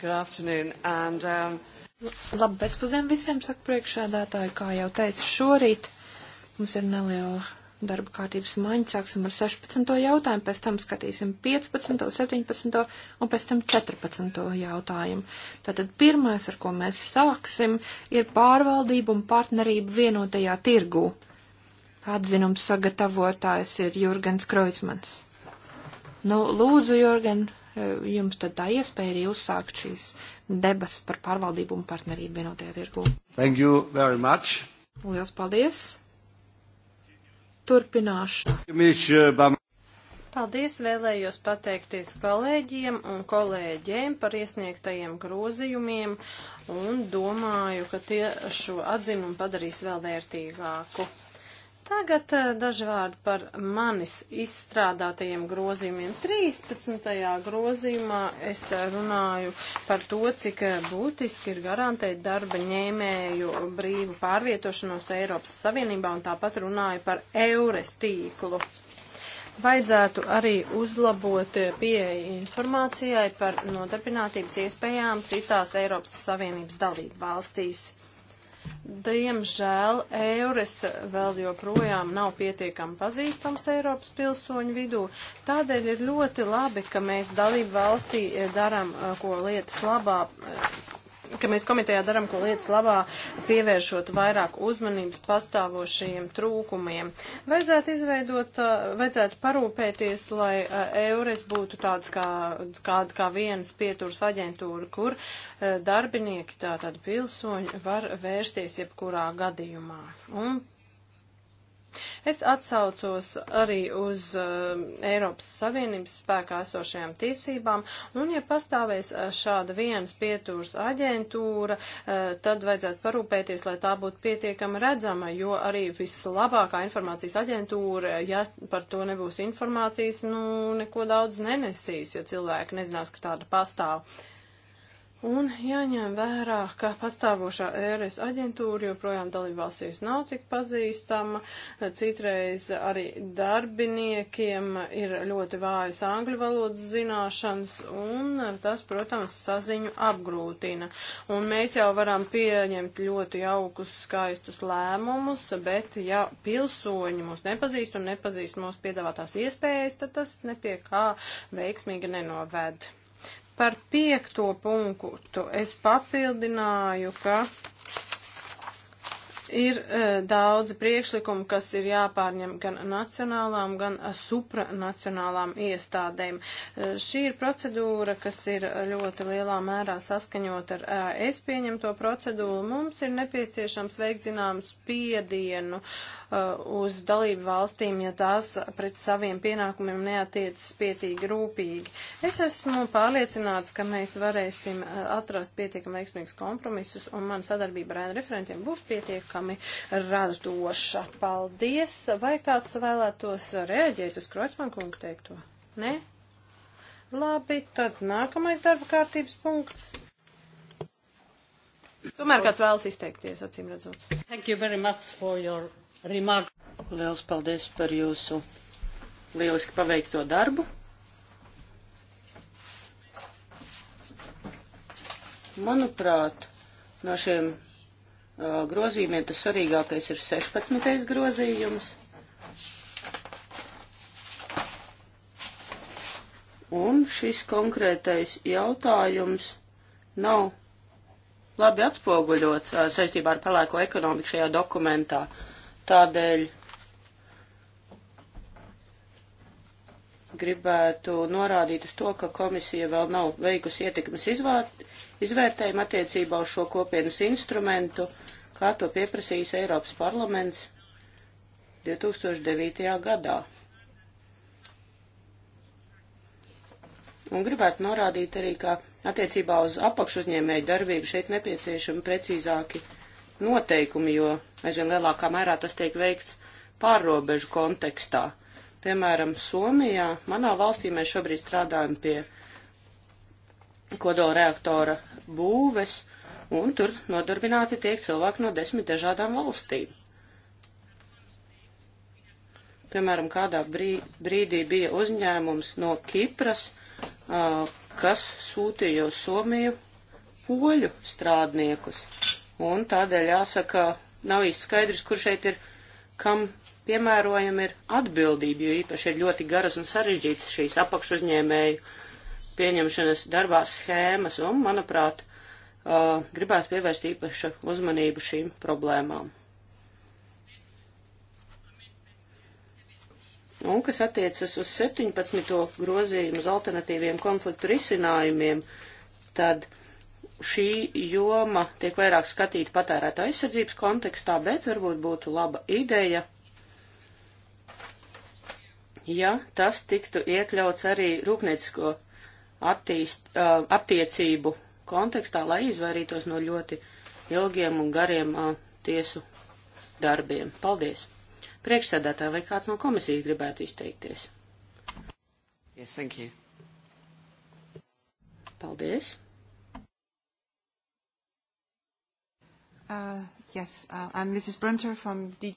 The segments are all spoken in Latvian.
Good afternoon and um, Labu pēcpusdienu visiem, saka priekšādātāji, kā jau teicu šorīt. Mums ir neliela darba kārtības maiņa, sāksim ar 16. jautājumu, pēc tam skatīsim 15., 17. un pēc tam 14. jautājumu. Tātad pirmais, ar ko mēs sāksim, ir pārvaldība un partnerība vienotajā tirgū. Atzinums sagatavotājs ir Jurgens Kreutzmans. Nu, lūdzu, Jorgen, jums tad tā iespēja arī uzsākt šīs debas par pārvaldību un partnerību vienotajā tirgū. Thank you very much. Liels paldies. Turpināšu. Paldies vēlējos pateikties kolēģiem un kolēģiem par iesniegtajiem grozījumiem un domāju, ka tie šo atzinumu padarīs vēl vērtīgāku. Tagad eh, daži vārdi par manis izstrādātajiem grozījumiem. 13. grozījumā es eh, runāju par to, cik eh, būtiski ir garantēt darba ņēmēju brīvu pārvietošanos Eiropas Savienībā un tāpat runāju par eures tīklu. Vajadzētu arī uzlabot pieeja informācijai par nodarbinātības iespējām citās Eiropas Savienības dalību valstīs Diemžēl eures vēl joprojām nav pietiekami pazīstams Eiropas pilsoņu vidū. Tādēļ ir ļoti labi, ka mēs dalību valstī eh, darām eh, ko lietas labā, eh, ka mēs komitejā darām ko lietas labā, pievēršot vairāk uzmanības pastāvošajiem trūkumiem. Vajadzētu izveidot, vajadzētu parūpēties, lai eures būtu tāds kā, kāda kā vienas pieturas aģentūra, kur darbinieki, tātad pilsoņi, var vērsties jebkurā gadījumā. Un Es atsaucos arī uz uh, Eiropas Savienības spēkā esošajām tiesībām, un ja pastāvēs uh, šāda vienas pietūras aģentūra, uh, tad vajadzētu parūpēties, lai tā būtu pietiekama redzama, jo arī vislabākā informācijas aģentūra, uh, ja par to nebūs informācijas, nu, neko daudz nenesīs, ja cilvēki nezinās, ka tāda pastāv. Uh, Un jāņem vērā, ka pastāvošā ēras aģentūra joprojām dalībvalstīs nav tik pazīstama, citreiz arī darbiniekiem ir ļoti vājas angļu valodas zināšanas, un tas, protams, saziņu apgrūtina. Un mēs jau varam pieņemt ļoti jaukus, skaistus lēmumus, bet ja pilsoņi mūs nepazīst un nepazīst mūsu piedāvātās iespējas, tad tas nepie kā veiksmīgi nenoved. Par piekto punktu es papildināju, ka Ir e, daudzi priekšlikumi, kas ir jāpārņem gan nacionālām, gan supranacionālām iestādēm. E, šī ir procedūra, kas ir ļoti lielā mērā saskaņot ar e, es pieņemto procedūru. Mums ir nepieciešams veikt zināmu spiedienu uz dalību valstīm, ja tās pret saviem pienākumiem neatiecas pietīgi rūpīgi. Es esmu pārliecināts, ka mēs varēsim atrast pietiekami veiksmīgus kompromisus, un man sadarbība ar referentiem būs pietiekama pietiekami radoša. Paldies! Vai kāds vēlētos reaģēt uz Kreutzmann kungu teikto? Nē? Labi, tad nākamais darba kārtības punkts. Tomēr kāds vēlas izteikties, acīm redzot. Thank you very much for your remark. Liels paldies par jūsu lieliski paveikto darbu. Manuprāt, no šiem Uh, grozījumiem, tas svarīgākais ir 16. grozījums. Un šis konkrētais jautājums nav labi atspoguļots uh, saistībā ar pelēko ekonomiku šajā dokumentā. Tādēļ gribētu norādīt uz to, ka komisija vēl nav veikusi ietekmes izvērt, izvērtējumu attiecībā uz šo kopienas instrumentu kā to pieprasījis Eiropas parlaments 2009. gadā. Un gribētu norādīt arī, ka attiecībā uz apakšuzņēmēju darbību šeit nepieciešami precīzāki noteikumi, jo aizvien lielākā mērā tas tiek veikts pārrobežu kontekstā. Piemēram, Somijā, manā valstī mēs šobrīd strādājam pie kodoreaktora būves, un tur nodarbināti tiek cilvēki no desmit dažādām valstīm. Piemēram, kādā brīdī bija uzņēmums no Kipras, kas sūtīja uz Somiju poļu strādniekus. Un tādēļ jāsaka, nav īsti skaidrs, kur šeit ir, kam piemērojama ir atbildība, jo īpaši ir ļoti garas un sarežģītas šīs apakšuzņēmēju pieņemšanas darbā schēmas, un, manuprāt, uh, gribētu pievērst īpašu uzmanību šīm problēmām. Un kas attiecas uz 17. grozījumu uz alternatīviem konfliktu risinājumiem, tad šī joma tiek vairāk skatīta patērēta aizsardzības kontekstā, bet varbūt būtu laba ideja, ja tas tiktu iekļauts arī rūpniecisko attīst, uh, attiecību kontekstā, lai izvairītos no ļoti ilgiem un gariem uh, tiesu darbiem. Paldies! Priekšsēdētāji vai kāds no komisijas gribētu izteikties? Yes, thank you. Paldies! Uh, yes, uh, I'm Mrs. Brunter from DG.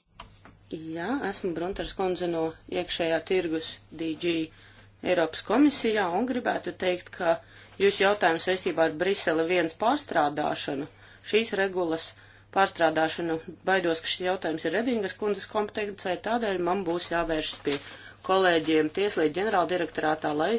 Jā, esmu Brunters kundze no iekšējā tirgus DG Eiropas komisijā un gribētu teikt, ka jūs jautājums saistībā ar Brisele viens pārstrādāšanu, šīs regulas pārstrādāšanu, baidos, ka šis jautājums ir Redingas kundzes kompetencē, tādēļ man būs jāvēršas pie kolēģiem tieslietu ģenerāla direktorātā, lai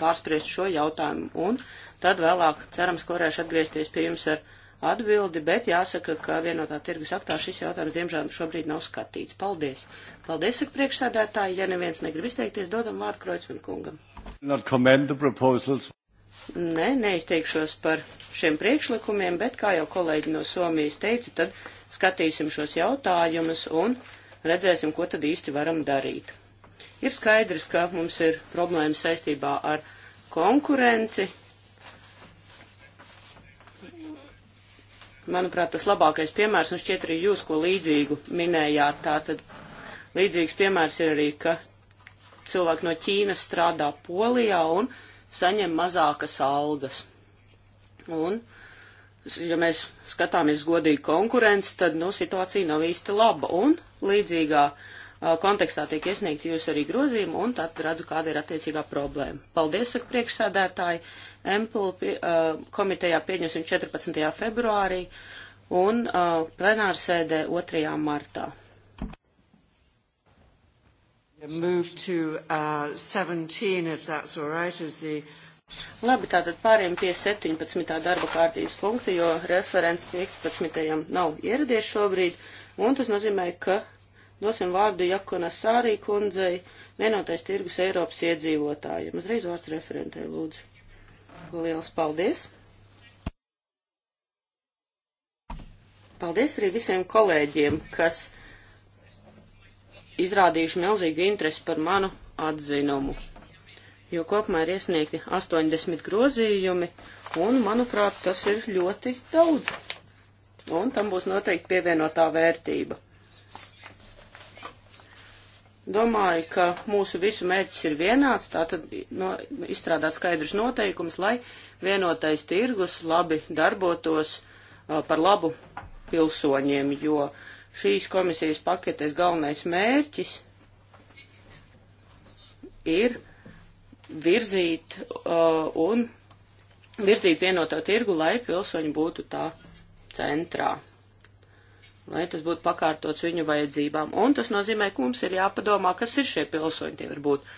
pārspriest šo jautājumu. Un tad vēlāk cerams, ka varēšu atgriezties pie jums ar atbildi, bet jāsaka, ka vienotā tirgus aktā šis jautājums diemžēl šobrīd nav skatīts. Paldies! Paldies, saka priekšsēdētāji, ja neviens negrib izteikties, dodam vārdu Kreutzmankungam. Nē, neizteikšos par šiem priekšlikumiem, bet, kā jau kolēģi no Somijas teica, tad skatīsim šos jautājumus un redzēsim, ko tad īsti varam darīt. Ir skaidrs, ka mums ir problēmas saistībā ar konkurenci, manuprāt, tas labākais piemērs, un šķiet arī jūs, ko līdzīgu minējāt, tātad līdzīgs piemērs ir arī, ka cilvēki no Ķīnas strādā Polijā un saņem mazākas algas. Un, ja mēs skatāmies godīgi konkurenci, tad, nu, situācija nav īsti laba, un līdzīgā uh, Uh, kontekstā tiek iesniegti jūs arī grozījumi, un tad redzu, kāda ir attiecīgā problēma. Paldies, saka priekšsēdētāji. Empul pie, uh, komitejā pieņemsim 14. februārī un uh, plenārsēdē 2. martā. Move to uh, 17, if that's all right, as the Labi, tātad pāriem pie 17. darba kārtības punkta, jo referents 15. nav ieradies šobrīd, un tas nozīmē, ka Dosim vārdu Jakona Sārī kundzei, vienotais tirgus Eiropas iedzīvotājiem. Uzreiz vārds referentei, lūdzu. Lielas paldies! Paldies arī visiem kolēģiem, kas izrādījuši milzīgu interesi par manu atzinumu, jo kopumā ir iesniegti 80 grozījumi, un, manuprāt, tas ir ļoti daudz, un tam būs noteikti pievienotā vērtība. Domāju, ka mūsu visu mērķis ir vienāds, tātad no, izstrādāt skaidrs noteikums, lai vienotais tirgus labi darbotos uh, par labu pilsoņiem, jo šīs komisijas paketes galvenais mērķis ir virzīt uh, un virzīt vienoto tirgu, lai pilsoņi būtu tā centrā lai tas būtu pakārtots viņu vajadzībām. Un tas nozīmē, ka mums ir jāpadomā, kas ir šie pilsoņi. Tie var būt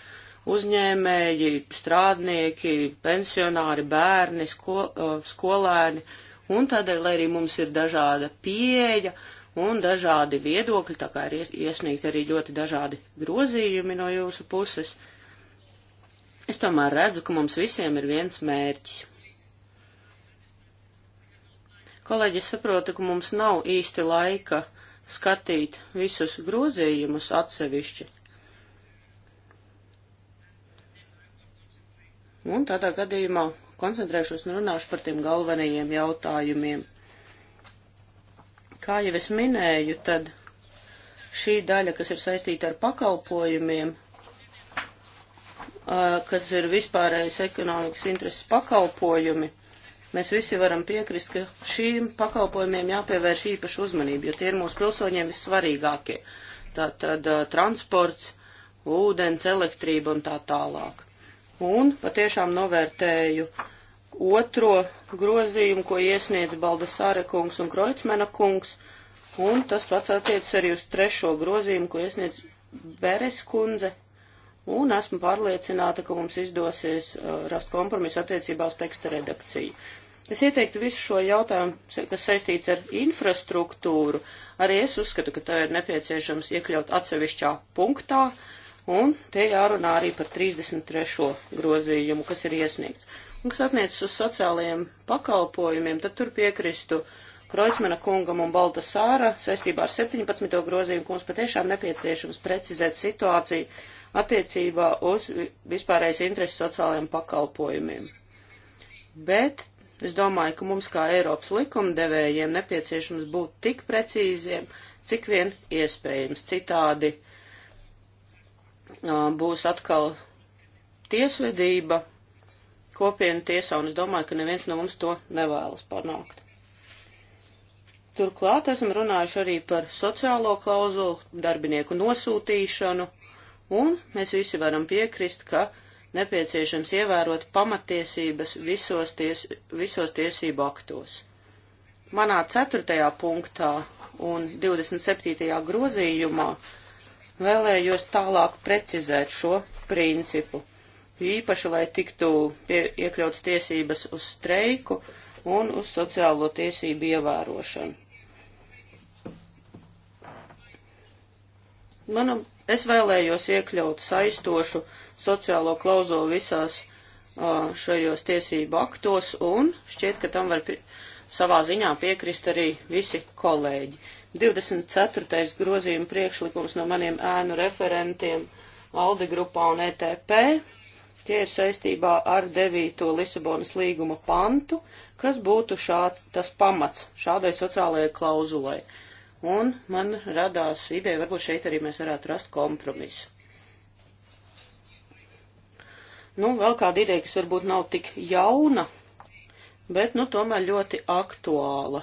uzņēmēji, strādnieki, pensionāri, bērni, sko, skolēni. Un tādēļ, lai arī mums ir dažāda pieeja un dažādi viedokļi, tā kā ir iesniegti arī ļoti dažādi grozījumi no jūsu puses, es tomēr redzu, ka mums visiem ir viens mērķis Kolēģi, saprotu, ka mums nav īsti laika skatīt visus grozījumus atsevišķi. Un tādā gadījumā koncentrēšos un runāšu par tiem galvenajiem jautājumiem. Kā jau es minēju, tad šī daļa, kas ir saistīta ar pakalpojumiem, kas ir vispārējais ekonomikas intereses pakalpojumi, Mēs visi varam piekrist, ka šīm pakalpojumiem jāpievērš īpašu uzmanību, jo tie ir mūsu pilsoņiem vissvarīgākie. Tātad uh, transports, ūdens, elektrība un tā tālāk. Un patiešām novērtēju otro grozījumu, ko iesniedz Baldasāre kungs un Kreutzmena kungs, un tas pats attiecas arī uz trešo grozījumu, ko iesniedz Beres kundze un esmu pārliecināta, ka mums izdosies uh, rast kompromisu attiecībā uz teksta redakciju. Es ieteiktu visu šo jautājumu, kas saistīts ar infrastruktūru. Arī es uzskatu, ka tā ir nepieciešams iekļaut atsevišķā punktā, un te jārunā arī par 33. grozījumu, kas ir iesniegts. Un kas attiecas uz sociālajiem pakalpojumiem, tad tur piekristu Kroicmana kungam un Balta Sāra saistībā ar 17. grozījumu, ka mums patiešām nepieciešams precizēt situāciju attiecībā uz vispārējais interesi sociālajiem pakalpojumiem. Bet Es domāju, ka mums kā Eiropas likumdevējiem nepieciešams būt tik precīziem, cik vien iespējams. Citādi būs atkal tiesvedība, kopiena tiesā, un es domāju, ka neviens no mums to nevēlas panākt. Turklāt esam runājuši arī par sociālo klauzulu, darbinieku nosūtīšanu, un mēs visi varam piekrist, ka nepieciešams ievērot pamatiesības visos, ties, visos tiesību aktos. Manā 4. punktā un 27. grozījumā vēlējos tālāk precizēt šo principu, īpaši, lai tiktu pie, iekļauts tiesības uz streiku un uz sociālo tiesību ievērošanu. Manam, es vēlējos iekļaut saistošu sociālo klauzulu visās uh, šajos tiesību aktos, un šķiet, ka tam var savā ziņā piekrist arī visi kolēģi. 24. grozījuma priekšlikums no maniem ēnu referentiem Alde grupā un ETP. Tie ir saistībā ar 9. Lisabonas līguma pantu, kas būtu šāds, tas pamats šādai sociālajai klauzulai. Un man radās ideja, varbūt šeit arī mēs varētu rast kompromisu. Nu, vēl kāda ideja, kas varbūt nav tik jauna, bet, nu, tomēr ļoti aktuāla.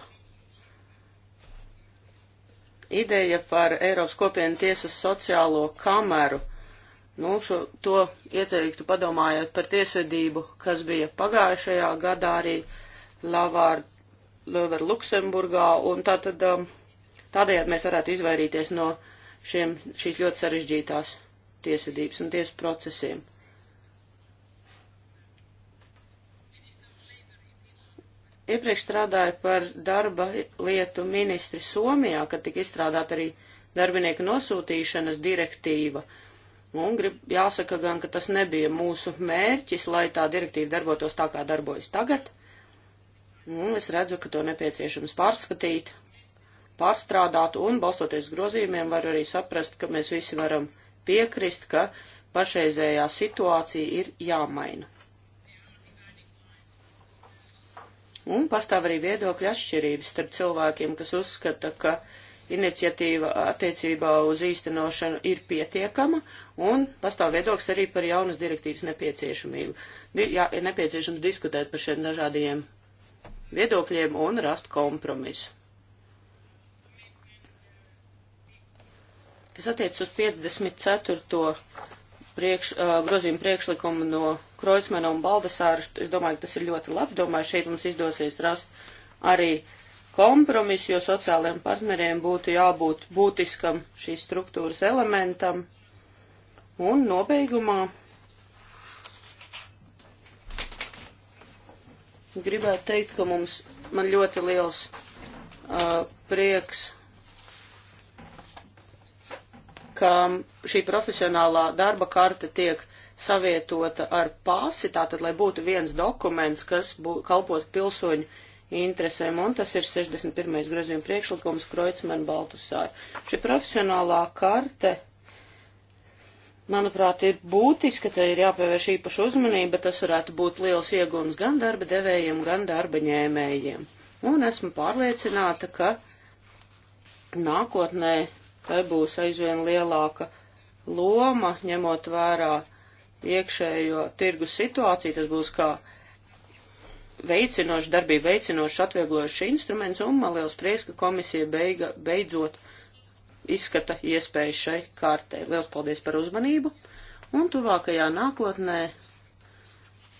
Ideja par Eiropas kopienu tiesas sociālo kameru. Nu, šo, to ieteiktu padomājot par tiesvedību, kas bija pagājušajā gadā arī Lavār, Lever Luksemburgā, un tātad um, tādējādi mēs varētu izvairīties no šiem, šīs ļoti sarežģītās tiesvedības un tiesu procesiem. iepriekš strādāju par darba lietu ministri Somijā, kad tika izstrādāta arī darbinieku nosūtīšanas direktīva. Un grib, jāsaka gan, ka tas nebija mūsu mērķis, lai tā direktīva darbotos tā, kā darbojas tagad. Un es redzu, ka to nepieciešams pārskatīt, pārstrādāt un, balstoties grozījumiem, var arī saprast, ka mēs visi varam piekrist, ka pašreizējā situācija ir jāmaina. Un pastāv arī viedokļa atšķirības starp cilvēkiem, kas uzskata, ka iniciatīva attiecībā uz īstenošanu ir pietiekama, un pastāv viedoklis arī par jaunas direktīvas nepieciešamību. Di jā, ir nepieciešams diskutēt par šiem dažādiem viedokļiem un rast kompromisu. Kas attiecas uz 54. Priekš, uh, grozījumu priekšlikumu no Kreutzmana un Baldasāra, es domāju, ka tas ir ļoti labi. Domāju, šeit mums izdosies rast arī kompromisu, jo sociālajiem partneriem būtu jābūt būtiskam šīs struktūras elementam. Un nobeigumā gribētu teikt, ka mums man ļoti liels uh, prieks, ka šī profesionālā darba karta tiek savietota ar pasi, tātad, lai būtu viens dokuments, kas bū, kalpot pilsoņu interesēm, un tas ir 61. grozījuma priekšlikums Kreutzmann Baltasāra. Šī profesionālā karte, manuprāt, ir būtiska, tai ir jāpievērš īpaša uzmanība, tas varētu būt liels iegums gan darba devējiem, gan darba ņēmējiem. Un esmu pārliecināta, ka nākotnē tai būs aizvien lielāka loma, ņemot vērā iekšējo tirgus situāciju, tas būs kā veicinošs, darbību veicinošs, atvieglojošs instruments, un man liels prieks, ka komisija beiga, beidzot izskata iespēju šai kārtē. Liels paldies par uzmanību, un tuvākajā nākotnē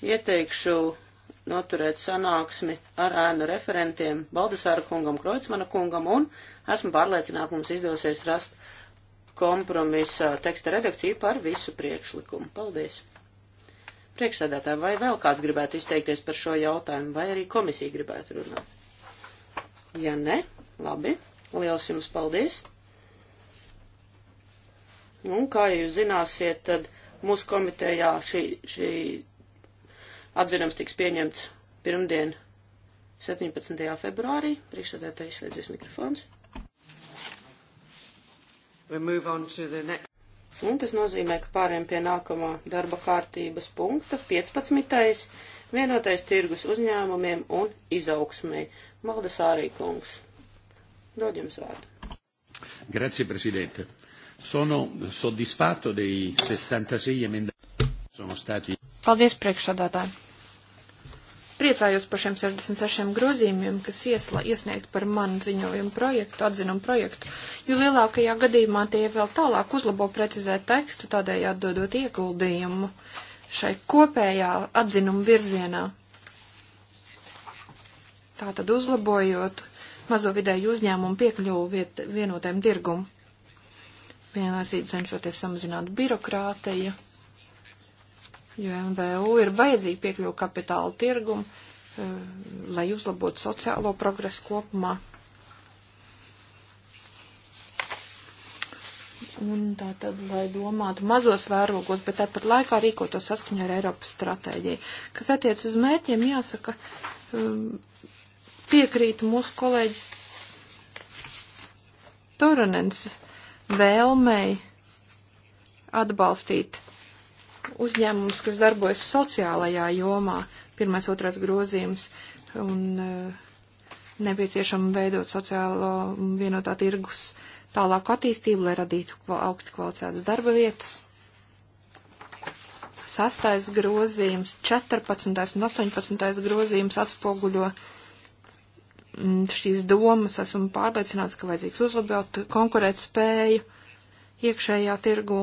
ieteikšu noturēt sanāksmi ar ēnu referentiem Baldasāra kungam, Kreutzmana kungam, un esmu pārliecināta, mums izdosies rast kompromisa teksta redakciju par visu priekšlikumu. Paldies! Priekšsēdētāji, vai vēl kāds gribētu izteikties par šo jautājumu, vai arī komisija gribētu runāt? Ja ne, labi, liels jums paldies! Un kā jūs zināsiet, tad mūsu komitejā šī, šī atzinums tiks pieņemts pirmdien 17. februārī. Priekšsēdētājs veidzīs mikrofons. Un tas nozīmē, ka pāriem pie nākamā darba kārtības punkta 15. vienotais tirgus uzņēmumiem un izaugsmē. Maldas arī kungs. Dod jums vārdu. Grazie, prezidente. Sono soddisfatto dei 66 emendamenti. Stati... Paldies, priekšsādātāji. Priecājos par šiem 66 grozījumiem, kas iesla, iesniegt par manu ziņojumu projektu, atzinumu projektu, jo lielākajā gadījumā tie vēl tālāk uzlabo precizē tekstu, tādējādi dodot ieguldījumu šai kopējā atzinumu virzienā. Tātad uzlabojot mazo vidēju uzņēmumu piekļuvu viet, vienotēm tirgumu. Vienlaicīgi cenšoties samazināt birokrātiju. Ja jo MVU ir vajadzīga piekļuva kapitāla tirgumu, eh, lai uzlabotu sociālo progresu kopumā. Un tā tad, lai domātu mazos vērogos, bet tāpat laikā rīkoto saskaņā ar Eiropas stratēģiju. Kas attiec uz mērķiem, jāsaka, um, piekrītu mūsu kolēģis Toranens vēlmei atbalstīt uzņēmums, kas darbojas sociālajā jomā, pirmais, otrais grozījums, un eh, nepieciešama veidot sociālo vienotā tirgus tālāku attīstību, lai radītu augstu kvalificētas darba vietas. Sastais grozījums, 14. un 18. grozījums atspoguļo mm, šīs domas. Esmu pārliecināts, ka vajadzīgs uzlabot konkurēt spēju iekšējā tirgū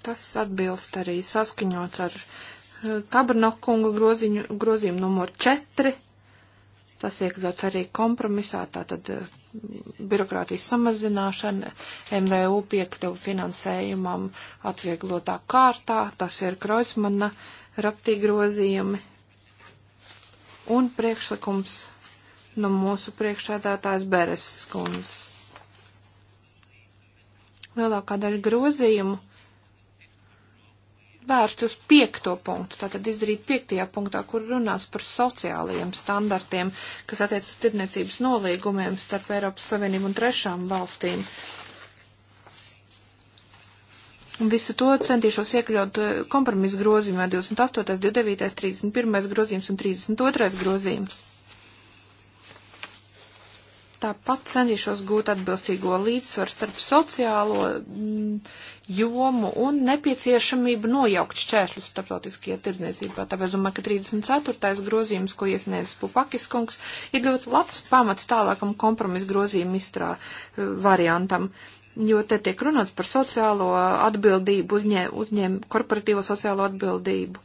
Tas atbilst arī saskaņots ar Kabrnokunga eh, groziņu, grozījumu numur 4. Tas iekļauts arī kompromisā, tātad mm, birokrātijas samazināšana, MVU piekļuvu finansējumam atvieglotā kārtā, tas ir Kroismana raktī grozījumi un priekšlikums no mūsu priekšēdātājs Beres skundas. Lielākā daļa grozījumu vērsts uz piekto punktu, tātad izdarīt piektajā punktā, kur runās par sociālajiem standartiem, kas attiec uz tirniecības nolīgumiem starp Eiropas Savienību un trešām valstīm. Un visu to centīšos iekļaut eh, kompromisu grozījumā 28, 29, 31 grozījums un 32 grozījums. Tāpat cenšos gūt atbilstīgo līdzsvaru starp sociālo. Mm, jomu un nepieciešamību nojaukt šķēršļus starptautiskajā tirdzniecībā. Tāpēc domāju, ka 34. grozījums, ko iesniedz Pupakis kungs, ir ļoti labs pamats tālākam kompromisu grozījumu izstrā eh, variantam jo te tiek runāts par sociālo atbildību, uzņē, uzņēm, korporatīvo sociālo atbildību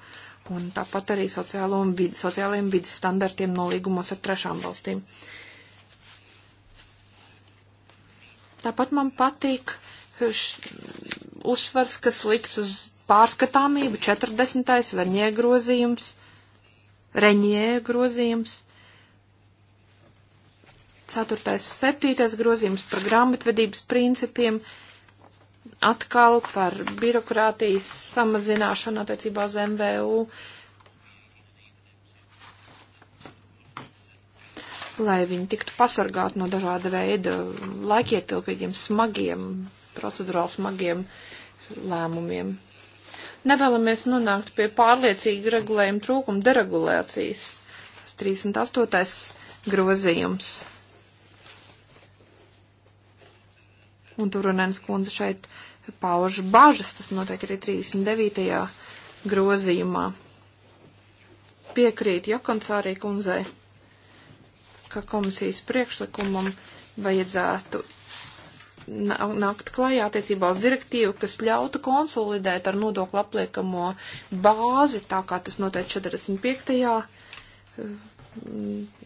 un tāpat arī sociālo un vid, sociālajiem vidas standartiem nolīgumos ar trešām valstīm. Tāpat man patīk eh, š, uzsvars, kas likts uz pārskatāmību, 40. verņē grozījums, reņē grozījums, 4. 7. grozījums par grāmatvedības principiem, atkal par birokrātijas samazināšanu attiecībā uz MVU, lai viņi tiktu pasargāti no dažāda veida laikietilpīgiem, smagiem, procedurāli smagiem uh, lēmumiem. Nevēlamies nonākt pie pārliecīga regulējuma trūkuma deregulācijas. 38. grozījums. Un Turunens kundze šeit pauž bažas, tas notiek arī 39. grozījumā. Piekrīt Jokonsārī kundzei, ka komisijas priekšlikumam vajadzētu nākt klajā attiecībā uz direktīvu, kas ļautu konsolidēt ar nodokli apliekamo bāzi, tā kā tas noteikti 45. Eh,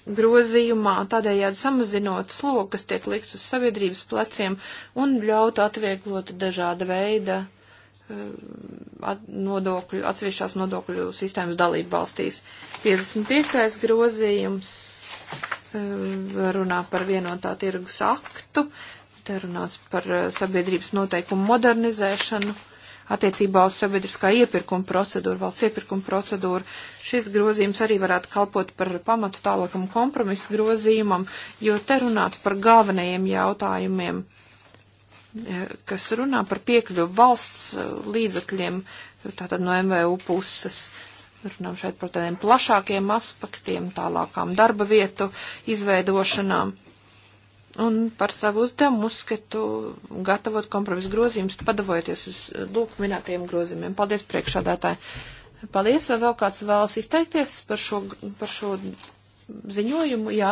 grozījumā, tādējādi samazinot slogu, kas tiek likts uz sabiedrības pleciem un ļaut atvieglot dažāda veida eh, at nodokļu, atsevišķās nodokļu sistēmas dalību valstīs. 55. grozījums eh, runā par vienotā tirgus aktu, Te runās par eh, sabiedrības noteikumu modernizēšanu attiecībā uz sabiedriskā iepirkuma procedūru, valsts iepirkuma procedūru. Šis grozījums arī varētu kalpot par pamatu tālākam kompromisu grozījumam, jo te runāts par galvenajiem jautājumiem, eh, kas runā par piekļuvu valsts eh, līdzakļiem, tātad no MVU puses. Runām šeit par tādiem plašākiem aspektiem, tālākām darba vietu izveidošanām un par savu uzdevumu uzskatu gatavot kompromisu grozījumus, padavojoties uz lūk minētajiem grozījumiem. Paldies priekšādātāji. Paldies, vai vēl kāds vēlas izteikties par šo, par šo ziņojumu? Jā.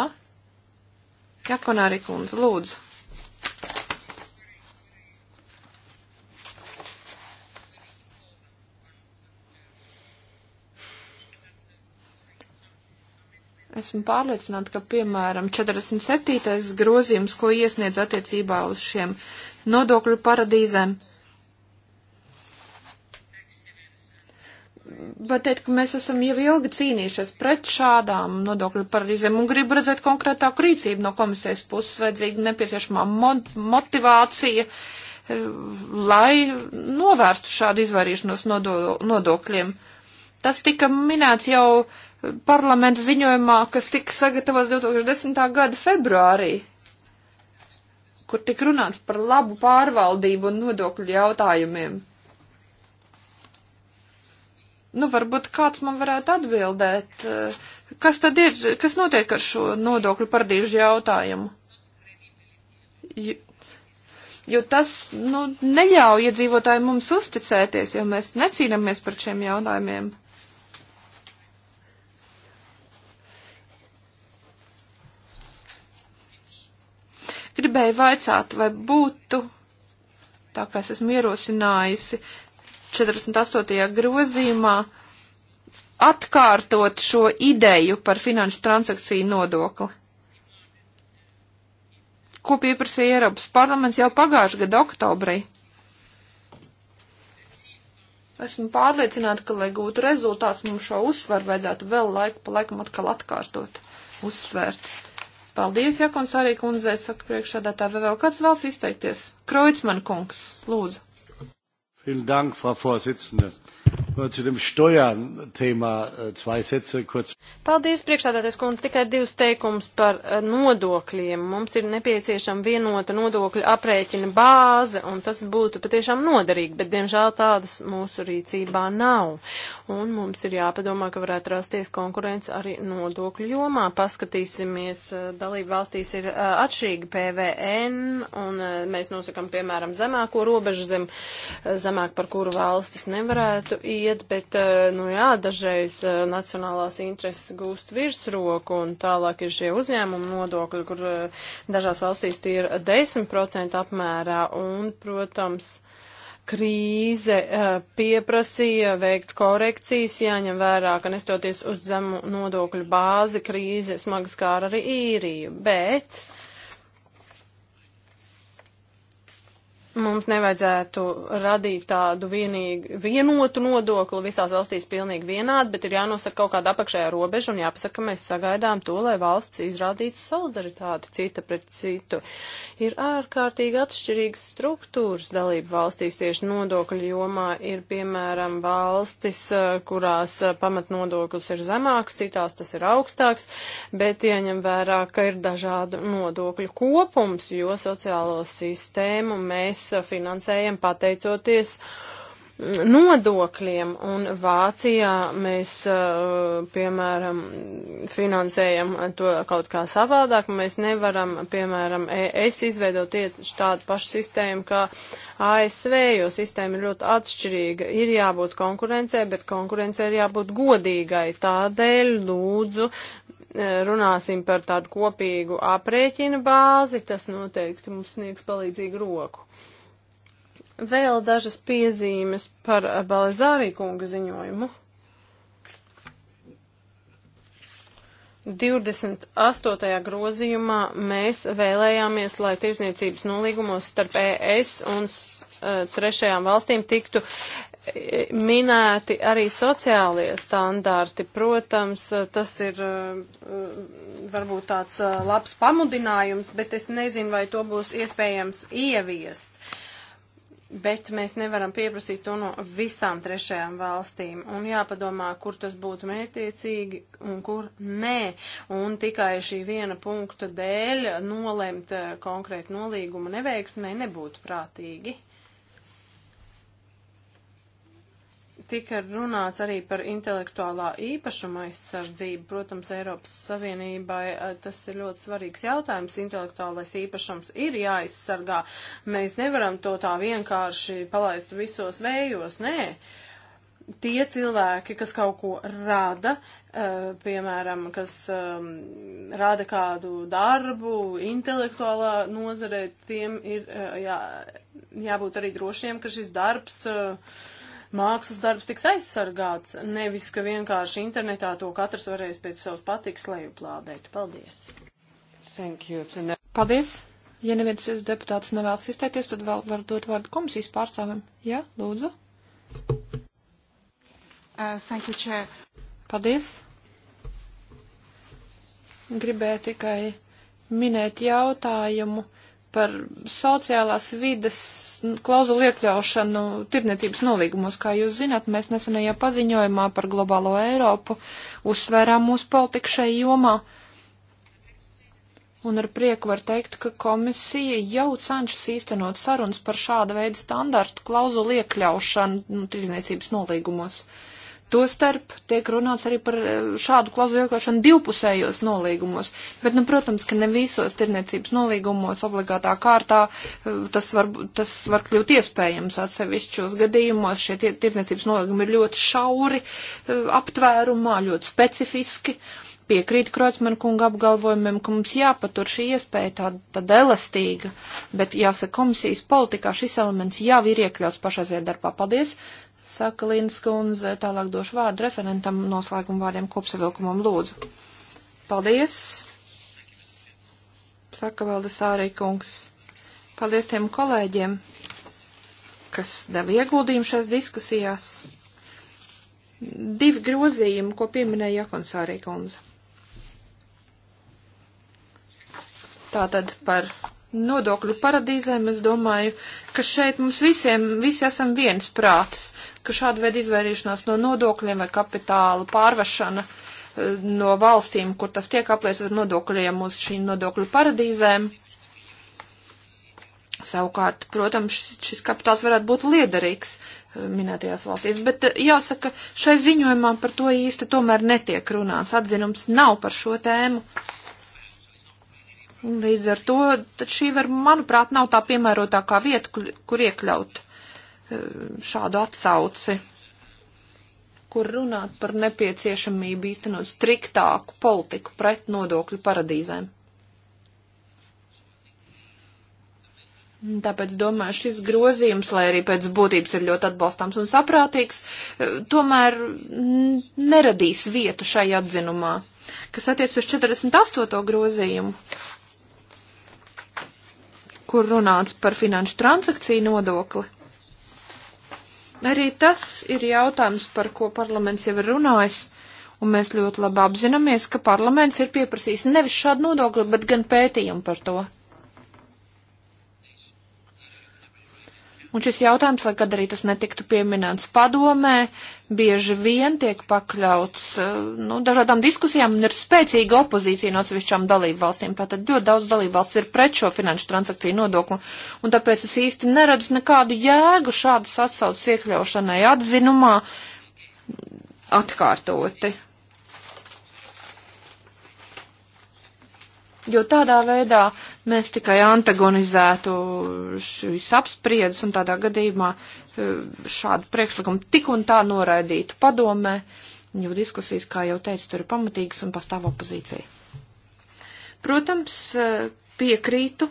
Jakonārikums, lūdzu. Esmu pārliecināta, ka, piemēram, 47. grozījums, ko iesniedz attiecībā uz šiem nodokļu paradīzēm, var teikt, ka mēs esam jau ilgi cīnījušies pret šādām nodokļu paradīzēm un gribu redzēt konkrētāku rīcību no komisijas puses, vajadzīga nepieciešamā motivācija, eh, lai novērstu šādu izvairīšanos nodo nodokļiem. Tas tika minēts jau parlamenta ziņojumā, kas tika sagatavots 2010. gada februārī, kur tika runāts par labu pārvaldību un nodokļu jautājumiem. Nu, varbūt kāds man varētu atbildēt, eh, kas tad ir, kas notiek ar šo nodokļu pardīžu jautājumu? Jo, jo tas, nu, neļauj iedzīvotāji mums uzticēties, jo mēs necīnāmies par šiem jautājumiem. Gribēju vaicāt, vai būtu, tā kā es esmu ierosinājusi 48. grozījumā, atkārtot šo ideju par finanšu transakciju nodokli. Ko pieprasīja Eiropas parlaments jau pagājušā gada oktobrī? Esmu pārliecināta, ka, lai gūtu rezultāts, mums šo uzsvaru vajadzētu vēl laiku pa laikam atkal atkārtot, uzsvērt. Paldies, Jakons arī kundzei, saka priekšādā tā, vai vēl kāds vēlas izteikties? Kreutzmann kungs, lūdzu. Vielen Dank, Frau Vorsitzende. Zu dem Steuern-Thema äh, zwei Sätze kurz. Paldies, priekšstādātais kundze. Tikai divas teikums par äh, nodokļiem. Mums ir nepieciešama vienota nodokļa aprēķina bāze, un tas būtu patiešām noderīgi, bet, diemžēl, tādas mūsu rīcībā nav. Un mums ir jāpadomā, ka varētu rasties konkurence arī nodokļu jomā. Paskatīsimies, äh, dalību valstīs ir atšķirīga PVN, un mēs nosakam, piemēram, zemāko robežu zem, zem zemāk, par kuru valstis nevarētu iet, bet, eh, nu jā, dažreiz eh, nacionālās intereses gūst virsroku un tālāk ir šie uzņēmumi nodokļi, kur eh, dažās valstīs tie ir 10% apmērā un, protams, krīze pieprasīja veikt korekcijas, jāņem vērā, ka nestoties uz zemu nodokļu bāzi, krīze smagas kā arī īriju, bet mums nevajadzētu radīt tādu vienīgu, vienotu nodokli visās valstīs pilnīgi vienādi, bet ir jānosaka kaut kāda apakšējā robeža un jāpasaka, ka mēs sagaidām to, lai valsts izrādītu solidaritāti cita pret citu. Ir ārkārtīgi atšķirīgas struktūras dalību valstīs tieši nodokļu jomā. Ir, piemēram, valstis, kurās pamatnodoklis ir zemāks, citās tas ir augstāks, bet ieņem vērā, ka ir dažādu nodokļu kopums, jo sociālo sistēmu mēs mēs uh, finansējam pateicoties mm, nodokļiem, un Vācijā mēs, uh, piemēram, finansējam to kaut kā savādāk, mēs nevaram, piemēram, es izveidot tieši tādu pašu sistēmu, kā ASV, jo sistēma ir ļoti atšķirīga, ir jābūt konkurencei, bet konkurencei ir jābūt godīgai, tādēļ lūdzu uh, runāsim par tādu kopīgu aprēķinu bāzi, tas noteikti mums sniegs palīdzīgu roku. Vēl dažas piezīmes par Balezārī kunga ziņojumu. 28. grozījumā mēs vēlējāmies, lai tirzniecības nolīgumos starp ES un e, trešajām valstīm tiktu e, minēti arī sociālie standarti. Protams, e, tas ir varbūt tāds labs pamudinājums, bet es nezinu, vai to būs iespējams ieviest. Uh, bet mēs nevaram pieprasīt to no visām trešajām valstīm. Un jāpadomā, kur tas būtu mērtiecīgi un kur nē. Un tikai šī viena punkta dēļ nolemt eh, konkrētu nolīgumu neveiksmē nebūtu prātīgi. tika runāts arī par intelektuālā īpašuma aizsardzību. Protams, Eiropas Savienībai eh, tas ir ļoti svarīgs jautājums. Intelektuālais īpašums ir jāaizsargā. Mēs nevaram to tā vienkārši palaist visos vējos. Nē. Tie cilvēki, kas kaut ko rada, eh, piemēram, kas ehm, rada kādu darbu intelektuālā nozarē, tiem ir eh, jā, jābūt arī drošiem, ka šis darbs uh, mākslas darbs tiks aizsargāts, nevis ka vienkārši internetā to katrs varēs pēc savas patiks lejuplādēt. Paldies! Thank you. Paldies! Ja neviens deputāts nevēlas izteikties, tad vēl var dot vārdu komisijas pārstāvim. Jā, ja? lūdzu. Uh, thank you, Chair. Paldies! Gribēju tikai minēt jautājumu par sociālās vides klauzulu iekļaušanu tirniecības nolīgumos. Kā jūs zināt, mēs nesenajā paziņojumā par globālo Eiropu uzsvērām mūsu politiku šai jomā. Un ar prieku var teikt, ka komisija jau cenšas īstenot sarunas par šāda veida standartu klauzulu iekļaušanu nu, tirdzniecības nolīgumos. Uh, Tostarp tiek runāts arī par eh, šādu klauzulu iekļaušanu divpusējos nolīgumos, bet, nu, protams, ka ne visos tirniecības nolīgumos obligātā kārtā eh, tas var, tas var kļūt iespējams atsevišķos gadījumos. Šie tirniecības nolīgumi ir ļoti šauri eh, aptvērumā, ļoti specifiski. Piekrīt Krocmanu kunga apgalvojumiem, ka mums jāpatur šī iespēja tāda, tāda elastīga, bet jāsaka, komisijas politikā šis elements jau ir iekļauts pašreizē darbā. Paldies! saka Lindas kundze. Tālāk došu vārdu referentam noslēgumu vārdiem kopsavilkumam lūdzu. Paldies! Saka Valdes Ārī kungs. Paldies tiem kolēģiem, kas deva ieguldījumu šajās diskusijās. Divi grozījumi, ko pieminēja Jakonsārī kundze. Tātad par nodokļu paradīzēm, es domāju, ka šeit mums visiem, visi esam viens prātis, ka šāda veida izvairīšanās no nodokļiem vai kapitāla pārvešana eh, no valstīm, kur tas tiek aplies ar nodokļiem uz šīm nodokļu paradīzēm. Savukārt, protams, šis, šis kapitāls varētu būt liederīgs eh, minētajās valstīs, bet eh, jāsaka, šai ziņojumā par to īsti tomēr netiek runāts. Atzinums nav par šo tēmu. Līdz ar to šī var, manuprāt, nav tā piemērotākā vieta, kur, kur iekļaut e, šādu atsauci, kur runāt par nepieciešamību īstenot striktāku politiku pret nodokļu paradīzēm. Tāpēc domāju, šis grozījums, lai arī pēc būtības ir ļoti atbalstāms un saprātīgs, e, tomēr neradīs vietu šai atzinumā, kas attiec uz 48. grozījumu kur runāts par finanšu transakciju nodokli. Arī tas ir jautājums, par ko parlaments jau ir runājis, un mēs ļoti labi apzināmies, ka parlaments ir pieprasījis nevis šādu nodokli, bet gan pētījumu par to. Un šis jautājums, lai kad arī tas netiktu pieminēts padomē, bieži vien tiek pakļauts eh, nu, dažādām diskusijām un ir spēcīga opozīcija no atsevišķām dalību valstīm. Tātad ļoti daudz dalību valsts ir pret šo finanšu transakciju nodokli, un tāpēc es īsti neredzu nekādu jēgu šādas atsaucas iekļaušanai atzinumā atkārtoti. jo tādā veidā mēs tikai antagonizētu šīs apspriedas un tādā gadījumā e, šādu priekšlikumu tik un tā noraidītu padomē, jo diskusijas, kā jau teicu, tur ir pamatīgas un pastāv opozīcija. Protams, e, piekrītu,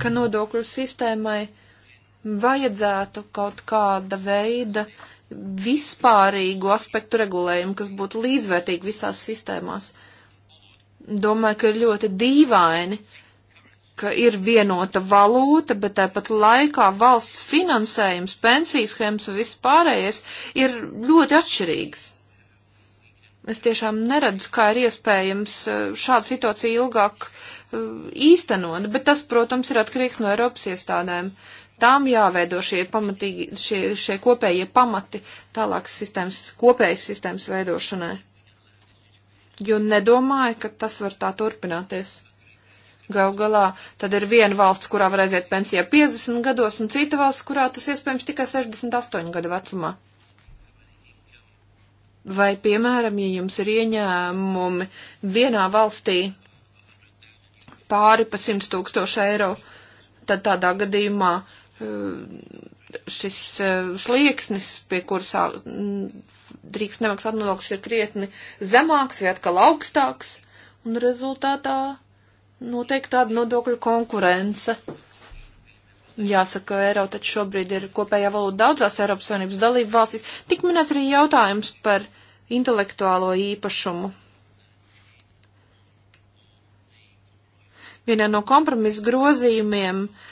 ka nodokļu sistēmai vajadzētu kaut kāda veida uh, vispārīgu aspektu regulējumu, kas būtu līdzvērtīgi visās sistēmās. Domāju, ka ir ļoti dīvaini, ka ir vienota valūta, bet tāpat laikā valsts finansējums, pensijas schēmas un viss pārējais ir ļoti atšķirīgs. Es tiešām neredzu, kā ir iespējams eh, šādu situāciju ilgāk eh, īstenot, bet tas, protams, ir atkarīgs no Eiropas iestādēm. Tām jāveido šie pamatīgi, šie, šie kopējie pamati tālākas sistēmas, kopējas sistēmas veidošanai. Jo nedomāju, ka tas var tā turpināties. Gal galā tad ir viena valsts, kurā var aiziet pensijā 50 gados, un cita valsts, kurā tas iespējams tikai 68 gadu vecumā. Vai, piemēram, ja jums ir ieņēmumi vienā valstī pāri pa 100 tūkstošu eiro, tad tādā gadījumā Eh, šis eh, slieksnis, pie kuras drīkst nemaksāt nodokļus, ir krietni zemāks vai atkal augstāks, un rezultātā noteikti tāda nodokļu konkurence. Jāsaka, eiro taču šobrīd ir kopējā valūta daudzās Eiropas Savienības dalību valstīs. Tik minēts arī jautājums par intelektuālo īpašumu. Vienā no kompromisa grozījumiem uh,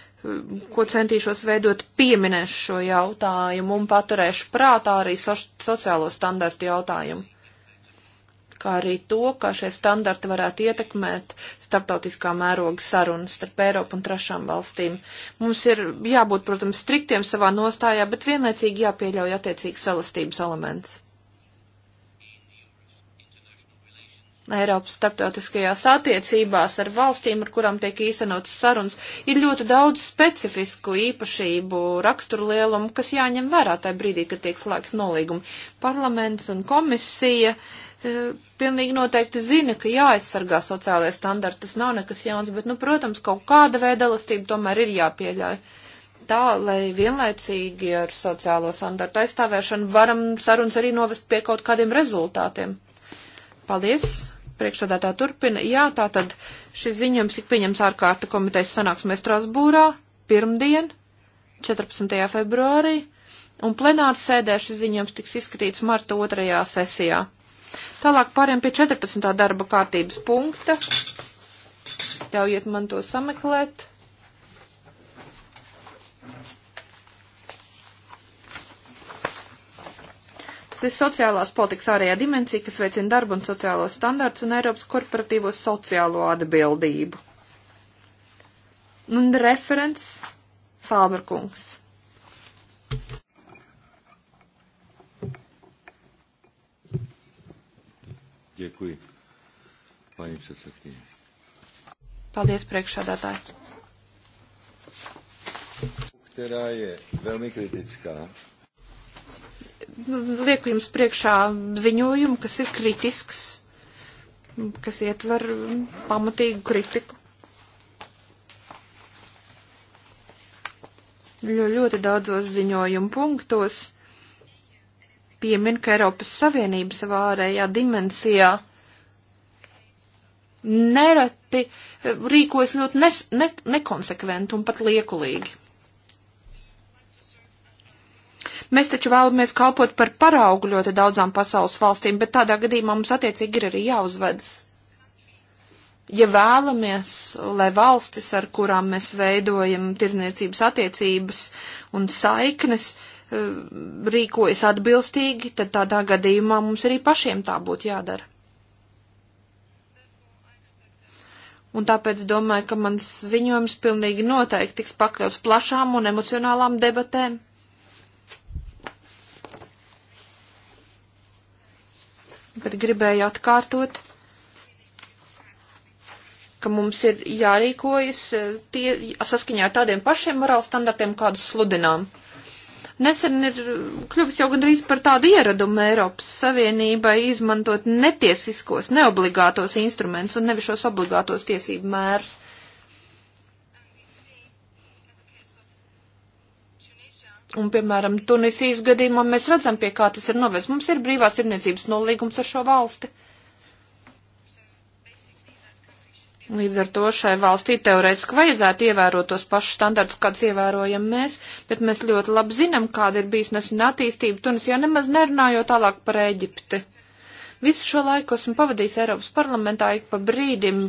ko centīšos veidot, pieminēšu šo jautājumu un paturēšu prātā arī so, sociālo standartu jautājumu. Kā arī to, kā šie standarti varētu ietekmēt starptautiskā mēroga sarunas starp Eiropu un trešām valstīm. Mums ir jābūt, protams, striktiem savā nostājā, bet vienlaicīgi jāpieļauj attiecīgs salastības elements. Eiropas starptautiskajās attiecībās ar valstīm, ar kurām tiek īstenotas sarunas, ir ļoti daudz specifisku īpašību, raksturu lielumu, kas jāņem vērā tajā brīdī, kad tiek slēgt nolīgumi. Parlaments un komisija e, pilnīgi noteikti zina, ka jāaizsargā sociālais standarts, tas nav nekas jauns, bet, nu, protams, kaut kāda veida elastība tomēr ir jāpieļauj. Tā, lai vienlaicīgi ar sociālo standartu aizstāvēšanu varam sarunas arī novest pie kaut kādiem rezultātiem. Paldies! priekšsādātā turpina. Jā, tā tad šis ziņojums tika pieņems ārkārta komitejas sanāksmē Strasbūrā pirmdien, 14. februārī, un plenāra sēdē šis ziņojums tiks izskatīts marta otrajā sesijā. Tālāk pāriem pie 14. darba kārtības punkta. Ļaujiet man to sameklēt. ir sociālās politikas ārējā dimensija, kas veicina darbu un sociālos standārts un Eiropas korporatīvo sociālo atbildību. Un referents Fāberkungs. Děkuji, paní předsedkyně. Paldies, priekšsādātāji. Která je velmi kritická lieku jums priekšā ziņojumu, kas ir kritisks, kas ietver pamatīgu kritiku. Ļoti daudzos ziņojumu punktos piemin, ka Eiropas Savienība savā ārējā dimensijā nereti rīkojas ļoti nes, ne, nekonsekventi un pat liekulīgi. Mēs taču vēlamies kalpot par paraugu ļoti daudzām pasaules valstīm, bet tādā gadījumā mums attiecīgi ir arī jāuzvedas. Ja vēlamies, lai valstis, ar kurām mēs veidojam tirniecības attiecības un saiknes, eh, rīkojas atbilstīgi, tad tādā gadījumā mums arī pašiem tā būtu jādara. Un tāpēc domāju, ka mans ziņojums pilnīgi noteikti tiks pakļauts plašām un emocionālām debatēm. bet gribēju atkārtot, ka mums ir jārīkojas e, tie, saskaņā ar tādiem pašiem morāla standartiem, kādus sludinām. Nesen ir kļuvis jau gandrīz par tādu ieradumu Eiropas Savienībai izmantot netiesiskos, neobligātos instrumentus un nevis šos obligātos tiesību mērus. Uh, Un, piemēram, Tunisijas gadījumā mēs redzam, pie kā tas ir novērts. Mums ir brīvās tirniecības nolīgums ar šo valsti. Līdz ar to šai valstī teorētiski vajadzētu ievērot tos pašus standartus, kādus ievērojam mēs, bet mēs ļoti labi zinām, kāda ir bijis nesen attīstība Tunisijā, nemaz nerunājot tālāk par Eģipti. Visu šo laiku esmu pavadījis Eiropas parlamentā, ik pa brīdim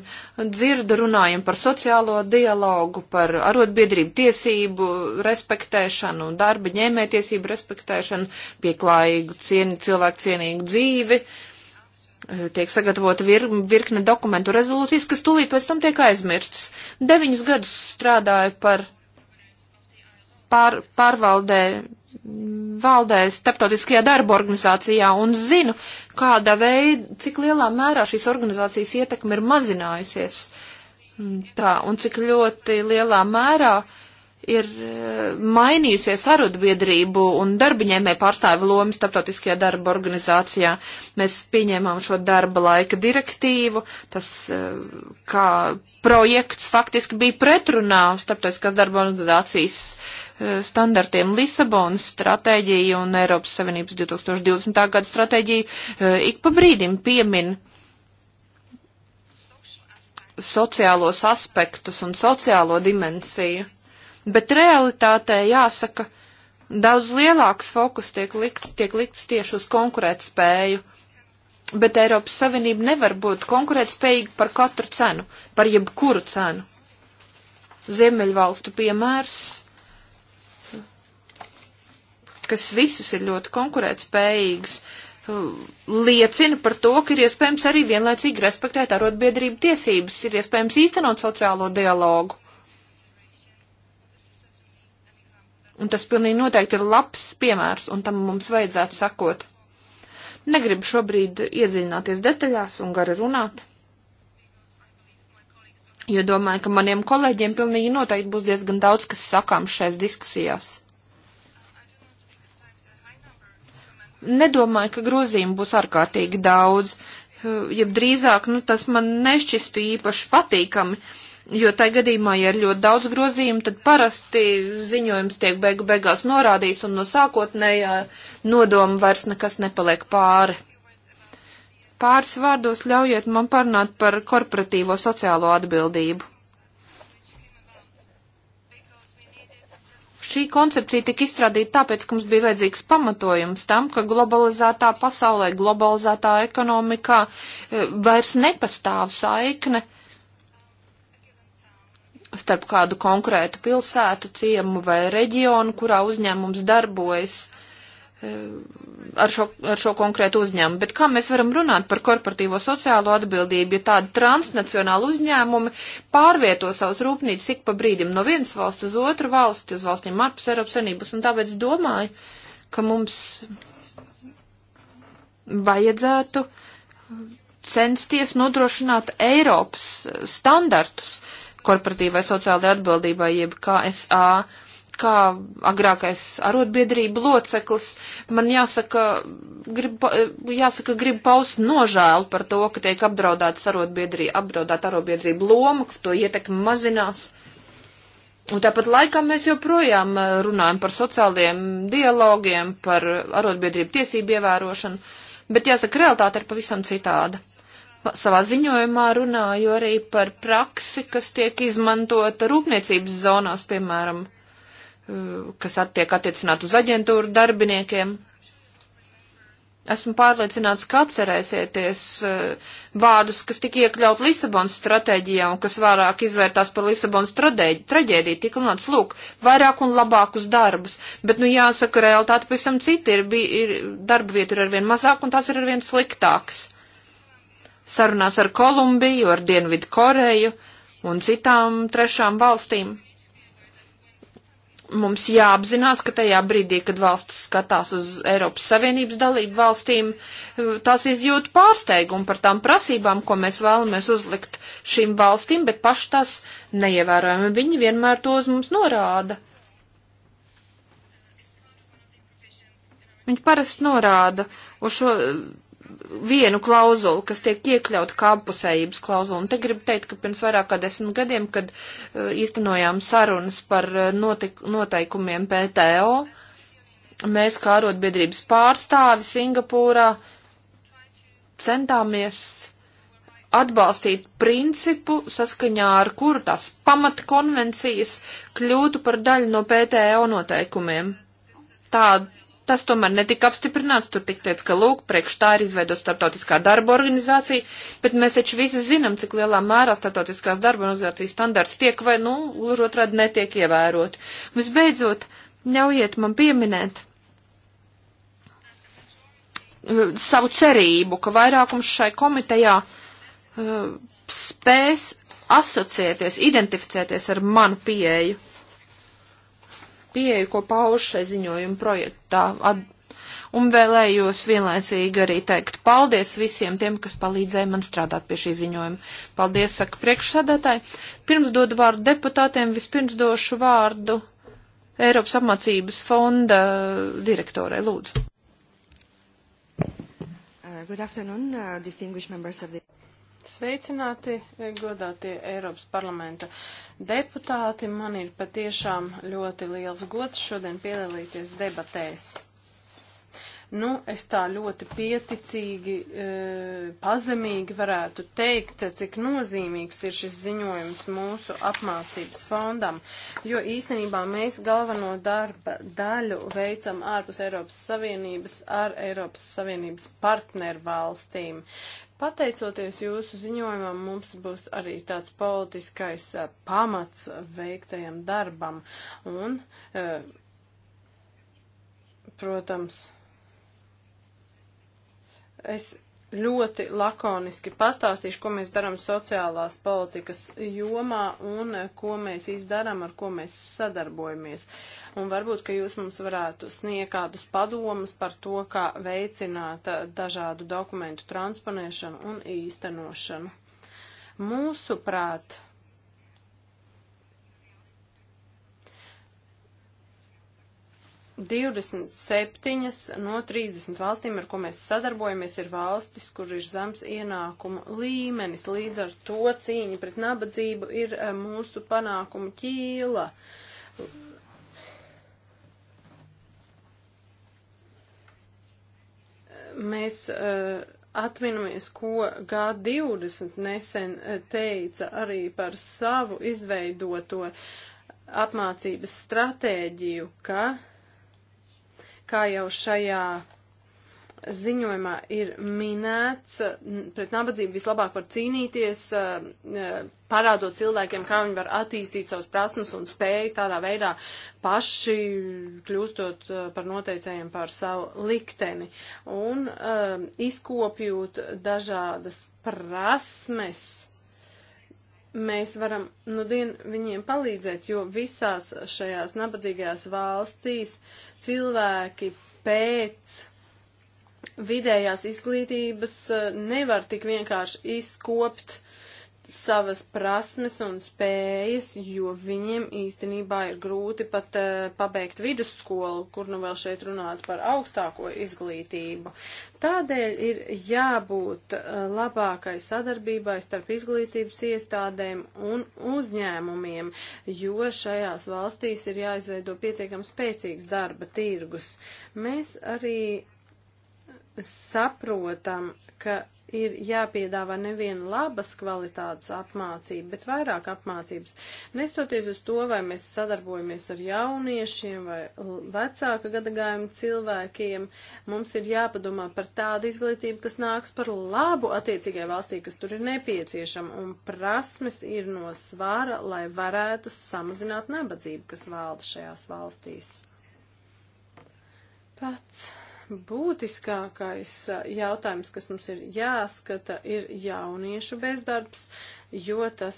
dzirdu runājam par sociālo dialogu, par arotbiedrību tiesību respektēšanu, darba ņēmē tiesību respektēšanu, pieklājīgu, cieni, cilvēku cienīgu dzīvi. Tiek sagatavota vir, virkne dokumentu rezolūcijas, kas tūlīt pēc tam tiek aizmirstas. Deviņus gadus strādāju par pār, pārvaldē, valdē starptautiskajā darba organizācijā un zinu, kāda veida, cik lielā mērā šīs organizācijas ietekme ir mazinājusies. Tā, un cik ļoti lielā mērā ir eh, mainījusies arotbiedrību un darbiņēmē pārstāvi lomu starptautiskajā darba organizācijā. Mēs pieņēmām šo darba laika direktīvu, tas eh, kā projekts faktiski bija pretrunā starptautiskās darba organizācijas uh, Eh, standartiem. Lisabonas stratēģija un Eiropas Savienības 2020. gada stratēģija eh, ik pa brīdim piemin sociālos aspektus un sociālo dimensiju. Bet realitātē jāsaka, daudz lielāks fokus tiek likts, tiek likts tieši uz konkurētspēju. Bet Eiropas Savienība nevar būt konkurētspējīga par katru cenu, par jebkuru cenu. Ziemeļvalstu piemērs kas visas ir ļoti konkurētspējīgas, uh, liecina par to, ka ir iespējams arī vienlaicīgi respektēt arotbiedrību tiesības, ir iespējams īstenot sociālo dialogu. Un tas pilnīgi noteikti ir labs piemērs, un tam mums vajadzētu sakot. Negribu šobrīd iedziļināties detaļās un gari runāt, jo domāju, ka maniem kolēģiem pilnīgi noteikti būs diezgan daudz, kas sakām šais diskusijās. nedomāju, ka grozījumu būs ārkārtīgi daudz, ja drīzāk, nu, tas man nešķistu īpaši patīkami, jo tai gadījumā, ja ir ļoti daudz grozījumu, tad parasti ziņojums tiek beigu beigās norādīts un no sākotnējā nodoma vairs nekas nepaliek pāri. Pāris vārdos ļaujiet man parunāt par korporatīvo sociālo atbildību. Šī koncepcija tika izstrādīta tāpēc, ka mums bija vajadzīgs pamatojums tam, ka globalizētā pasaulē, globalizētā ekonomikā e, vairs nepastāv saikne starp kādu konkrētu pilsētu, ciemu vai reģionu, kurā uzņēmums darbojas ar šo, ar šo konkrētu uzņēmumu. Bet kā mēs varam runāt par korporatīvo sociālo atbildību, ja tādi transnacionāli uzņēmumi pārvieto savus rūpnīcas ik pa brīdim no vienas valsts uz otru valsti, uz valstīm ārpus Eiropas Savienības, un tāpēc domāju, ka mums vajadzētu censties nodrošināt Eiropas standartus korporatīvai sociālajai atbildībai, jeb KSA kā agrākais arotbiedrība loceklis, man jāsaka, grib, jāsaka, grib paust nožēlu par to, ka tiek apdraudēta arotbiedrība, apdraudēta arotbiedrība loma, ka to ietekme mazinās. Un tāpat laikā mēs joprojām eh, runājam par sociāliem dialogiem, par arotbiedrību tiesību ievērošanu, bet jāsaka, realitāte ir pavisam citāda. Savā ziņojumā runāju arī par praksi, kas tiek izmantota rūpniecības zonās, piemēram, Eh, kas attiek attiecināt uz aģentūru darbiniekiem. Esmu pārliecināts, ka atcerēsieties eh, vārdus, kas tika iekļaut Lisabonas stratēģijā un kas vairāk izvērtās par Lisabonas traģēdiju, tika runāts, lūk, vairāk un labākus darbus. Bet, nu, jāsaka, realitāte pavisam cita ir, ir darba vieta ir arvien mazāk un tās ir arvien sliktākas. Sarunās ar Kolumbiju, ar Dienvidu Koreju un citām trešām valstīm mums jāapzinās, ka tajā brīdī, kad valsts skatās uz Eiropas Savienības dalību valstīm, tās izjūt pārsteigumu par tām prasībām, ko mēs vēlamies uzlikt šīm valstīm, bet paši tas neievērojami. Viņi vienmēr to uz mums norāda. Viņi parasti norāda uz šo vienu klauzulu, kas tiek iekļauta kā apusējības klauzula. Un te gribu teikt, ka pirms vairāk kā desmit gadiem, kad uh, īstenojām sarunas par eh, notik, noteikumiem PTO, mēs kā arotbiedrības pārstāvi Singapūrā centāmies atbalstīt principu, saskaņā ar kuru tās pamatkonvencijas kļūtu par daļu no PTO noteikumiem. Tā, tas tomēr netika apstiprināts. Tur tik teica, ka lūk, priekš tā ir izveidota starptautiskā darba organizācija, bet mēs taču visi zinām, cik lielā mērā starptautiskās darba organizācijas standarti tiek vai, nu, gluži otrādi netiek ievēroti. Visbeidzot, ļaujiet man pieminēt uh, savu cerību, ka vairākums šai komitejā uh, spēs asociēties, identificēties ar manu pieeju pieeju, ko pauž šai ziņojuma projektā. Un vēlējos vienlaicīgi arī teikt paldies visiem tiem, kas palīdzēja man strādāt pie šī ziņojuma. Paldies, saka priekšsēdētāji. Pirms dodu vārdu deputātiem, vispirms došu vārdu Eiropas apmācības fonda direktorai. Lūdzu. Uh, good afternoon, uh, distinguished members of the. Sveicināti, godātie Eiropas parlamenta deputāti. Man ir patiešām ļoti liels gods šodien piedalīties debatēs. Nu, es tā ļoti pieticīgi, e, pazemīgi varētu teikt, cik nozīmīgs ir šis ziņojums mūsu apmācības fondam, jo īstenībā mēs galveno darba daļu veicam ārpus Eiropas Savienības ar Eiropas Savienības partnervalstīm. valstīm Pateicoties jūsu ziņojumam, mums būs arī tāds politiskais uh, pamats veiktajam darbam. Un, uh, protams, es ļoti lakoniski pastāstīšu, ko mēs darām sociālās politikas jomā un eh, ko mēs izdarām, ar ko mēs sadarbojamies. Uh, un varbūt, ka jūs mums varētu sniegt kādus padomus par to, kā veicināt eh, dažādu dokumentu transponēšanu un īstenošanu. Mūsuprāt, Divdesmit septiņas no trīsdesmit valstīm, ar ko mēs sadarbojamies, ir valstis, kur ir zems ienākumu līmenis. Līdz ar to cīņa pret nabadzību ir eh, mūsu panākumu ķīla mēs uh, atminamies, ko G20 nesen eh, teica arī par savu izveidoto apmācības stratēģiju, ka, kā jau šajā ziņojumā ir minēts, pret nabadzību vislabāk var cīnīties, parādot cilvēkiem, kā viņi var attīstīt savus prasmes un spējas tādā veidā paši kļūstot par noteicējiem par savu likteni un izkopjot dažādas prasmes mēs varam nu dienu viņiem palīdzēt, jo visās šajās nabadzīgajās valstīs cilvēki pēc vidējās izglītības eh, nevar tik vienkārši izkopt savas prasmes un spējas, jo viņiem īstenībā ir grūti pat uh, pabeigt vidusskolu, kur nu vēl šeit runāt par augstāko izglītību. Tādēļ ir jābūt uh, labākai sadarbībai starp izglītības iestādēm un uzņēmumiem, jo šajās valstīs ir jāizveido pietiekam spēcīgs darba tirgus. Mēs arī saprotam, ka ir jāpiedāvā nevien labas kvalitātes apmācība, bet vairāk apmācības. Nestoties uz to, vai mēs sadarbojamies ar jauniešiem vai vecāka gadagājuma cilvēkiem, mums ir jāpadomā par tādu izglītību, kas nāks par labu attiecīgai valstī, kas tur ir nepieciešama, un prasmes ir no svāra, lai varētu samazināt nabadzību, kas valda šajās valstīs. Pats būtiskākais uh, jautājums, kas mums ir jāskata, ir jauniešu bezdarbs jo tas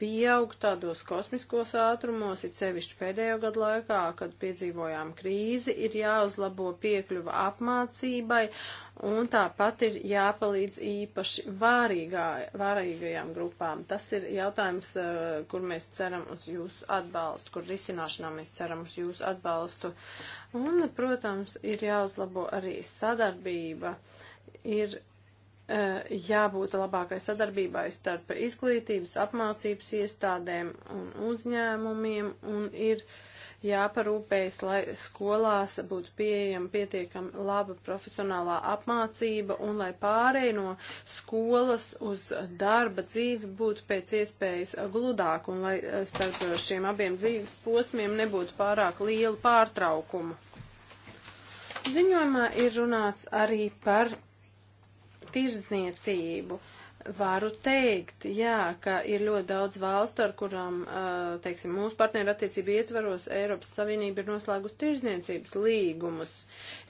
pieaug tādos kosmiskos ātrumos, it sevišķi pēdējo gadu laikā, kad piedzīvojām krīzi, ir jāuzlabo piekļuva apmācībai un tāpat ir jāpalīdz īpaši vārīgā, vārīgajām grupām. Tas ir jautājums, kur mēs ceram uz jūsu atbalstu, kur risināšanā mēs ceram uz jūsu atbalstu. Un, protams, ir jāuzlabo arī sadarbība. Ir Eh, jābūt labākai sadarbībai starp izglītības, apmācības iestādēm un uzņēmumiem, un ir jāparūpējas, lai skolās būtu pieejama pietiekami laba profesionālā apmācība, un lai pārēj no skolas uz darba dzīvi būtu pēc iespējas gludāk, un lai eh, starp šiem abiem dzīves posmiem nebūtu pārāk lielu pārtraukumu. Ziņojumā ir runāts arī par tirdzniecību. Varu teikt, jā, ka ir ļoti daudz valstu, ar kurām, teiksim, mūsu partneru attiecību ietvaros Eiropas Savienība ir noslēgusi tirzniecības līgumus.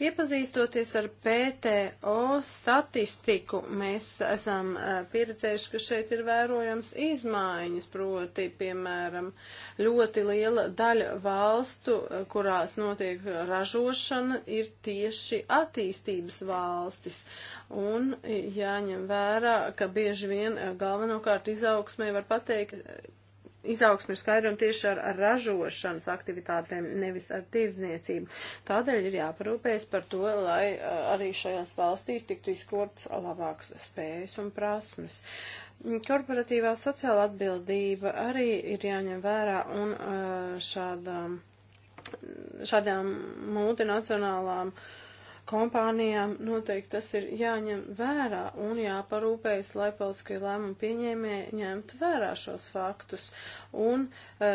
Iepazīstoties ar PTO statistiku, mēs esam pieredzējuši, ka šeit ir vērojams izmaiņas, proti, piemēram, ļoti liela daļa valstu, kurās notiek ražošana, ir tieši attīstības valstis. Un jāņem vērā, ka bija bieži vien eh, galvenokārt izaugsmē var pateikt, eh, izaugsmē ir skaidrojama tieši ar, ar ražošanas aktivitātēm, nevis ar tirdzniecību. Tādēļ ir jāparūpējas par to, lai eh, arī šajās valstīs tiktu izkotas labākas spējas un prasmes. Mm, korporatīvā sociāla atbildība arī ir jāņem vērā un šādām, šādām multinacionālām uh, kompānijām noteikti tas ir jāņem vērā un jāparūpējas, lai politiskie lēmumu pieņēmēji ņemtu vērā šos faktus. Un e,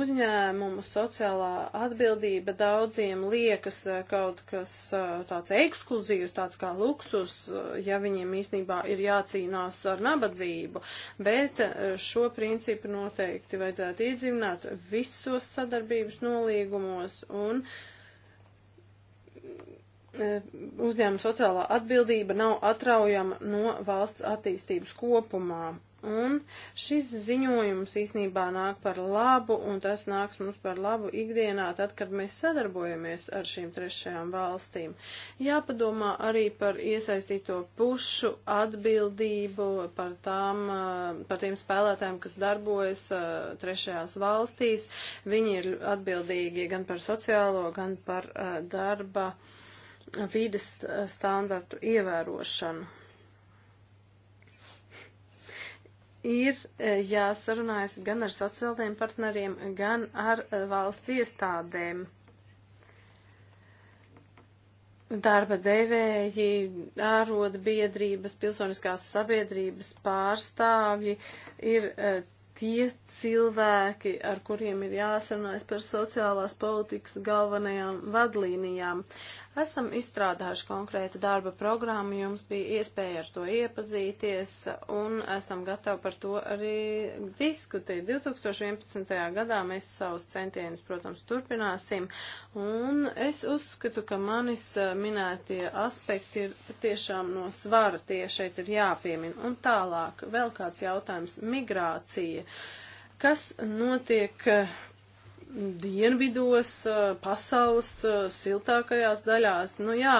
uzņēmumu sociālā atbildība daudziem liekas e, kaut kas e, tāds ekskluzīvs, tāds kā luksus, e, ja viņiem īstenībā ir jācīnās ar nabadzību. Bet šo principu noteikti vajadzētu iedzimnāt visos sadarbības nolīgumos un e, E, uzņēmuma sociālā atbildība nav atraujama no valsts attīstības kopumā. Un šis ziņojums īsnībā nāk par labu, un tas nāks mums par labu ikdienā, tad, kad mēs sadarbojamies ar šīm trešajām valstīm. Jāpadomā arī par iesaistīto pušu atbildību, par, tām, e, par tiem spēlētājiem, kas darbojas e, trešajās valstīs. Viņi ir atbildīgi gan par sociālo, gan par darba. Uh, vīdes eh, standartu ievērošanu. Ir eh, jāsarunājas gan ar sociāliem partneriem, gan ar eh, valsts iestādēm. Darba devēji, ārodbiedrības, pilsoniskās sabiedrības pārstāvji ir tie cilvēki, ar kuriem ir jāsarunājas par sociālās politikas galvenajām vadlīnijām. Esam izstrādājuši konkrētu darba programmu, jums bija iespēja ar to iepazīties un esam gatavi par to arī diskutēt. 2011. gadā mēs savus centienus, protams, turpināsim un es uzskatu, ka manis eh, minētie aspekti ir tiešām no svara, tie šeit ir jāpiemina. Un tālāk vēl kāds jautājums - migrācija. Kas notiek eh, dienvidos, pasaules siltākajās daļās. Nu jā,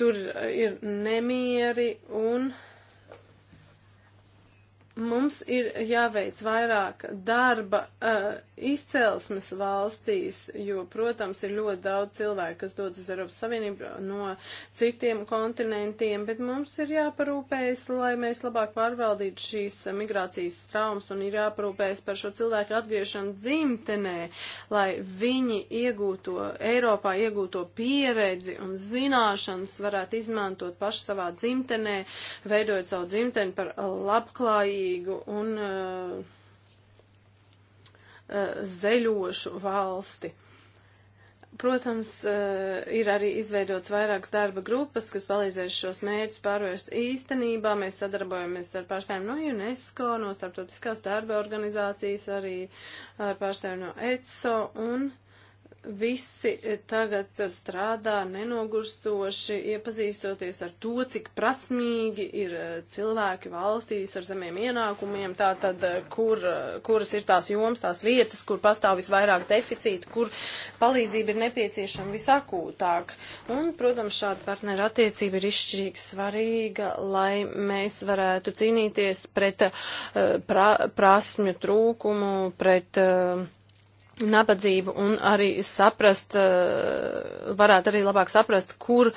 tur ir nemieri un mums ir jāveic vairāk darba uh, izcelsmes valstīs, jo, protams, ir ļoti daudz cilvēku, kas dodas uz Eiropas Savienību no citiem kontinentiem, bet mums ir jāparūpējas, lai mēs labāk pārvaldītu šīs migrācijas traumas un ir jāparūpējas par šo cilvēku atgriešanu dzimtenē, lai viņi iegūto, Eiropā iegūto pieredzi un zināšanas varētu izmantot paši savā dzimtenē, veidojot savu dzimteni par labklājīgu un uh, Eh, zeļošu valsti. Protams, eh, ir arī izveidots vairākas darba grupas, kas palīdzēs šos mērķus pārvērst īstenībā. Mēs sadarbojamies ar pārstāvjiem no UNESCO, no starptautiskās darba organizācijas, arī ar pārstāvjiem no ECO un uh, visi e, tagad strādā nenogurstoši, iepazīstoties ar to, cik prasmīgi ir e, cilvēki valstīs ar zemiem ienākumiem, tātad, e, kur, kuras ir tās joms, tās vietas, kur pastāv visvairāk deficīti, kur palīdzība ir nepieciešama visakūtāk. Un, protams, šāda partnera attiecība ir izšķirīgi svarīga, lai mēs varētu cīnīties pret uh, pra, prasmju trūkumu, pret uh, nabadzību un arī saprast, eh, varētu arī labāk saprast, kur,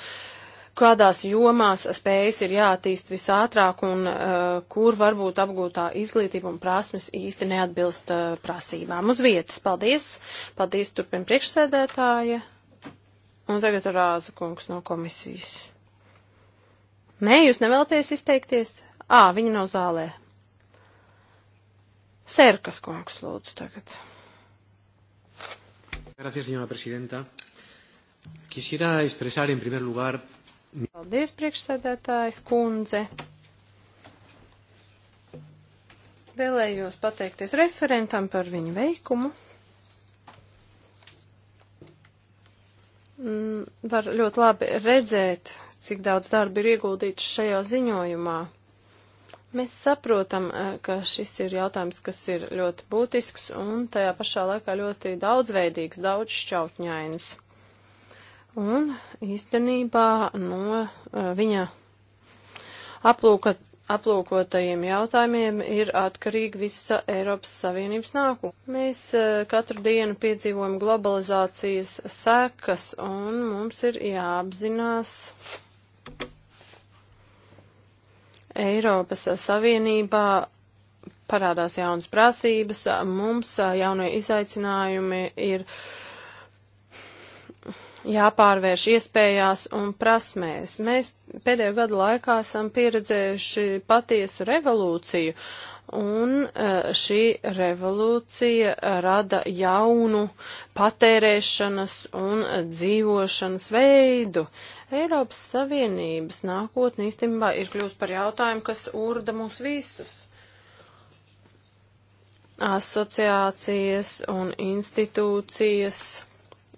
kādās jomās spējas ir jātīst visātrāk un eh, kur varbūt apgūtā izglītība un prasmes īsti neatbilst eh, prasībām uz vietas. Paldies! Paldies turpin priekšsēdētāja! Un tagad Rāza kungs no komisijas. Nē, jūs nevēlaties izteikties? Ā, viņa nav zālē. Sērkas kungs lūdzu tagad. Gracias, señora presidenta. Quisiera expresar en primer lugar. Paldies, priekšsēdētājs kundze. Vēlējos pateikties referentam par viņu veikumu. Mm, var ļoti labi redzēt, cik daudz darba ir ieguldīts šajā ziņojumā. Mēs saprotam, eh, ka šis ir jautājums, kas ir ļoti būtisks un tajā pašā laikā ļoti daudzveidīgs, daudz šķautņains. Un īstenībā no eh, viņa aplūka, aplūkotajiem jautājumiem ir atkarīga visa Eiropas Savienības nākotne. Mēs eh, katru dienu piedzīvojam globalizācijas sekas un mums ir jāapzinās Eiropas Savienībā parādās jaunas prasības, mums jaunie izaicinājumi ir jāpārvērš iespējās un prasmēs. Mēs pēdējo gadu laikā esam pieredzējuši patiesu revolūciju, Un e, šī revolūcija rada jaunu patērēšanas un dzīvošanas veidu. Eiropas Savienības nākotnē īstenībā ir kļūst par jautājumu, kas urda mūs visus. Asociācijas un institūcijas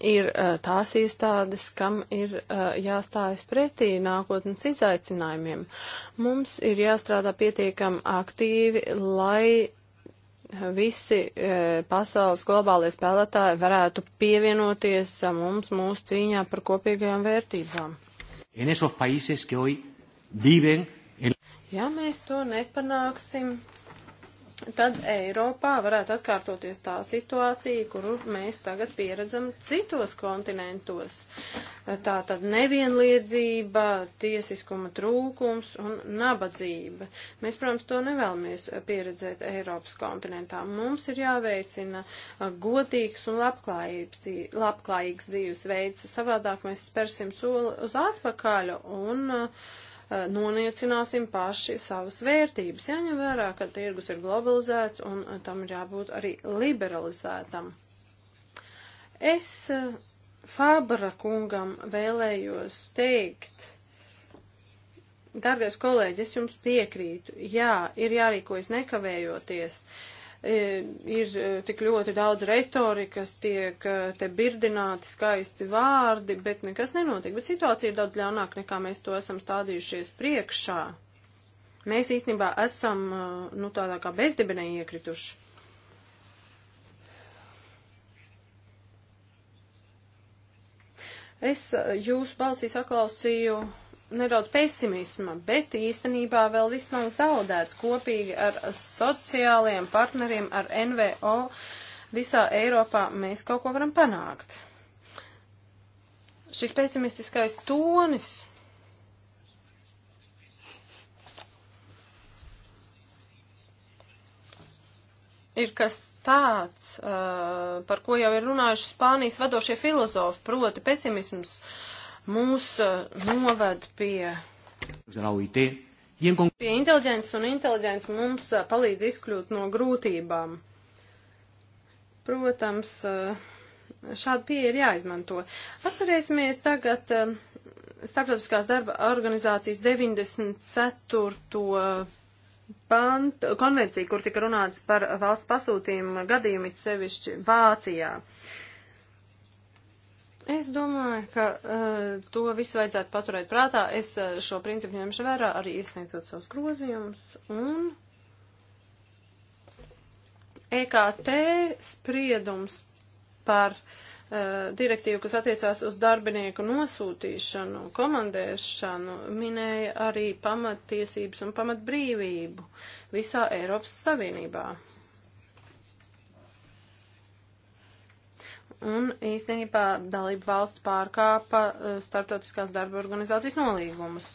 ir uh, tās iestādes, kam ir uh, jāstājas pretī nākotnes izaicinājumiem. Mums ir jāstrādā pietiekam aktīvi, lai eh, visi e, pasaules globālie spēlētāji varētu pievienoties mums mūsu cīņā par kopīgajām vērtībām. Ja mēs to nepanāksim, tad Eiropā varētu atkārtoties tā situācija, kuru mēs tagad pieredzam citos kontinentos. Tā tad nevienliedzība, tiesiskuma trūkums un nabadzība. Mēs, protams, to nevēlamies pieredzēt Eiropas kontinentā. Mums ir jāveicina godīgs un labklājīgs dzīvesveids, savādāk mēs spērsim soli uz atpakaļ un uh, noniecināsim paši savas vērtības. Jāņem vērā, ka tirgus ir globalizēts un eh, tam ir jābūt arī liberalizētam. Es eh, Fabra kungam vēlējos teikt, Dargais kolēģis, es jums piekrītu. Jā, ir jārīkojas nekavējoties. Uh, E, ir e, tik ļoti daudz retorikas, tiek e, te birdināti skaisti vārdi, bet nekas nenotiek. Bet situācija ir daudz ļaunāka, nekā mēs to esam stādījušies priekšā. Mēs īstenībā esam, nu, tādā kā bezdibenē iekrituši. Es jūsu balsī saklausīju nedaudz pesimisma, bet īstenībā vēl viss nav zaudēts kopīgi ar sociālajiem partneriem, ar NVO. Visā Eiropā mēs kaut ko varam panākt. Šis pesimistiskais tonis. Ir kas tāds, uh, par ko jau ir runājuši Spānijas vadošie filozofi, proti pesimisms. Uh, mūs uh, noved pie. E pie inteliģents un inteliģents mums uh, palīdz izkļūt no grūtībām. Protams, uh, šāda pieeja ir jāizmanto. Atcerēsimies tagad Starptautiskās darba organizācijas 94. Pant, konvenciju, kur tika runāts par valsts pasūtījumu gadījumu, it sevišķi Vācijā. Uh, Es domāju, ka uh, to visu vajadzētu paturēt prātā. Es uh, šo principu ņemšu vērā arī iesniedzot savus grozījumus un EKT spriedums par uh, direktīvu, kas attiecās uz darbinieku nosūtīšanu, komandēšanu, minēja arī pamattiesības un pamatbrīvību visā Eiropas Savienībā. un īstenībā dalība valsts pārkāpa e, starptautiskās darba organizācijas nolīgumus.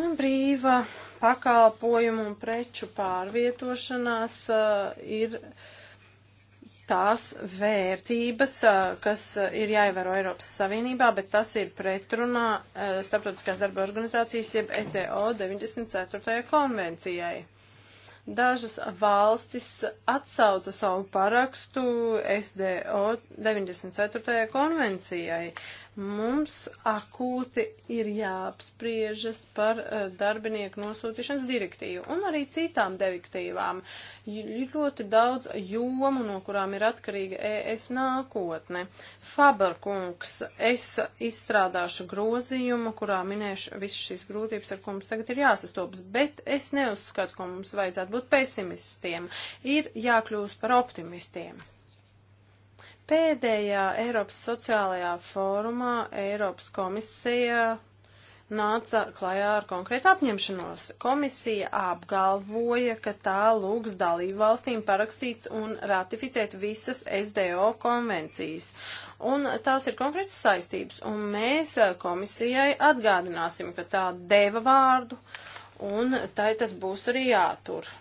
Un brīva pakalpojumu un preču pārvietošanās uh, ir tās vērtības, e, kas ir jāievēro Eiropas Savienībā, bet tas ir pretrunā Starptautiskās darba organizācijas, jeb SDO 94. konvencijai. Dažas valstis atsauca savu parakstu SDO 94. konvencijai. Mums akūti ir jāapspriežas par eh, darbinieku nosūtīšanas direktīvu un arī citām direktīvām. Ir ļoti daudz jomu, no kurām ir atkarīga ES nākotne. Faberkungs, es izstrādāšu grozījumu, kurā minēšu visas šīs grūtības, ar ko mums tagad ir jāsastopas, bet es neuzskatu, ka mums vajadzētu būt pesimistiem. Ir jākļūst par optimistiem. Pēdējā Eiropas sociālajā fórumā Eiropas komisija nāca klajā ar konkrētu apņemšanos. Komisija apgalvoja, ka tā lūgs dalību valstīm parakstīt un ratificēt visas SDO konvencijas. Un tās ir konkrētas saistības, un mēs komisijai atgādināsim, ka tā deva vārdu, un tai tas būs arī jātur.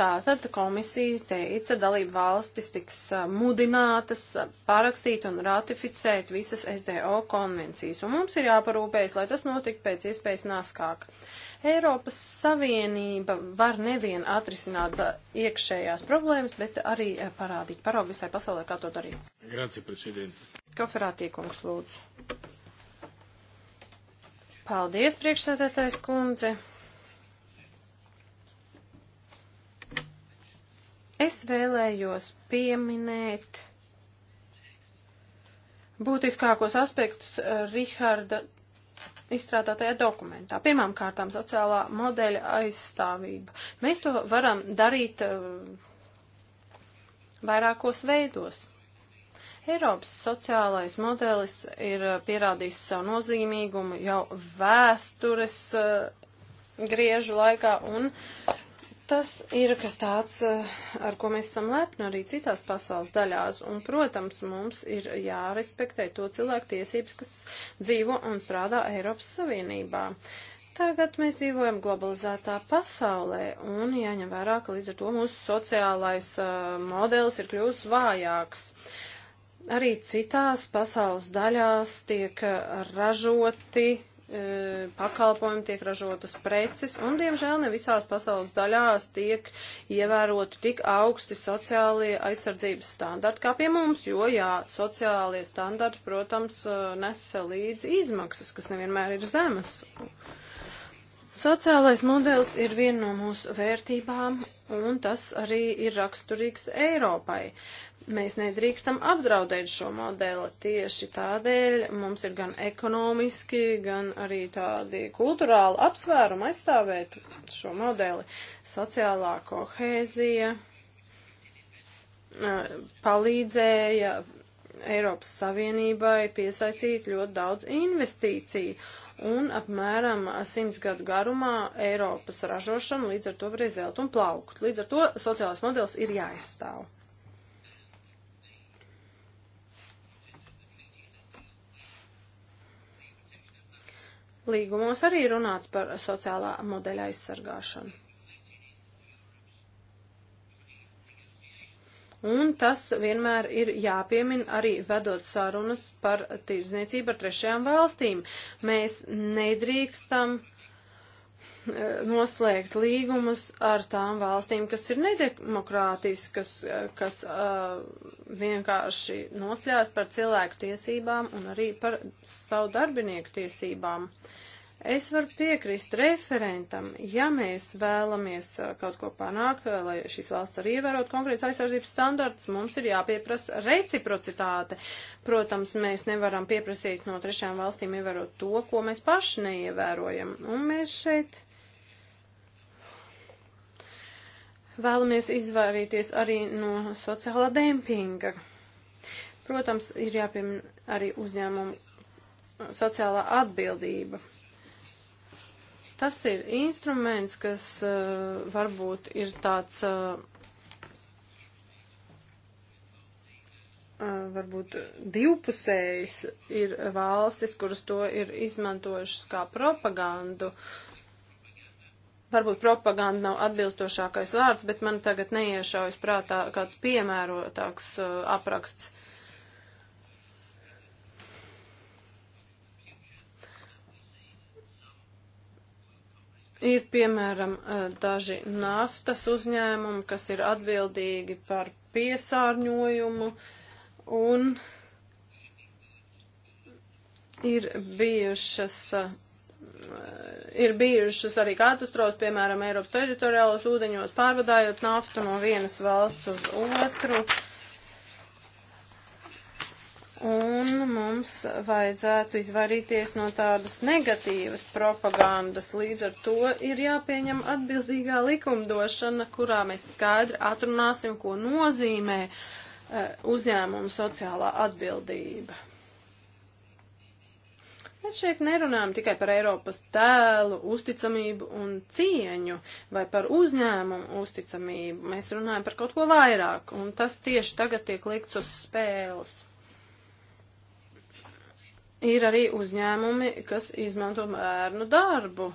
Tātad komisija teica, dalību valstis tiks mudinātas parakstīt un ratificēt visas SDO konvencijas, un mums ir jāparūpējas, lai tas notiktu pēc iespējas naskāk. Eiropas Savienība var nevien atrisināt iekšējās problēmas, bet arī parādīt paraugu visai pasaulē, kā to darīt. Grazie, prezidenti. Koferātī kungs, lūdzu. Paldies, priekšsēdētājs kundze. Es vēlējos pieminēt būtiskākos aspektus eh, Riharda izstrādātajā dokumentā. Pirmām kārtām sociālā modeļa aizstāvība. Mēs to varam darīt eh, vairākos veidos. Eiropas sociālais modelis ir eh, pierādījis savu nozīmīgumu jau vēstures griežu laikā, un Tas ir kas tāds, eh, ar ko mēs esam lepni arī citās pasaules daļās, un, protams, mums ir jārespektē to cilvēku tiesības, kas dzīvo un strādā Eiropas Savienībā. Tagad mēs dzīvojam globalizētā pasaulē, un jāņem vērā, ka līdz ar to mūsu sociālais uh, modelis ir kļūst vājāks. Arī citās pasaules daļās tiek eh, ražoti E, pakalpojumi, tiek ražotas preces, un, diemžēl, ne visās pasaules daļās tiek ievēroti tik augsti sociālie aizsardzības standarti kā pie mums, jo, jā, sociālie standarti, protams, e, nesa līdzi izmaksas, kas nevienmēr ir zemes. Sociālais modelis ir viena no mūsu vērtībām, un tas arī ir raksturīgs Eiropai. Mēs nedrīkstam apdraudēt šo modeli tieši tādēļ. Mums ir gan ekonomiski, gan arī tādi kulturāli apsvērumi aizstāvēt šo modeli. Sociālā kohēzija eh, palīdzēja Eiropas Savienībai piesaistīt ļoti daudz investīciju. Un apmēram simts gadu garumā Eiropas ražošana līdz ar to var izelt un plaukt. Līdz ar to sociālais modelis ir jāizstāv. Līgumos arī runāts par sociālā modeļa aizsargāšanu. Un tas vienmēr ir jāpiemina arī vedot sarunas par tirdzniecību ar trešajām valstīm. Mēs nedrīkstam uh, noslēgt līgumus ar tām valstīm, kas ir nedemokrātiskas, kas uh, vienkārši nospļās par cilvēku tiesībām un arī par savu darbinieku tiesībām. Es varu piekrist referentam, ja mēs vēlamies uh, kaut ko panākt, uh, lai šīs valsts arī ievērot konkrēts aizsardzības standarts, mums ir jāpieprasa reciprocitāte. Protams, mēs nevaram pieprasīt no trešām valstīm ievērot to, ko mēs paši neievērojam. Un mēs šeit Vēlamies izvairīties arī no sociālā dempinga. Protams, ir jāpiemina arī uzņēmumu sociālā atbildība. Tas ir instruments, kas uh, varbūt ir tāds, uh, varbūt divpusējs, ir valstis, kuras to ir izmantojušas kā propagandu, Varbūt propaganda nav atbilstošākais vārds, bet man tagad neiešaujas prātā kāds piemērotāks uh, apraksts. Ir, piemēram, uh, daži naftas uzņēmumi, kas ir atbildīgi par piesārņojumu un ir bijušas uh, ir bijušas arī katastrofas, piemēram, Eiropas teritoriālos ūdeņos, pārvadājot naftu no vienas valsts uz otru. Un mums vajadzētu izvairīties no tādas negatīvas propagandas. Līdz ar to ir jāpieņem atbildīgā likumdošana, kurā mēs skaidri atrunāsim, ko nozīmē eh, uzņēmuma sociālā atbildība. Mēs šeit nerunājam tikai par Eiropas tēlu, uzticamību un cieņu vai par uzņēmumu uzticamību. Mēs runājam par kaut ko vairāk, un tas tieši tagad tiek likts uz spēles. Ir arī uzņēmumi, kas izmanto bērnu darbu.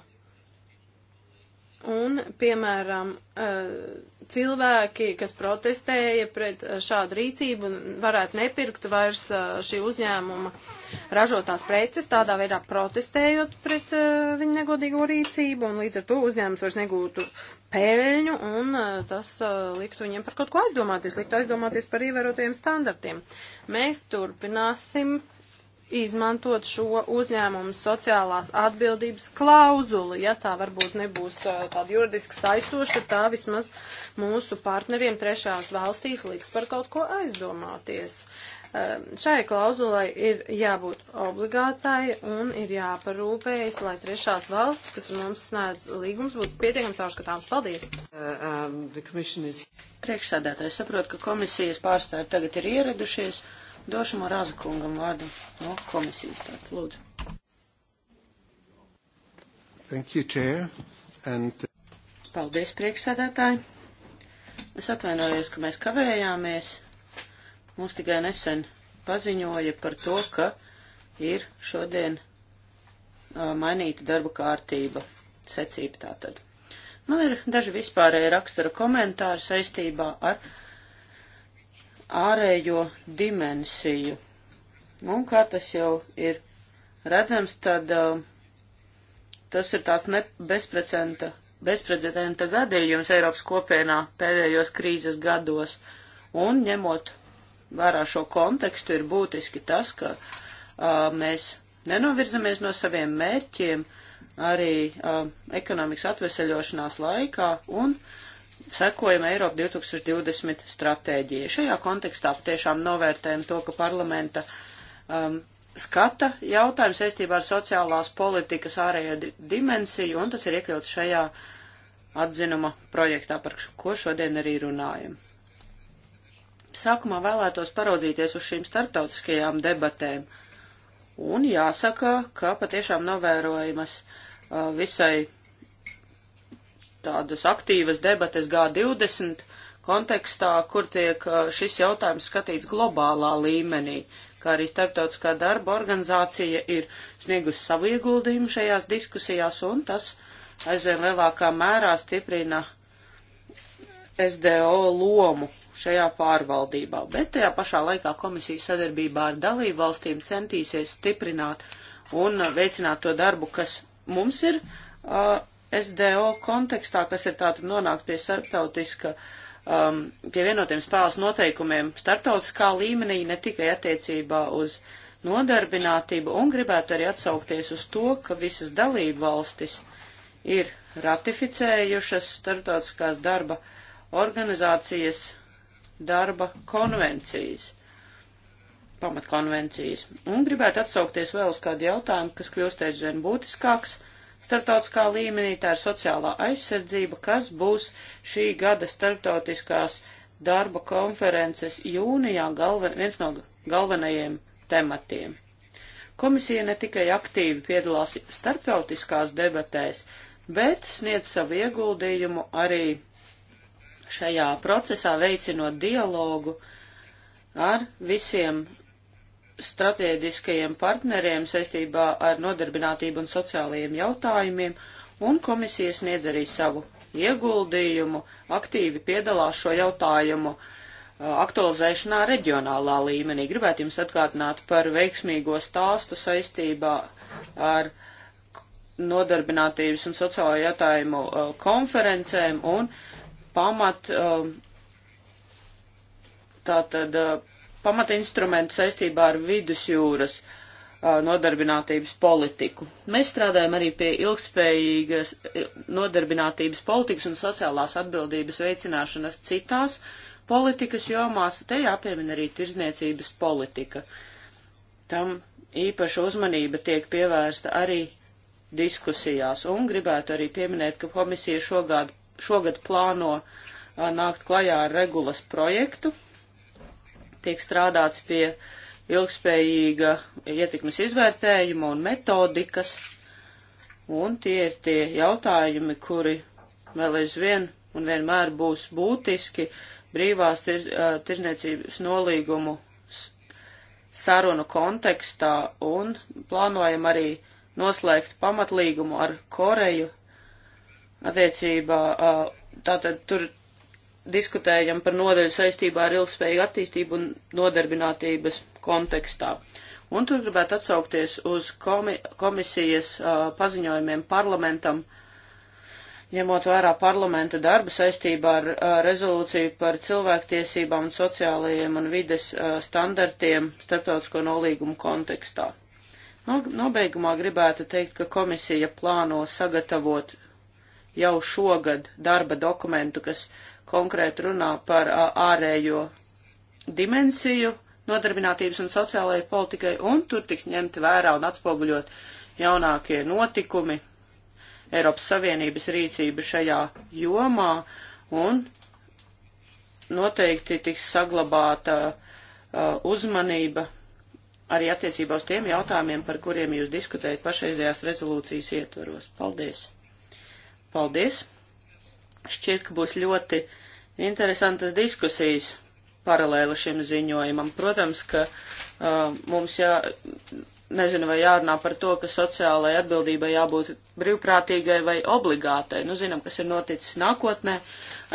Un, piemēram, uh, cilvēki, kas protestēja pret eh, šādu rīcību, varētu nepirkt vairs eh, šī uzņēmuma ražotās preces, tādā veidā protestējot pret eh, viņu negodīgo rīcību, un līdz ar to uzņēmums vairs negūtu peļņu, un tas liktu viņiem par kaut ko aizdomāties, liktu aizdomāties par ievērotajiem standartiem. Mēs turpināsim izmantot šo uzņēmumu sociālās atbildības klauzuli. Ja tā varbūt nebūs uh, tāda juridiski saistoša, tad tā vismaz mūsu partneriem trešās valstīs liks par kaut ko aizdomāties. Uh, šai klauzulai ir jābūt obligātai un ir jāparūpējas, lai trešās valsts, kas mums snēdz līgums, būtu pietiekams ārskatāms. Paldies! Uh, um, is... Priekšsēdētāji saprot, ka komisijas pārstāvi tagad ir ieradušies. Uh, Došu Morāza kungam vārdu no komisijas. Tātad, lūdzu. Thank you, Chair. And... Paldies, priekšsēdētāji. Es atvainojos, ka mēs kavējāmies. Mums tikai nesen paziņoja par to, ka ir šodien uh, mainīta darba kārtība secība tātad. Man ir daži vispārēja rakstura komentāri saistībā ar ārējo dimensiju. Un kā tas jau ir redzams, tad uh, tas ir tāds ne, bezprecedenta, bezprecedenta gadījums Eiropas kopienā pēdējos krīzes gados. Un ņemot vērā šo kontekstu, ir būtiski tas, ka uh, mēs nenovirzamies no saviem mērķiem arī uh, ekonomikas atveseļošanās laikā un uh, sekojam Eiropa 2020 stratēģijai. Šajā kontekstā patiešām novērtējam to, ka parlamenta um, skata jautājums saistībā ar sociālās politikas ārējo di dimensiju, un tas ir iekļauts šajā atzinuma projektā, par ko šodien arī runājam. Sākumā vēlētos paraudzīties uz šīm starptautiskajām debatēm, un jāsaka, ka patiešām novērojamas uh, visai tādas aktīvas debates G20 kontekstā, kur tiek šis jautājums skatīts globālā līmenī, kā arī starptautiskā darba organizācija ir sniegusi savu ieguldījumu šajās diskusijās, un tas aizvien lielākā mērā stiprina SDO lomu šajā pārvaldībā, bet tajā pašā laikā komisija sadarbībā ar dalību valstīm centīsies stiprināt un veicināt to darbu, kas mums ir uh, SDO kontekstā, kas ir tātad nonākt pie starptautiska, um, pie vienotiem spēles noteikumiem starptautiskā līmenī, ne tikai attiecībā uz nodarbinātību, un gribētu arī atsaukties uz to, ka visas dalību valstis ir ratificējušas starptautiskās darba organizācijas darba konvencijas pamatkonvencijas. Un gribētu atsaukties vēl uz kādu jautājumu, kas kļūst aizvien būtiskāks starptautiskā līmenī, tā ir sociālā aizsardzība, kas būs šī gada starptautiskās darba konferences jūnijā galven, viens no galvenajiem tematiem. Komisija ne tikai aktīvi piedalās starptautiskās debatēs, bet sniedz savu ieguldījumu arī šajā procesā veicinot dialogu ar visiem stratēģiskajiem partneriem saistībā ar nodarbinātību un sociālajiem jautājumiem, un komisija sniedz arī savu ieguldījumu, aktīvi piedalās šo jautājumu uh, aktualizēšanā reģionālā līmenī. Gribētu jums atgādināt par veiksmīgo stāstu saistībā ar nodarbinātības un sociālo jautājumu uh, konferencēm un pamat uh, tātad pamatinstrumentu saistībā ar vidusjūras uh, nodarbinātības politiku. Mēs strādājam arī pie ilgspējīgas nodarbinātības politikas un sociālās atbildības veicināšanas citās politikas jomās. Te jāpiemina arī tirzniecības politika. Tam īpaša uzmanība tiek pievērsta arī diskusijās, un gribētu arī pieminēt, ka komisija šogad, šogad plāno a, nākt klajā ar regulas projektu, tiek strādāts pie ilgspējīga ietekmes izvērtējuma un metodikas, un tie ir tie jautājumi, kuri vēl aizvien un vienmēr būs būtiski brīvās tirz, tirzniecības nolīgumu sarunu kontekstā un plānojam arī noslēgt pamatlīgumu ar Koreju attiecībā, tātad tur diskutējam par nodeļu saistībā ar ilgspējīgu attīstību un nodarbinātības kontekstā. Un tur gribētu atsaukties uz komi komisijas uh, paziņojumiem parlamentam, ņemot vērā parlamenta darbu saistībā ar uh, rezolūciju par cilvēktiesībām un sociālajiem un vides uh, standartiem starptautisko nolīgumu kontekstā. No, nobeigumā gribētu teikt, ka komisija plāno sagatavot jau šogad darba dokumentu, kas uh, konkrēti runā par ārējo dimensiju nodarbinātības un sociālajai politikai, un tur tiks ņemti vērā un atspoguļot jaunākie notikumi, Eiropas Savienības rīcība šajā jomā, un noteikti tiks saglabāta uh, uzmanība arī attiecībā uz tiem jautājumiem, par kuriem jūs diskutējat pašreizējās rezolūcijas ietvaros. Paldies! Paldies! Šķiet, ka būs ļoti interesantas diskusijas paralēli šim ziņojumam. Protams, ka uh, mums jā, nezinu, vai jārunā par to, ka sociālai atbildībai jābūt brīvprātīgai vai obligātai. Nu, zinām, kas ir noticis nākotnē.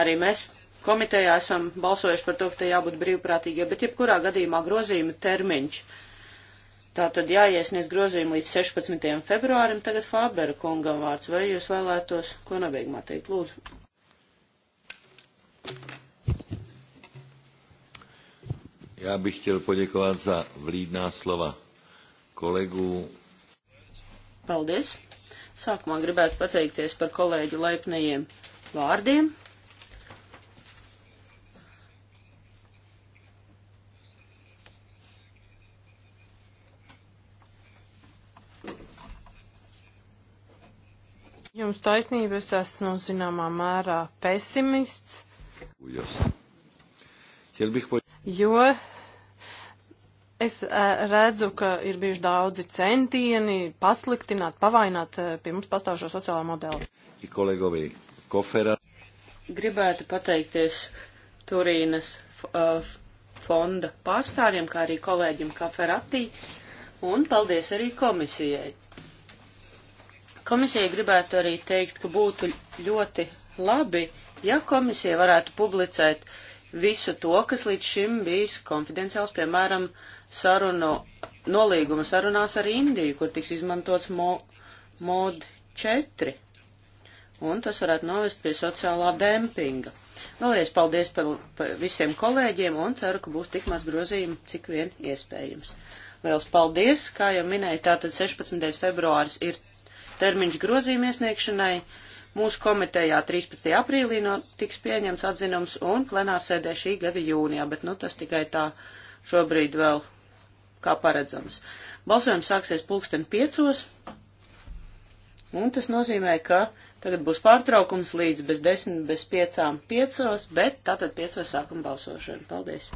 Arī mēs komitejā esam balsojuši par to, ka tai jābūt brīvprātīgai, bet jebkurā gadījumā grozījuma termiņš. Tā tad jāiesniedz grozījumi līdz 16. februārim. Tagad Fābera kungam vārds, vai jūs vēlētos ko nobeigumā teikt, lūdzu? Já bych chtěl poděkovat za vlídná slova kolegů. Paldies! Sākumā gribētu pateikties par kolēģu laipnajiem vārdiem. Jums taisnība, es esmu nu, zināmā mērā pesimists. Jo es eh, redzu, ka ir bijuši daudzi centieni pasliktināt, pavainot eh, pie mums pastāvošo sociālo modeli. Gribētu pateikties Turīnas eh, fonda pārstāvjiem, kā arī kolēģim Kaferatī, un paldies arī komisijai. Komisijai gribētu arī teikt, ka būtu ļoti labi, ja komisija varētu publicēt visu to, kas līdz šim bijis konfidenciāls, piemēram, sarunu, nolīguma sarunās ar Indiju, kur tiks izmantots mo, mod 4. Un tas varētu novest pie sociālā dempinga. Vēlreiz paldies par, par visiem kolēģiem un ceru, ka būs tik maz grozījumu, cik vien iespējams. Liels paldies, kā jau minēju, tātad 16. februāris ir termiņš grozījuma iesniegšanai. Mūsu komitejā 13. aprīlī no tiks pieņems atzinums un plenārsēdē šī gada jūnijā, bet nu tas tikai tā šobrīd vēl kā paredzams. Balsojums sāksies pulksten piecos, un tas nozīmē, ka tagad būs pārtraukums līdz bez desmit, bez piecām piecos, bet tātad piecos sākam balsošanu. Paldies!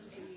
Thank you.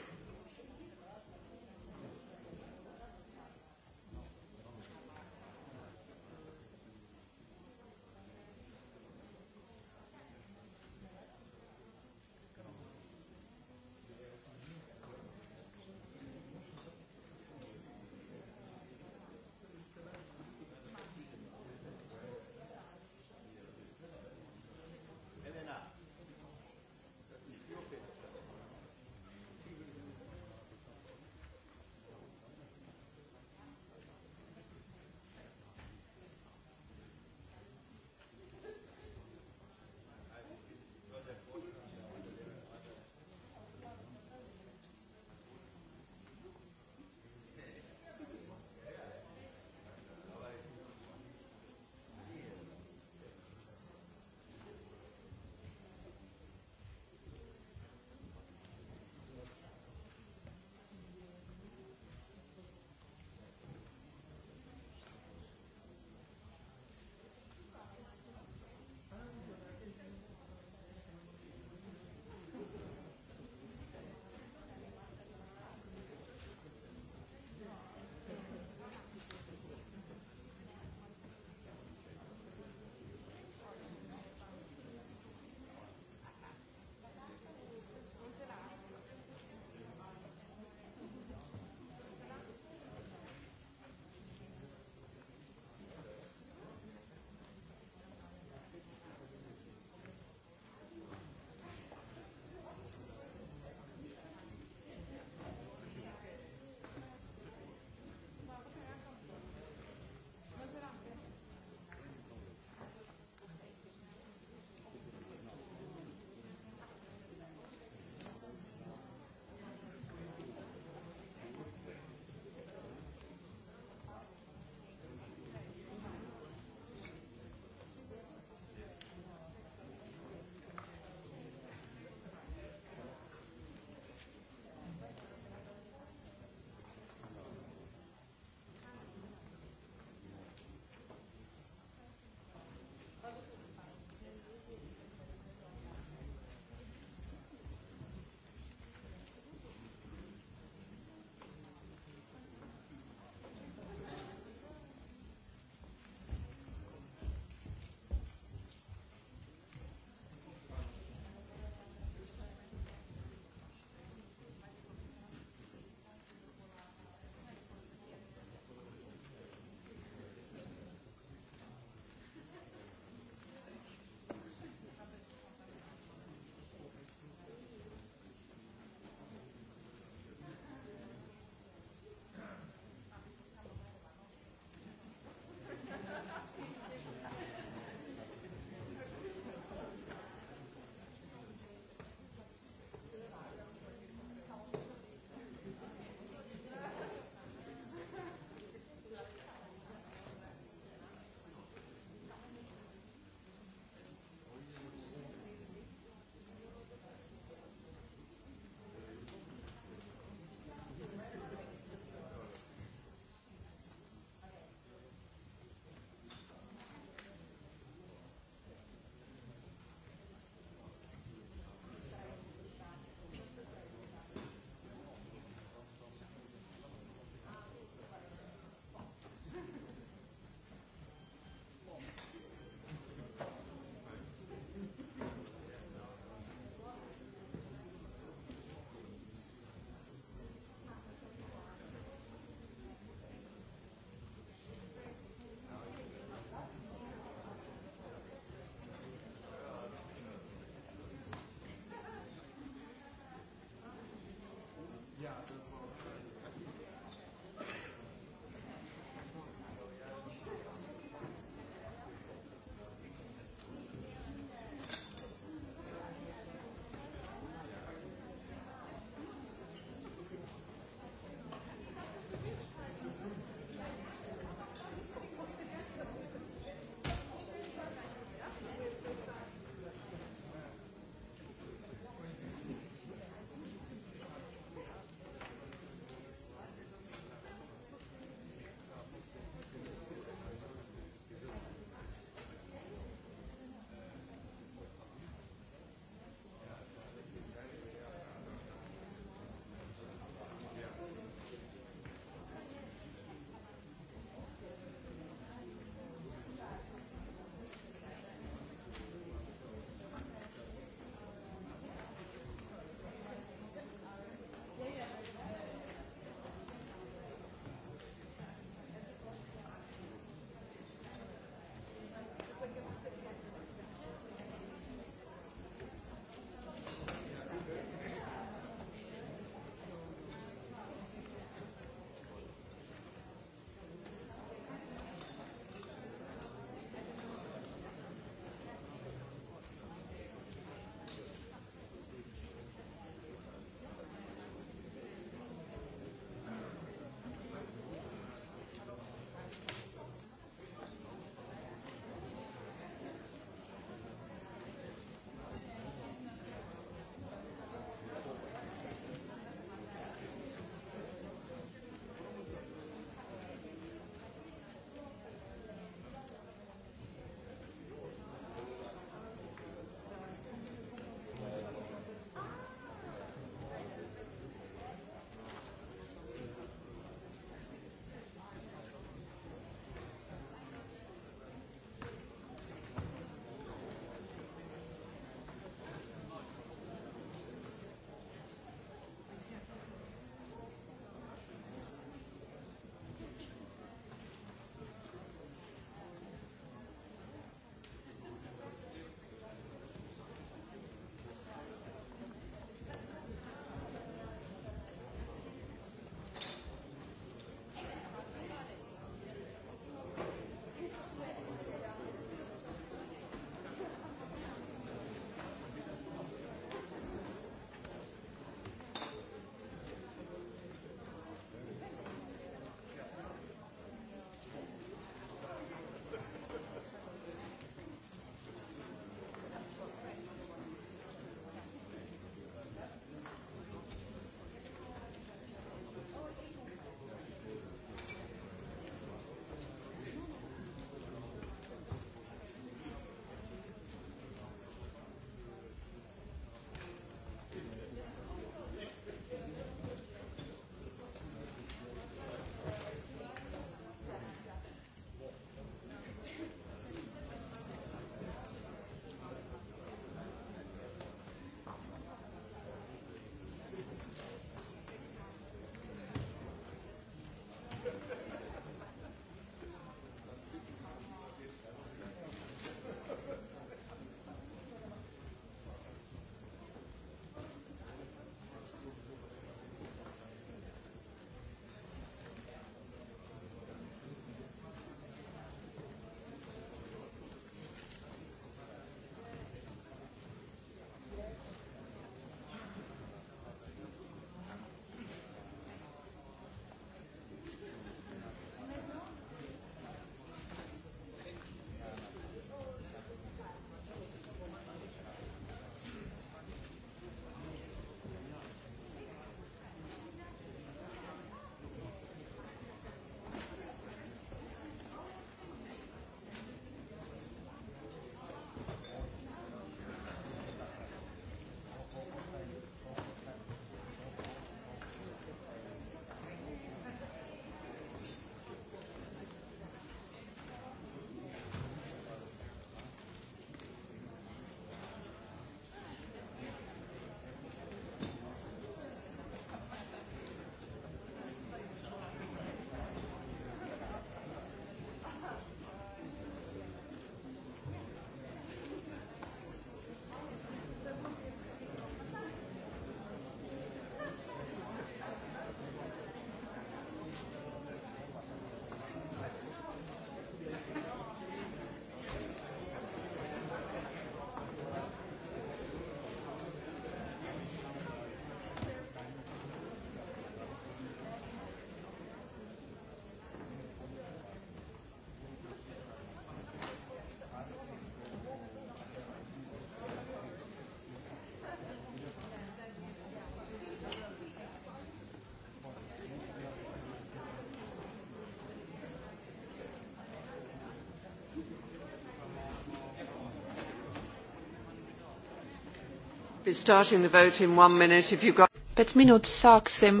Got... Pēc minūtes sāksim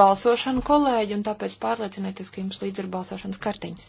balsošanu, kolēģi, un tāpēc pārliecinieties, ka jums līdz ir balsošanas kartiņas.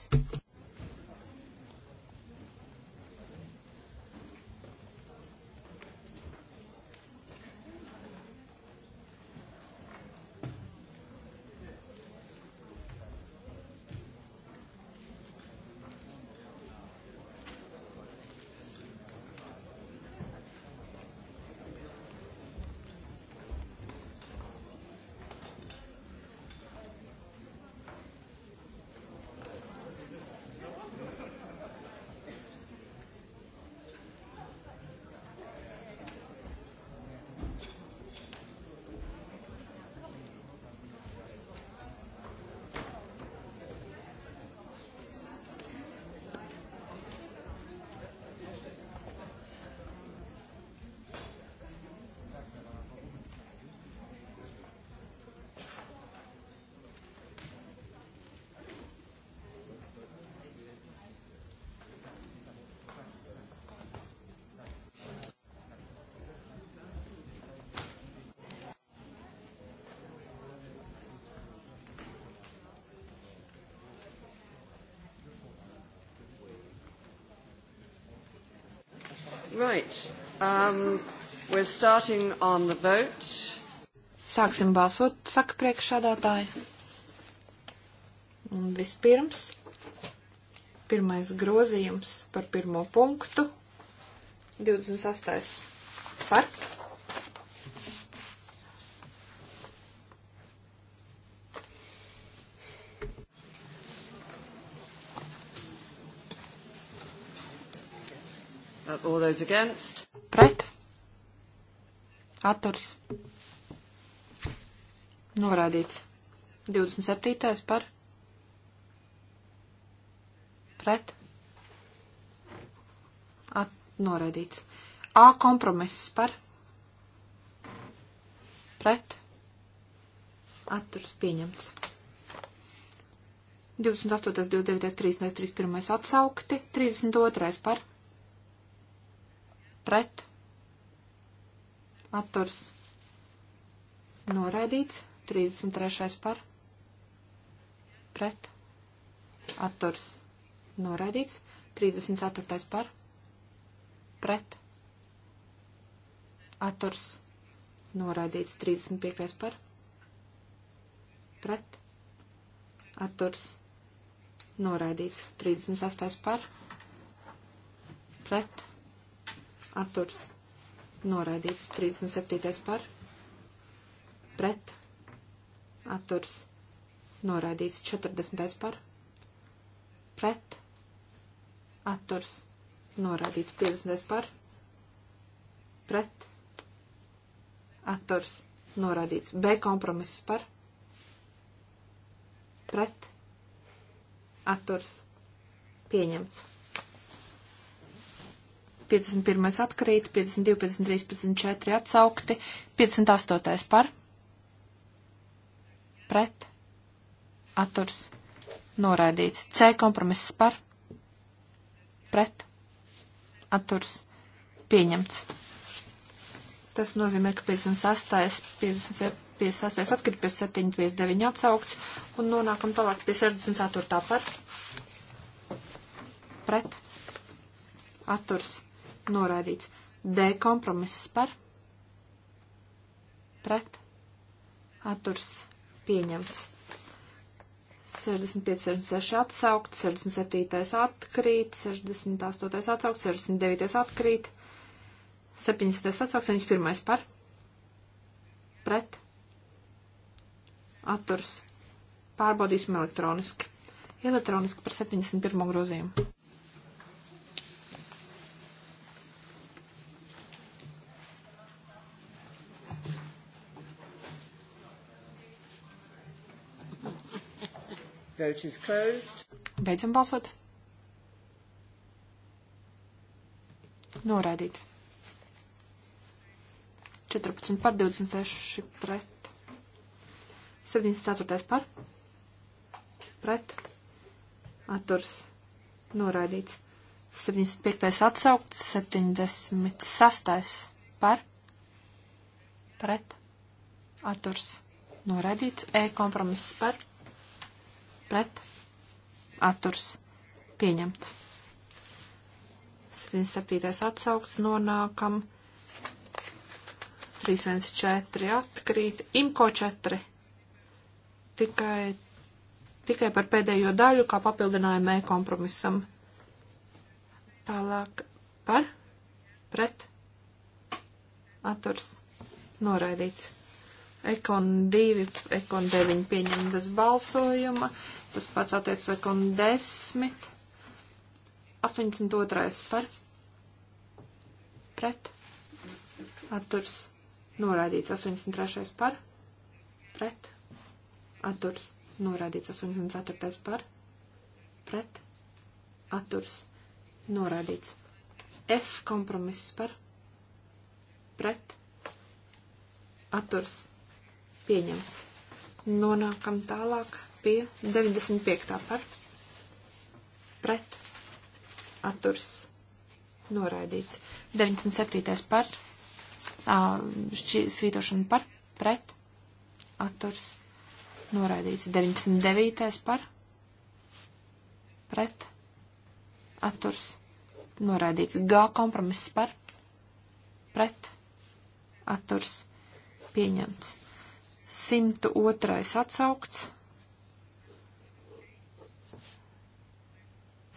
Right. Um, we're starting on the vote. Sāksim balsot, saka priekšsādātāji. Un vispirms, pirmais grozījums par pirmo punktu. 28. par Those against? Pret. Atturs. Norādīts. 27. par. Pret. At, norādīts. A kompromiss par. Pret. Atturs pieņemts. 28, 29, 30, 31 atsaukti, 32 par pret, atturs, noraidīts, 33. par, pret, atturs, noraidīts, 34. par, pret, atturs, noraidīts, 35. par, pret, atturs, noraidīts, 36. par, pret, atturs noraidīts. 37. par pret atturs noraidīts. 40. par pret atturs noraidīts. 50. par pret atturs noraidīts. B kompromiss par pret atturs pieņemts. 51. atkrīt, 52, 53, 54 atsaukti, 58. par, pret, atturs, noraidīts, C kompromiss par, pret, atturs, pieņemts. Tas nozīmē, ka 58, 57, 56 atkrīt, 57, 59 atsaukts un nonākam tālāk pie 64. par, pret, atturs, pieņemts Noraidīts. D kompromiss par. Pret. Atturs pieņemts. 65, 66 atsaukt, 67 atkrīt, 68 atsaukt, 69 atkrīt, 70 atsaukt, 71 par. Pret. Atturs. Pārbaudīsim elektroniski. Elektroniski par 71 grozījumu. Vote is closed. Beidzam balsot. Noraidīts. 14 par 26 pret. 74 par. Pret. Atturs. Noraidīts. 75 atsaukts. 76 par. Pret. Atturs. Noraidīts. E kompromiss par pret atturs pieņemts. 77. atsaukts nonākam. 314 atkrīt. Imko 4. Tikai, tikai par pēdējo daļu, kā papildinājumu e-kompromisam. Tālāk par, pret, atturs, noraidīts. Ekon 2, ekon 9 pieņemtas balsojuma. Tas pats attiec ar kon 10. 82. par. Pret. Atturs. Noraidīts 83. par. Pret. Atturs. Noraidīts 84. par. Pret. Atturs. Noraidīts. F kompromiss par. Pret. Atturs. Pieņemts. Nonākam tālāk pie 95. par pret atturs noraidīts. 97. par svītošana par pret atturs noraidīts. 99. par pret atturs noraidīts. G kompromiss par pret atturs pieņemts. 102. atsaukts.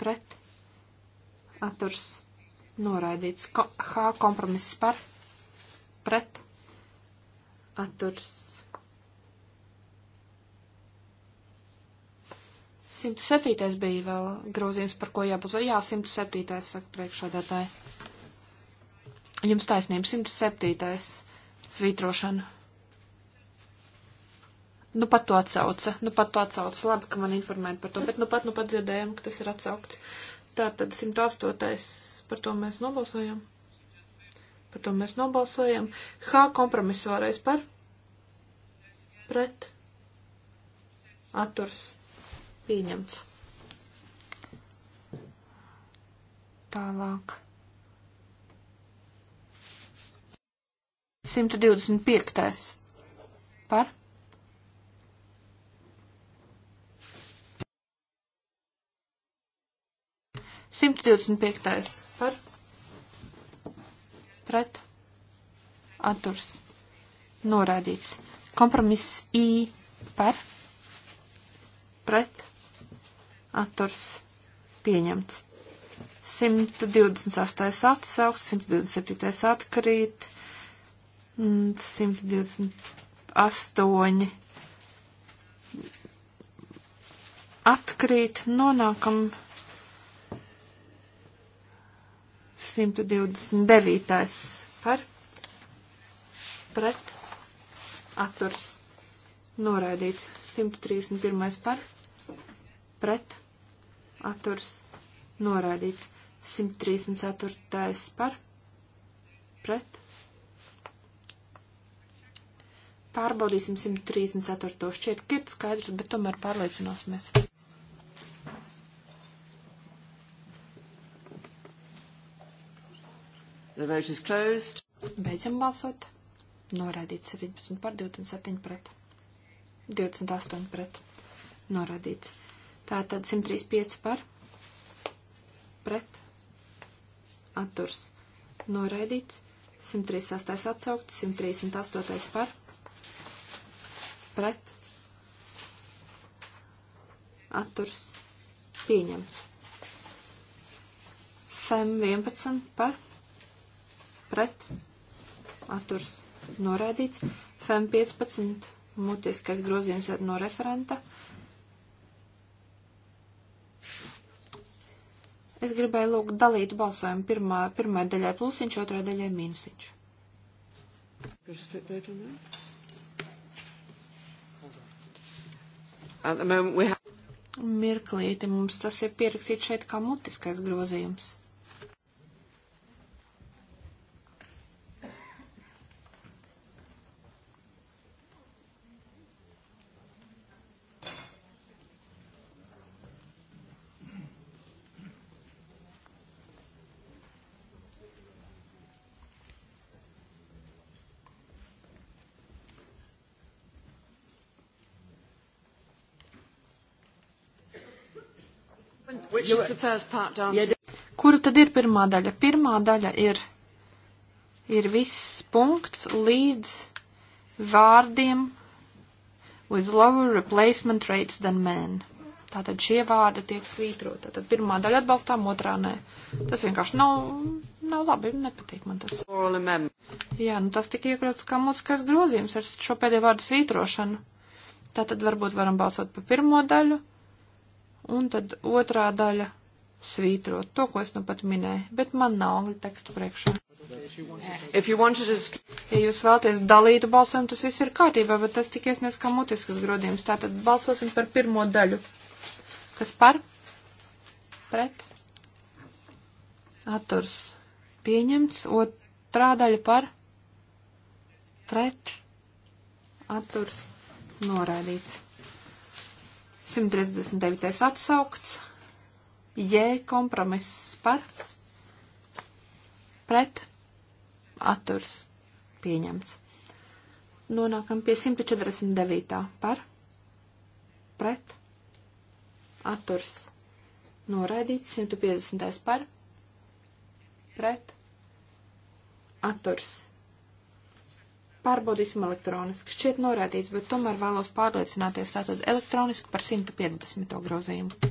pret atturs noraidīts. Ko, H kompromiss par pret atturs 107. bija vēl grozījums, par ko jāpazo. Jā, 107. saka priekšādātāji. Jums taisnība, 107. svītrošana. Nu pat to atsauca, nu pat to atsauca, labi, ka man informēja par to, bet nu pat, nu pat dzirdējām, ka tas ir atsaukts. Tātad 108. par to mēs nobalsojam. Par to mēs nobalsojam. H kompromiss vēlreiz par. Pret. Atturs. Pieņemts. Tālāk. 125. par 125. par pret atturs norādīts. Kompromiss I par pret atturs pieņemts. 128. atsaukt, 127. atkrīt, 128 atkrīt, nonākam 129. par pret atturs noraidīts. 131. par pret atturs noraidīts. 134. par pret. Pārbaudīsim 134. šķiet, ka ir skaidrs, bet tomēr pārliecināsimies. The vote is closed. Beidzam balsot. Norādīts 17 par 27 pret. 28 pret. Norādīts. Tātad 135 par pret. Atturs. Noraidīts. 138 atsaukt. 138 par pret. Atturs. Pieņemts. FEM 11 par pret pret, atturs noraidīts, FEM 15 mutiskais grozījums no referenta. Es gribēju lūgt dalīt balsojumu pirmā, pirmai daļai plusiņš, otrai daļai mīnusiņš. Um, um, Mirklīti mums tas ir pierakstīts šeit kā mutiskais grozījums. Kura tad ir pirmā daļa? Pirmā daļa ir, ir viss punkts līdz vārdiem with lower replacement rates than men. Tātad šie vārdi tiek svītrot. Tātad pirmā daļa atbalstām, otrā nē. Tas vienkārši nav, nav labi, nepatīk man tas. Jā, nu tas tika iekļauts kā mūzikas grozījums ar šo pēdējo vārdu svītrošanu. Tātad varbūt varam balsot pa pirmo daļu un tad otrā daļa svītrot to, ko es nu pat minēju, bet man nav angļu tekstu priekšā. Ja jūs vēlaties dalītu balsojumu, tas viss ir kārtībā, bet tas tik iesniedz kā mutiskas grozījums. Tātad balsosim par pirmo daļu. Kas par? Pret? Atturs. Pieņemts. Otrā daļa par? Pret? Atturs. Noraidīts. 139. atsaukts. J kompromiss par pret atturs pieņemts. Nonākam pie 149. par pret atturs noraidīts. 150. par pret atturs Pārbaudīsim elektroniski. Šķiet norādīts, bet tomēr vēlos pārliecināties tātad elektroniski par 150. grozījumu.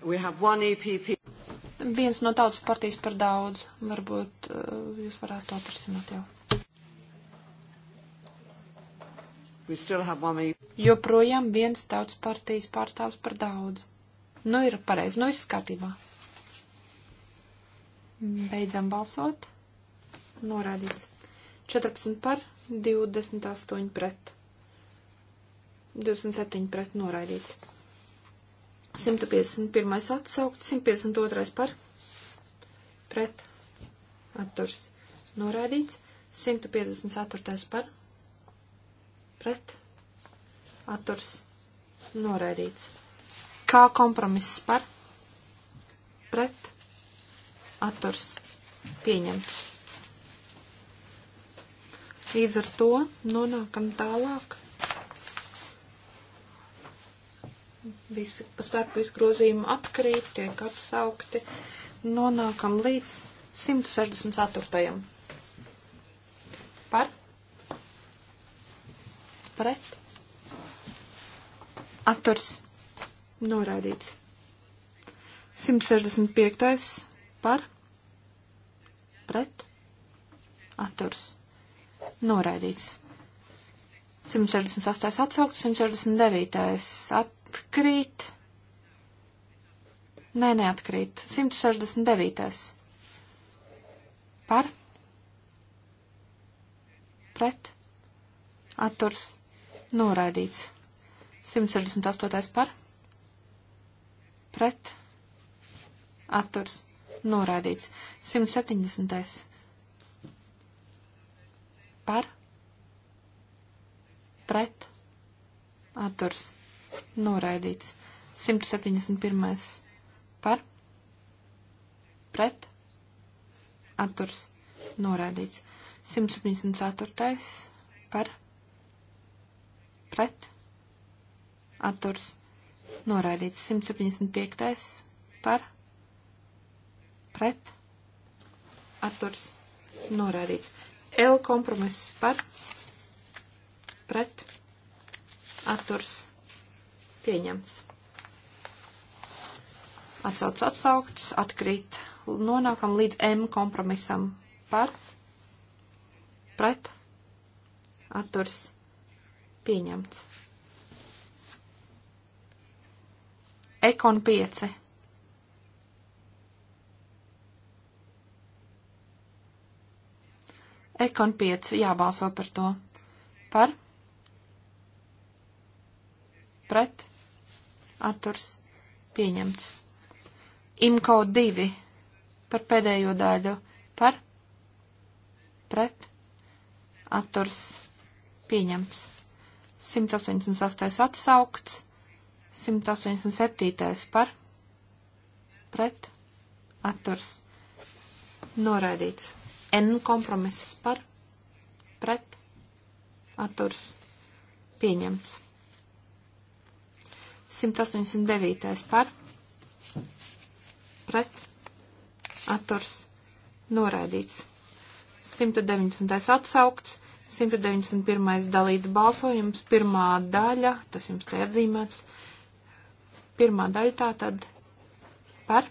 E viens no tautas partijas par daudz. Varbūt uh, jūs varētu to atrisināt jau. E Joprojām viens tautas partijas pārstāvs par daudz. Nu, ir pareizi, nu, viss kārtībā. Beidzam balsot. Norādīts. 14 par, 28 pret. 27 pret noraidīts. 151 atsaukt, 152 par, pret, atturs noraidīts, 154 par, pret, atturs noraidīts. Kā kompromiss par? Pret? Atturs. Pieņemts. Līdz ar to nonākam tālāk. visi pa starpu izgrozījumi atkrīt, tiek atsaukti, nonākam līdz 164. Par? Pret? Atturs. Norādīts. 165. par pret atturs. Noraidīts. 168. atsaukt, 169. atkrīt. Nē, neatkrīt. 169. Par. Pret. Atturs. Noraidīts. 168. par pret atturs norādīts. 170. par pret atturs norādīts. 171. par pret atturs norādīts. 174. par pret atturs norādīts Noraidīts 175. par pret atturs noraidīts. L kompromiss par pret atturs pieņemts. Atsauc atsaukts, atkrīt. Nonākam līdz M kompromisam par pret atturs pieņemts. Ekon 5. Ekon 5 jābalso par to. Par? Pret? Atturs? Pieņemts. Imko 2. Par pēdējo daļu. Par? Pret? Atturs? Pieņemts. 188. atsaukts. 187. par pret atturs noraidīts. N kompromiss par pret atturs pieņemts. 189. par pret atturs noraidīts. 190. atsaukts. 191. dalīts balsojums, pirmā daļa, tas jums te atzīmēts, Pirmā daļa tā tad par,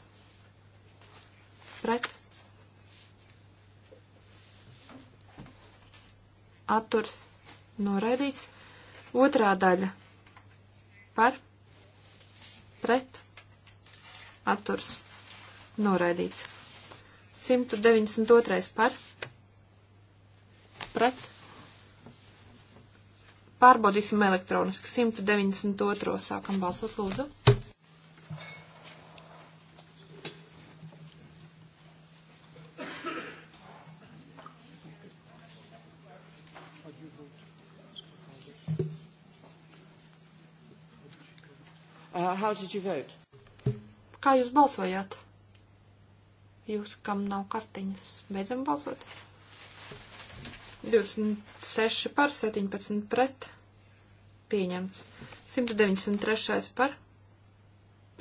pret, atturs, noraidīts. Otrā daļa par, pret, atturs, noraidīts. 192. par, pret. Pārbaudīsim elektroniski. 192. sākam balsot lūdzu. how did you vote? Kā jūs balsojāt? Jūs, kam nav kartiņas, beidzam balsot. 26 par, 17 pret, pieņemts. 193 par,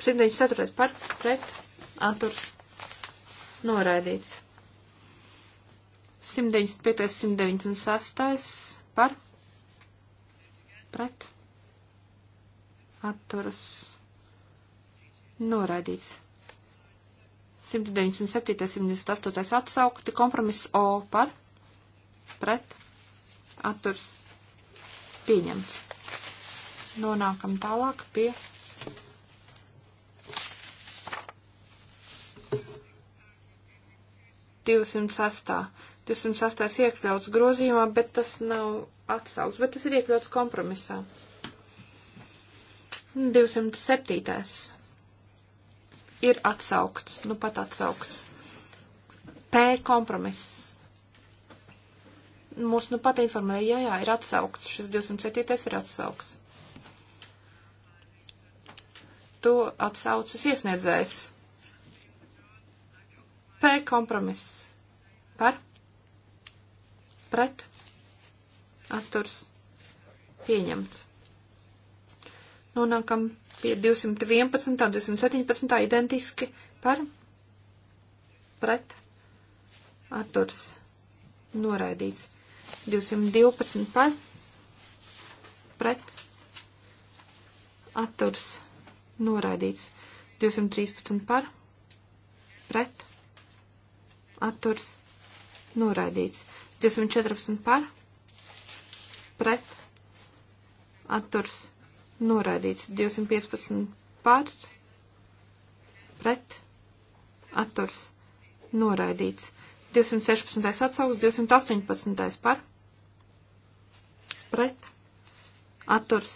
194 par, pret, atturs, noraidīts. 195, 196 par, pret, atturs, noraidīts Noraidīts. 197, 78 atsaukti, kompromiss O par, pret, atturs pieņemts. Nonākam tālāk pie 206. 206. iekļauts grozījumā, bet tas nav atsaugs, bet tas ir iekļauts kompromisā. 207 ir atsaukts, nu pat atsaukts. P kompromiss. Mūs nu pat informēja, jā, jā, ir atsaukts, šis 207. ir atsaukts. To atsaucas iesniedzējs. P kompromiss. Par? Pret? Atturs? Pieņemts. Nonākam pie 211. un 217. identiski par pret atturs noraidīts. 212 par pret atturs noraidīts. 213 par pret atturs noraidīts. 214 par pret atturs noraidīts Noraidīts 215 par, pret, atturs, noraidīts 216. atsaugs, 218. par, pret, atturs,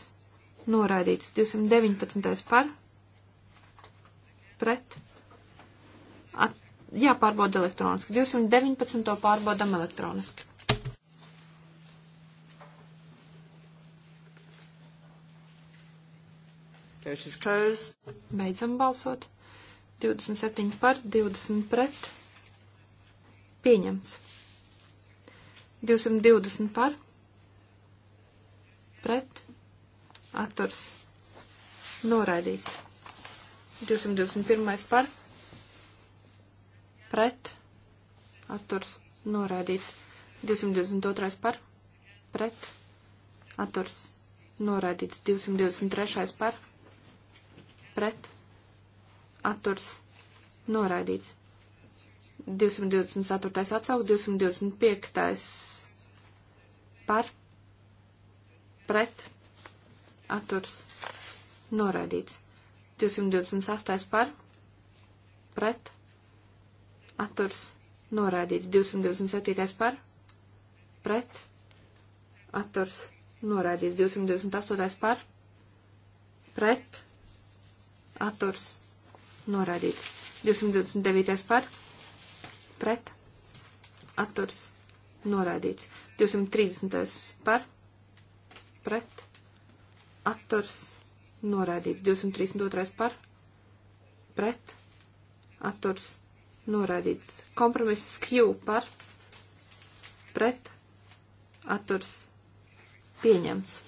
noraidīts 219. par, pret, at, jāpārbauda elektroniski, 219. pārbaudam elektroniski. Vote is closed. Beidzam balsot. 27 par, 20 pret. Pieņemts. 220 par. Pret. Atturs. Noraidīts. 221 par. Pret. Atturs. Noraidīts. 222 par. Pret. Atturs. Noraidīts. 223 par pret, atturs, noraidīts. 224. atsaukt, 225. par, pret, atturs, noraidīts. 228. par, pret, atturs, noraidīts. 227. par, pret, atturs, noraidīts. 228. par, pret, atturs noraidīts. 229. par pret atturs noraidīts. 230. par pret atturs noraidīts. 232. par pret atturs noraidīts. Kompromiss Q par pret atturs pieņemts.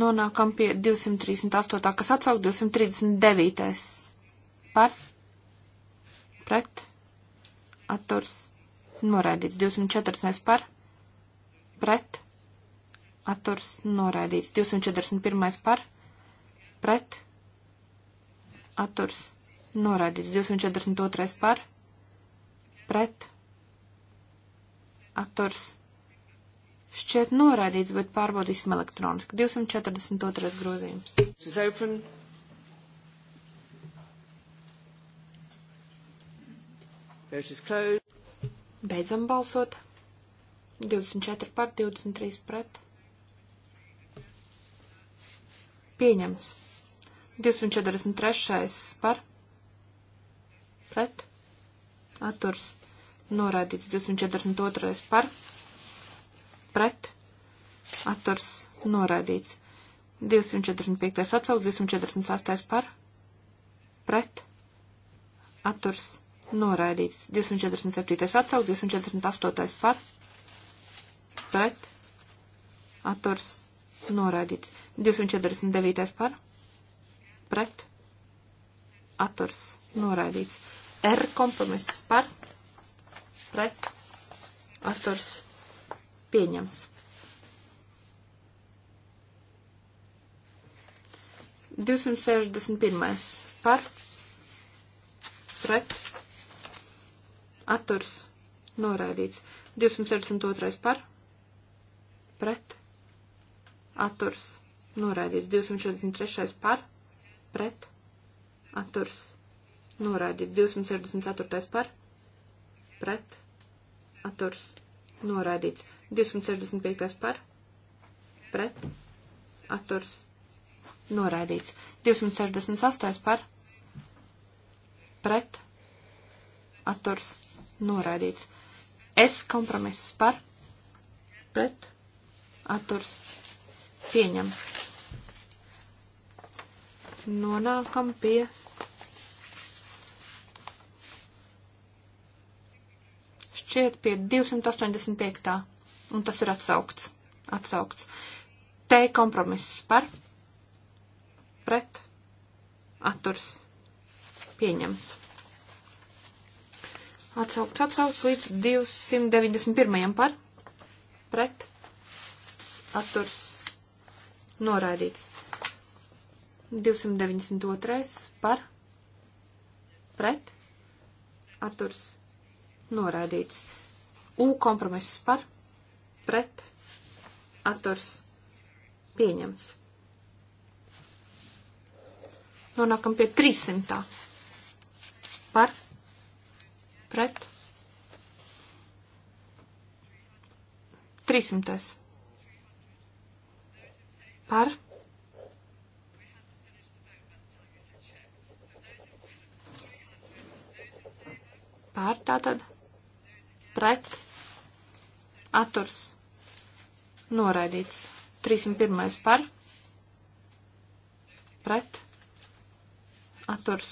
Nonākam pie 238. kas atsaukt 239. Par? Pret? Atturs? Noraidīts. 214. par? Pret? Atturs? Noraidīts. 241. par? Pret? Atturs? Noraidīts. 242. par? Pret? Atturs? Šķiet noraidīts, bet pārbaudīsim elektroniski. 242. grozījums. Beidzam balsot. 24 par, 23 pret. Pieņemts. 243 par, pret. Atturs noraidīts. 242 par, pret pret atturs noraidīts. 245. atsaukt, 248. par pret atturs noraidīts. 247. atsaukt, 248. par pret atturs noraidīts. 249. par pret atturs noraidīts. R kompromiss par pret atturs noraidīts Pieņems. 261. Par. Pret. Atturs. Noraidīts. 262. Par. Pret. Atturs. Noraidīts. 243. Par. Pret. Atturs. Noraidīts. 264. Par. Pret. Atturs. Noraidīts. 265. par pret atturs noraidīts. 268. par pret atturs noraidīts. Es kompromiss par pret atturs pieņems. Nonākam pie šķiet pie 285 un tas ir atsaukts. Atsaukts. T kompromiss par, pret, atturs, pieņemts. Atsaukts, atsaukts līdz 291 par, pret, atturs, noraidīts. 292 par, pret, atturs, noraidīts. U kompromiss par, pret atturs pieņems. Nonākam pie 300. Par pret 300. Par pār tātad pret atturs noraidīts. 301. par pret atturs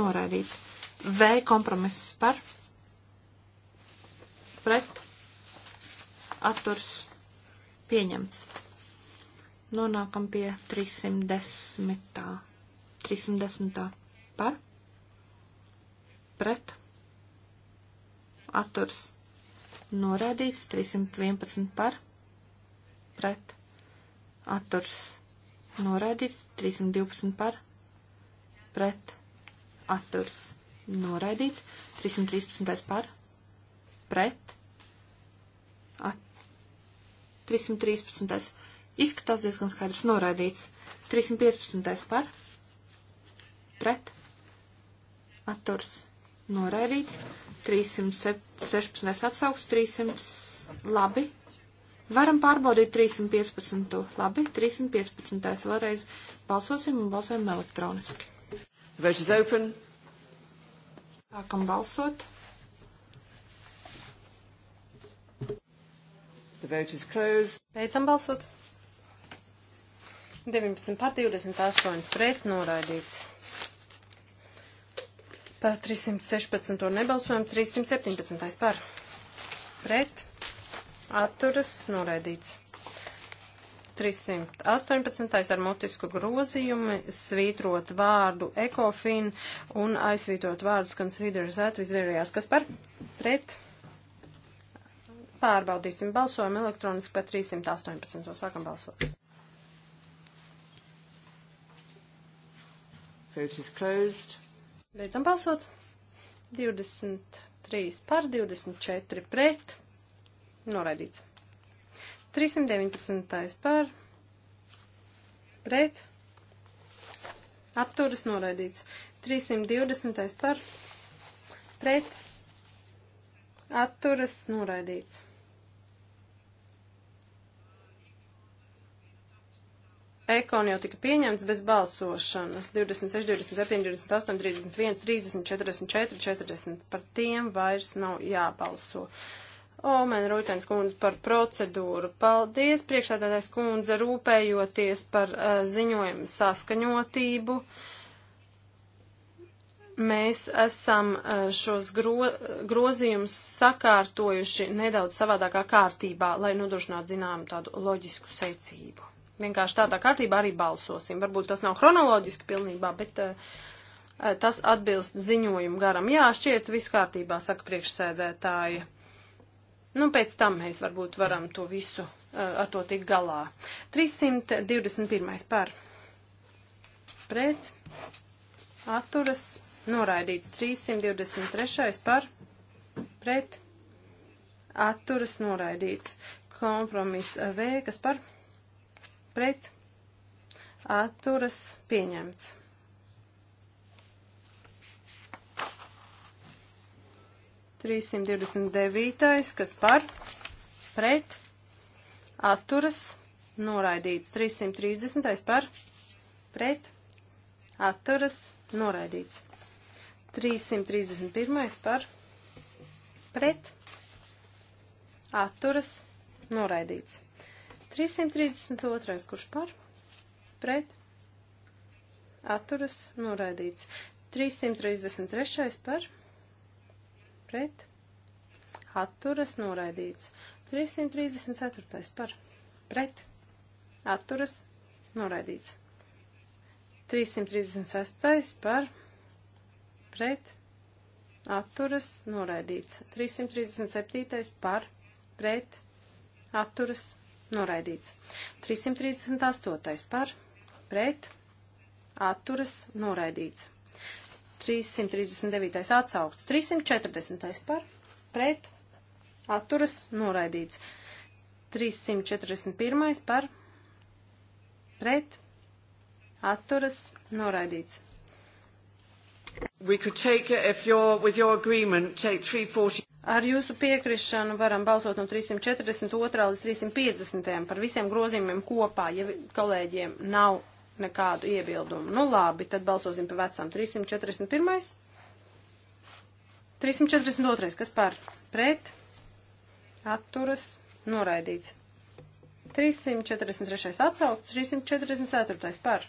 noraidīts. V kompromiss par pret atturs pieņemts. Nonākam pie 310. 310. par pret atturs noraidīts Noraidīts 311 par pret. Atturs. Noraidīts 312 par pret. Atturs. Noraidīts 313 par pret. At, 313. Izskatās diezgan skaidrs. Noraidīts 315 par pret. Atturs noraidīts, 316 atsaugs, 300 labi. Varam pārbaudīt 315. Labi, 315. vēlreiz balsosim un balsojam elektroniski. Vote is open. Sākam balsot. The vote is closed. Beidzam balsot. 19 par 28 pret noraidīts. Par 316. nebalsojam, 317. par. Pret. Atturas noraidīts. 318. ar motisku grozījumu svītrot vārdu ekofin un aizsvītot vārdus considers at visvērījās. Kas par? Pret. Pārbaudīsim balsojumu elektroniski par 318. Sākam balsot. Vote is closed. Beidzam balsot. 23 par, 24 pret. Noraidīts. 319 par, pret. Apturis noraidīts. 320 par, pret. Atturas noraidīts. Ekon jau tika pieņemts bez balsošanas 26, 27, 28, 31, 30, 44, 40. Par tiem vairs nav jābalso. Omen Rūtens kundze par procedūru. Paldies, priekšādātais kundze, rūpējoties par uh, ziņojumu saskaņotību. Mēs esam uh, šos gro grozījumus sakārtojuši nedaudz savādākā kārtībā, lai nodrošinātu zinām tādu loģisku secību vienkārši tādā kārtībā arī balsosim. Varbūt tas nav chronoloģiski pilnībā, bet uh, tas atbilst ziņojumu garam. Jā, šķiet, viss kārtībā, saka priekšsēdētāja. Nu, pēc tam mēs varbūt varam to visu uh, ar to tik galā. 321. par. Pret. Atturas. Noraidīts. 323. par. Pret. Atturas. Noraidīts. Kompromiss V, kas par pret atturas pieņemts. Trīsimt divdesmit devītais, kas par pret atturas noraidīts. Trīsimt trīsdesmitais par pret atturas noraidīts. 331 par pret atturas noraidīts. 332. kurš par? Pret. Atturas noraidīts. 333. par? Pret. Atturas noraidīts. 334. par? Pret. Atturas noraidīts. 336. par? Pret. Atturas noraidīts. 337. par? Pret. Atturas noraidīts noraidīts. 338. par, pret, atturas, noraidīts. 339. atsaukts. 340. par, pret, atturas, noraidīts. 341. par, pret, atturas, noraidīts. We could take, if you're, with your agreement, take 340. Ar jūsu piekrišanu varam balsot no 342. līdz 350. par visiem grozījumiem kopā, ja kolēģiem nav nekādu iebildumu. Nu labi, tad balsosim pa vecām. 341. 342. kas par pret, atturas, noraidīts. 343. atsaukts, 344. par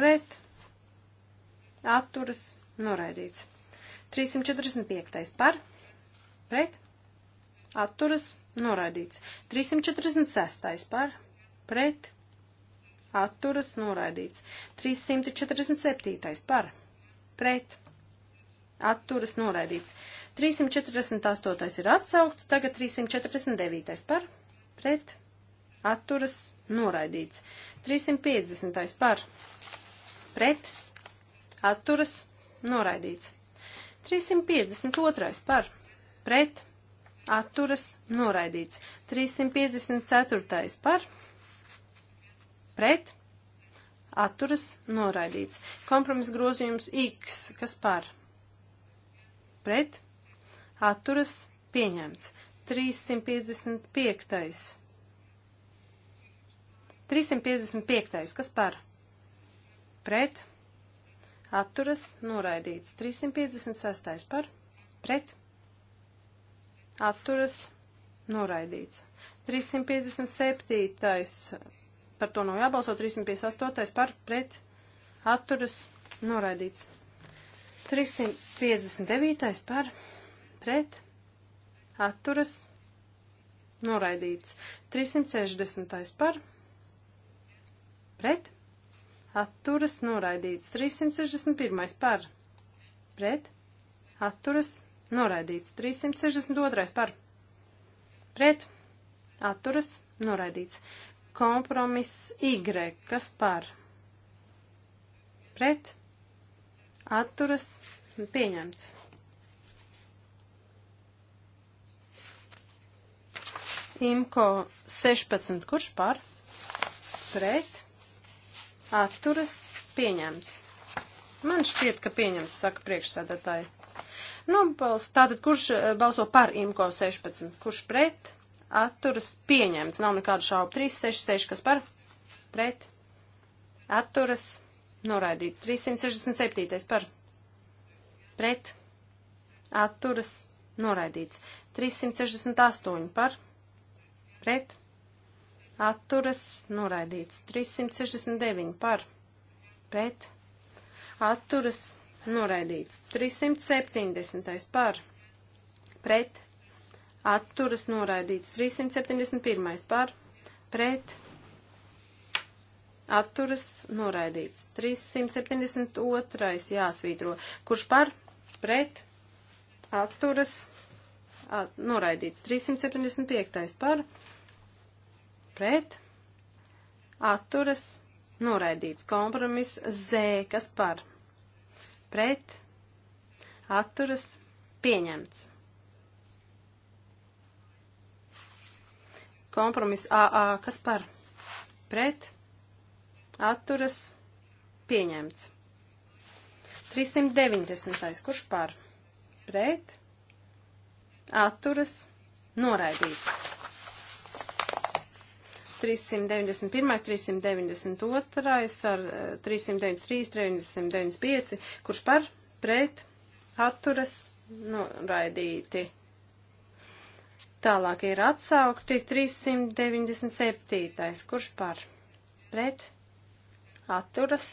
pret, atturas, noraidīts. 345. par, pret, atturas, noraidīts. 346. par, pret, atturas, noraidīts. 347. par, pret, atturas, noraidīts. 348. ir atsaukts, tagad 349. par, pret, atturas, noraidīts. 350. par, pret, atturas, noraidīts. 352. par pret atturas noraidīts. 354. par pret atturas noraidīts. Kompromis grozījums X, kas par pret atturas pieņemts. 355. 355. kas par pret atturas noraidīts atturas noraidīts. 356. par pret atturas noraidīts. 357. par to nav jābalso. 358. par pret atturas noraidīts. 359. par pret atturas noraidīts. 360. par pret atturas noraidīts. 361. par pret atturas noraidīts. 362. par pret atturas noraidīts. Kompromiss Y, kas par pret atturas pieņemts. Imko 16, kurš par pret atturas pieņemts. Man šķiet, ka pieņemts, saka priekšsēdētāji. Nu, bals, tātad, kurš eh, balso par IMCO 16, kurš pret, atturas pieņemts, nav nekādu šaubu. 3, 6, 6, kas par, pret, atturas, noraidīts. 367 par, pret, atturas, noraidīts. 368 par, pret, atturas atturas noraidīts. 369 par pret atturas noraidīts. 370 par pret atturas noraidīts. 371 par pret atturas noraidīts. 372 jāsvītro. Kurš par pret atturas at, noraidīts. 375 par pret pret, atturas, noraidīts. Kompromiss Z, kas par, pret, atturas, pieņemts. Kompromiss AA, kas par, pret, atturas, pieņemts. 390. Kurš par? Pret? Atturas? Noraidīts. 391, 392 ar 393, eh, 395, kurš par pret atturas noraidīti. Nu, Tālāk ir atsaukti 397, kurš par pret atturas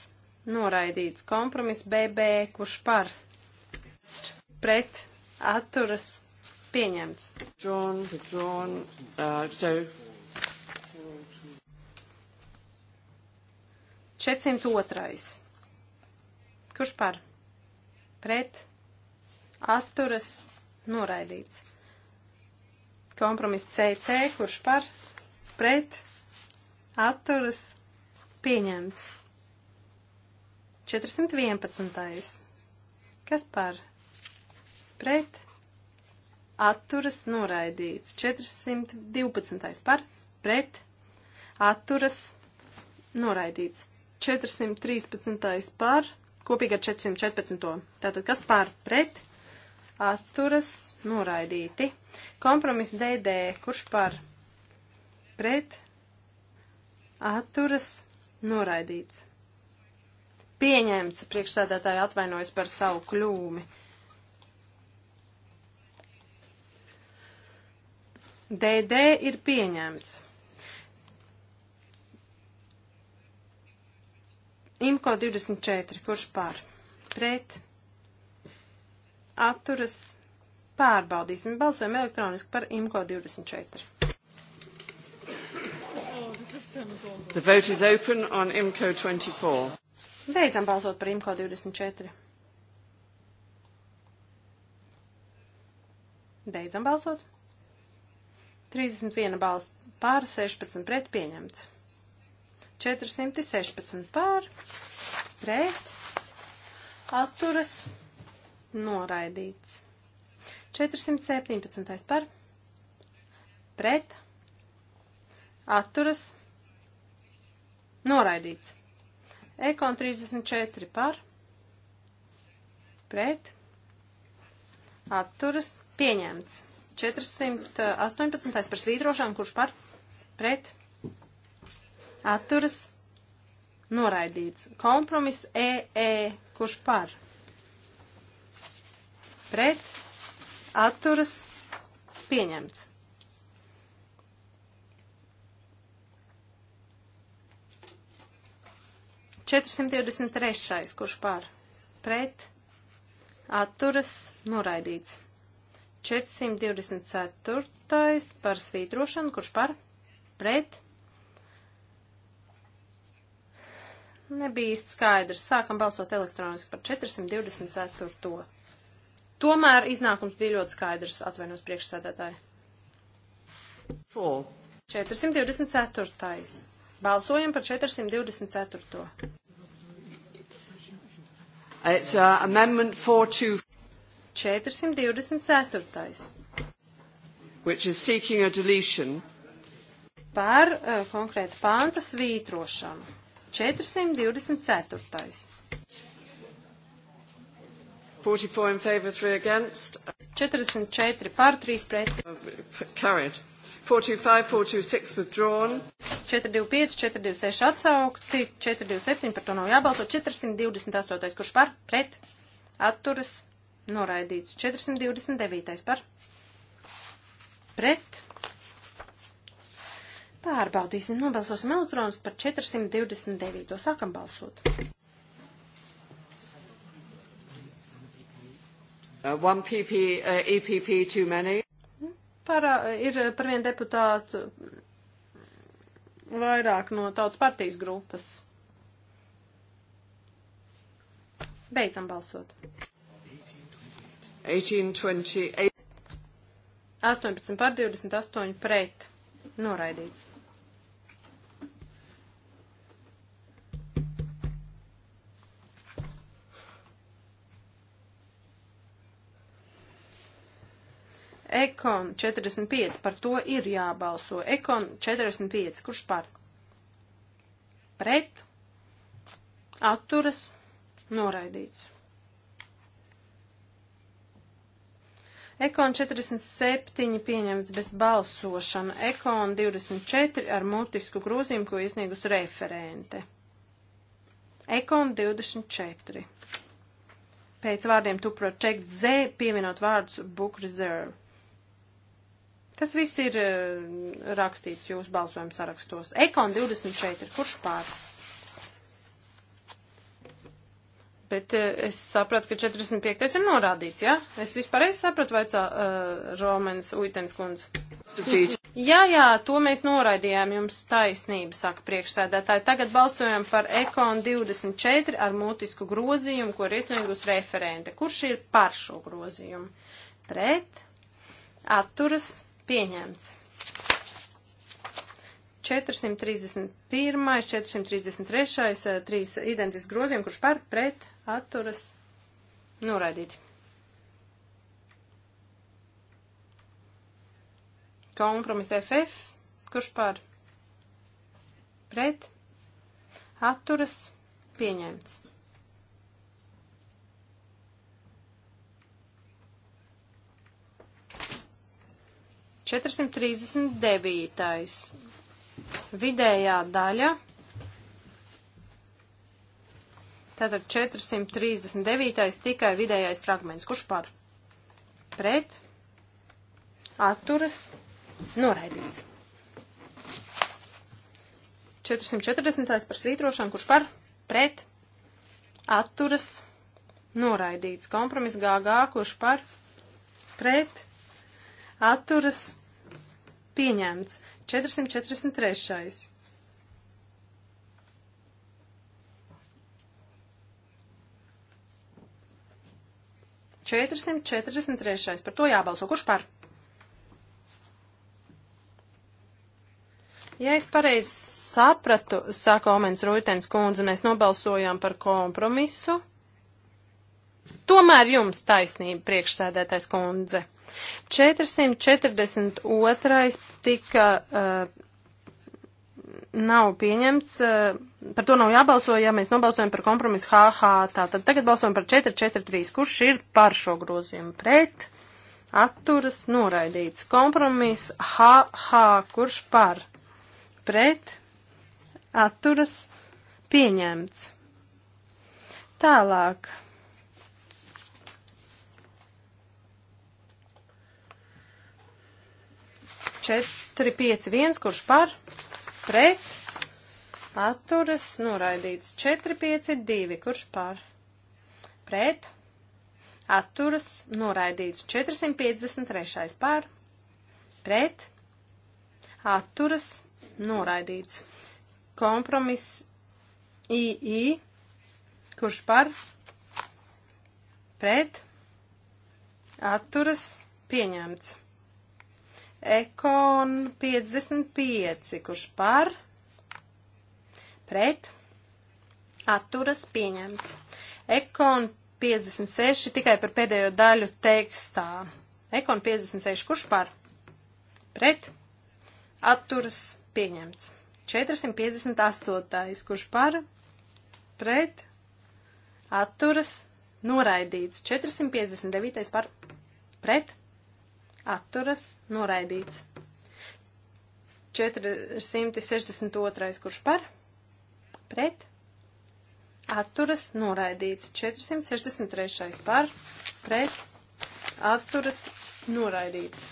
noraidīts. Kompromiss BB, kurš par pret atturas pieņemts. John, John, uh, so 402. Kurš par? Pret. Atturas. Noraidīts. Kompromiss CC. Kurš par? Pret. Atturas. Pieņemts. 411. Kas par? Pret. Atturas noraidīts. 412. par? Pret. Atturas noraidīts. 413. par, kopīgi ar 414. Tātad kas par pret atturas noraidīti. Kompromis DD, kurš par pret atturas noraidīts. Pieņemts priekšsēdētāji atvainojas par savu kļūmi. DD ir pieņemts. Imko 24, kurš pār? Pret. Atturas. Pārbaudīsim. Balsojam elektroniski par Imko 24. The vote is open on IMCO 24. Beidzam balsot par IMCO 24. Beidzam balsot. 31 balss pār 16 pret pieņemts. 416 pār, pret, atturas, noraidīts. 417 par, pret, atturas, noraidīts. Ekon 34 par, pret, atturas, pieņemts. 418 par svītrošanu, kurš par, pret, atturas atturas noraidīts. Kompromiss EE, kurš par pret atturas pieņemts. Četrsimt divdesmit trešais, kurš par pret atturas noraidīts. 424. par svītrošanu, kurš par pret nebija īsti skaidrs. Sākam balsot elektroniski par 424. To. Tomēr iznākums bija ļoti skaidrs, atvainos priekšsēdētāji. 424. Balsojam par 424. It's uh, amendment 42. 424. Which is seeking a deletion. Par uh, konkrētu pānta svītrošanu. 424. 44 in favor, 3 against. 44 par, 3 pret. Carried. 425, 426 withdrawn. 425, 426 atsaukti, 427 par to nav jābalso, 428, kurš par, pret, atturas, noraidīts. 429 par, pret, Pārbaudīsim, nobalsosim elektronus par 429. Sākam balsot. Uh, one PP, uh, EPP too many. Par, uh, ir par vienu deputātu vairāk no tautas partijas grupas. Beidzam balsot. 18, 18 par 28 pret. Noraidīts. Ekon 45, par to ir jābalso. Ekon 45, kurš par? Pret, atturas, noraidīts. Ekon 47 pieņemts bez balsošana. Ekon 24 ar mutisku grozījumu, ko iesniegus referente. Ekon 24. Pēc vārdiem to protect Z pievienot vārdus book reserve. Tas viss ir eh, rakstīts jūsu balsojuma sarakstos. Ekon 20 šeit ir kurš pār? Bet eh, es sapratu, ka 45. ir norādīts, jā? Ja? Es vispār es sapratu, vaicā uh, eh, Romens Uitens kundze. Jā, jā, to mēs noraidījām jums taisnību, saka priekšsēdētāji. Tagad balsojam par Ekon 24 ar mutisku grozījumu, ko ir iesniegus referente. Kurš ir par šo grozījumu? Pret? Atturas? Pieņemts. 431, 433, eh, trīs identiski grozījumi, kurš par, pret, atturas, noraidīti. Kompromis FF, kurš par, pret, atturas, pieņemts. 439. Vidējā daļa. Tātad 439. tikai vidējais fragments. Kurš par? Pret. Atturas. Noraidīts. 440. par svītrošanu. Kurš par? Pret. Atturas. Noraidīts. Kompromiss GG. Kurš par? Pret. Atturas Pieņemts. 443. Četrsimt četrdesmit trešais. Par to jābalso. Kurš par? Ja es pareizi sapratu, saka Omens Rūtens kundze, mēs nobalsojām par kompromisu. Tomēr jums taisnība, priekšsēdētais kundze. 442. tika. Uh, nav pieņemts, eh, par to nav jābalso, ja mēs nobalsojam par kompromisu HH. Tātad tagad balsojam par 443. Kurš ir par šo grozījumu pret? Atturas noraidīts. Kompromis HH. Kurš par? Pret? Atturas pieņemts. Tālāk. 451, kurš par, pret, atturas, noraidīts. 452, kurš par, pret, atturas, noraidīts. 453 par, pret, atturas, noraidīts. Kompromiss II, kurš par, pret, atturas, pieņemts. Ekon 55, kurš par, pret, atturas pieņemts. Ekon 56 tikai par pēdējo daļu tekstā. Ekon 56, kurš par, pret, atturas pieņemts. 458, kurš par, pret, atturas noraidīts. 459 par, pret, atturas atturas noraidīts. 462. kurš par, pret, atturas noraidīts. 463. par, pret, atturas noraidīts.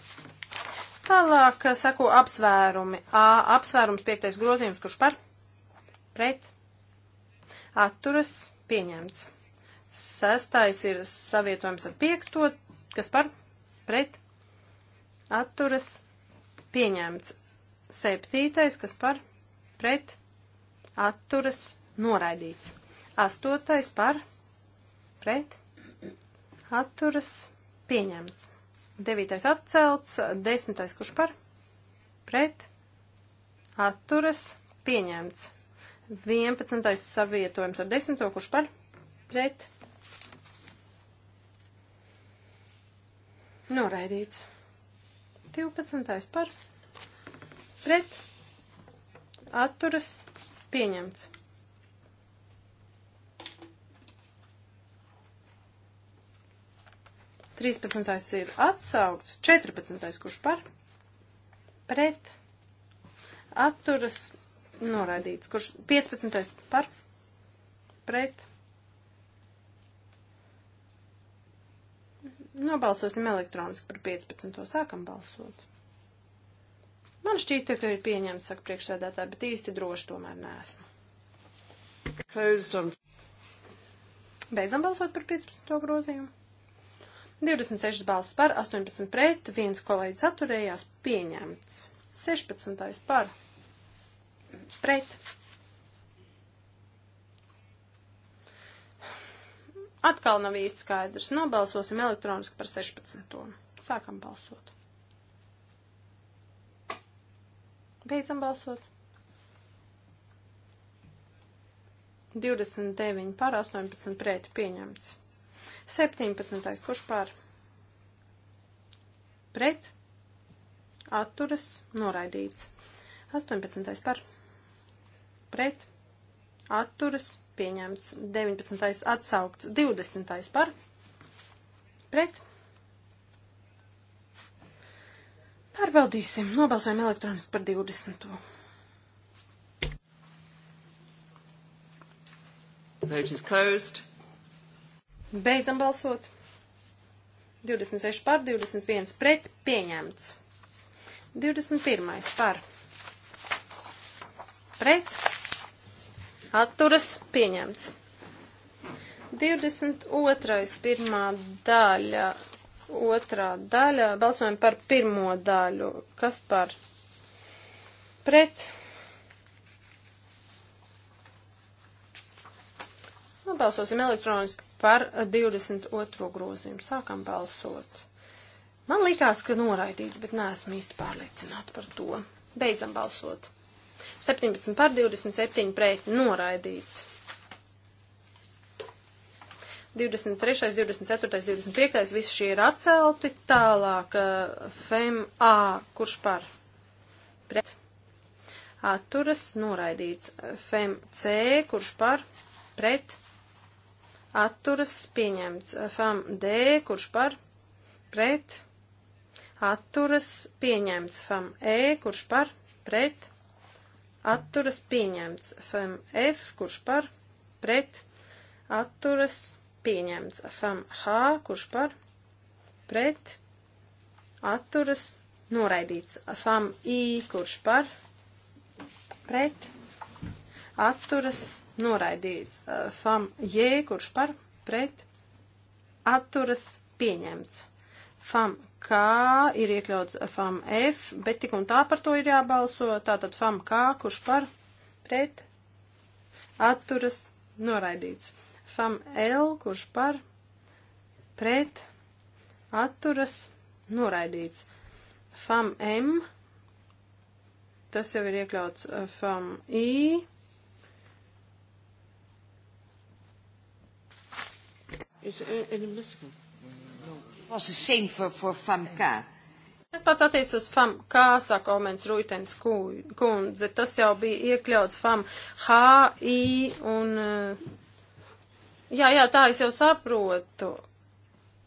Tālāk eh, sako apsvērumi. A, apsvērums piektais grozījums, kurš par, pret, atturas pieņemts. Sestais ir savietojums ar piekto, kas par, pret, atturas pieņemts. Septītais, kas par pret atturas noraidīts. Astotais par pret atturas pieņemts. Devītais atcelts, desmitais kurš par pret atturas pieņemts. 11. savietojums ar 10. kurš par pret noraidīts. 12. par pret atturas pieņemts. Trīspadsmitais ir atsaukts, četrpadsmitais kurš par, pret, atturas, noraidīts, kurš piecpadsmitais par, pret, Nobalsosim elektroniski par 15. sākam balsot. Man šķīta, ka ir pieņemts, saka priekšsēdētāji, bet īsti droši tomēr neesmu. Closed on. Beidzam balsot par 15. grozījumu. 26 balsis par, 18 pret, viens kolēģis atturējās, pieņemts. 16. par, pret, Atkal nav īsti skaidrs. Nobalsosim elektroniski par 16. Sākam balsot. Beidzam balsot. 29 pār 18 pret pieņemts. 17. Kurš pār? Pret. Atturas. Noraidīts. 18. par. Pret. Atturas pieņemts. 19. atsaukts. 20. par pret. Pārbaudīsim. Nobalsojam elektroniski par 20. Vote is closed. Beidzam balsot. 26 par, 21 pret, pieņemts. 21 par, pret, atturas pieņemts. 22. pirmā daļa, otrā daļa, balsojam par pirmo daļu, kas par pret. Nu, balsosim elektroniski par 22. grozījumu. Sākam balsot. Man likās, ka noraidīts, bet neesmu īsti pārliecināta par to. Beidzam balsot. 17 par 27 pret noraidīts. 23, 24, 25, visi šie ir atcelti. Tālāk eh, FMA, kurš par pret atturas noraidīts. FMC, kurš par pret atturas pieņemts. FMD, kurš par pret atturas pieņemts. FME, kurš par pret atturas pieņemts. Fem F, kurš par, pret, atturas pieņemts. Fem H, kurš par, pret, atturas noraidīts. Fem I, kurš par, pret, atturas noraidīts. Fem J, kurš par, pret, atturas pieņemts. Fem K ir iekļauts FAM F, bet tik un tā par to ir jābalso. Tātad FAM K, kurš par pret atturas noraidīts. FAM L, kurš par pret atturas noraidīts. FAM M, tas jau ir iekļauts eh, FAM I. Is it uh, an admissible? was the same for, for FAMK. Es pats attiecu uz FAM, kā saka Omens Rūtens kundze, tas jau bija iekļauts FAM H, I un, eh, jā, jā, tā es jau saprotu,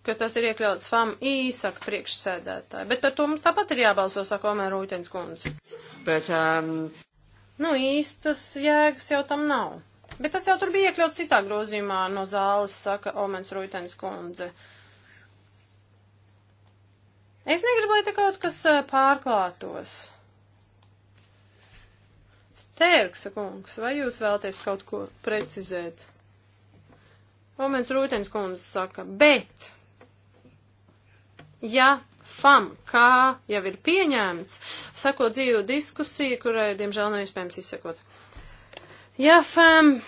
ka tas ir iekļauts FAM I, saka priekšsēdētāji, bet par to mums tāpat ir jābalso, saka Omens Rūtens kundze. Bet, um... Nu, īstas jēgas jau tam nav. Bet tas jau tur bija iekļauts citā grozījumā no zāles, saka Omens Rūtens kundze. Uh, Es negribu, lai te kaut kas pārklātos. Stērksa kungs, vai jūs vēlaties kaut ko precizēt? Moments Rūtens kundze saka, bet, ja FAM, kā jau ir pieņēmts, sako dzīvu diskusiju, kurai, diemžēl, nav iespējams izsekot. Ja FAM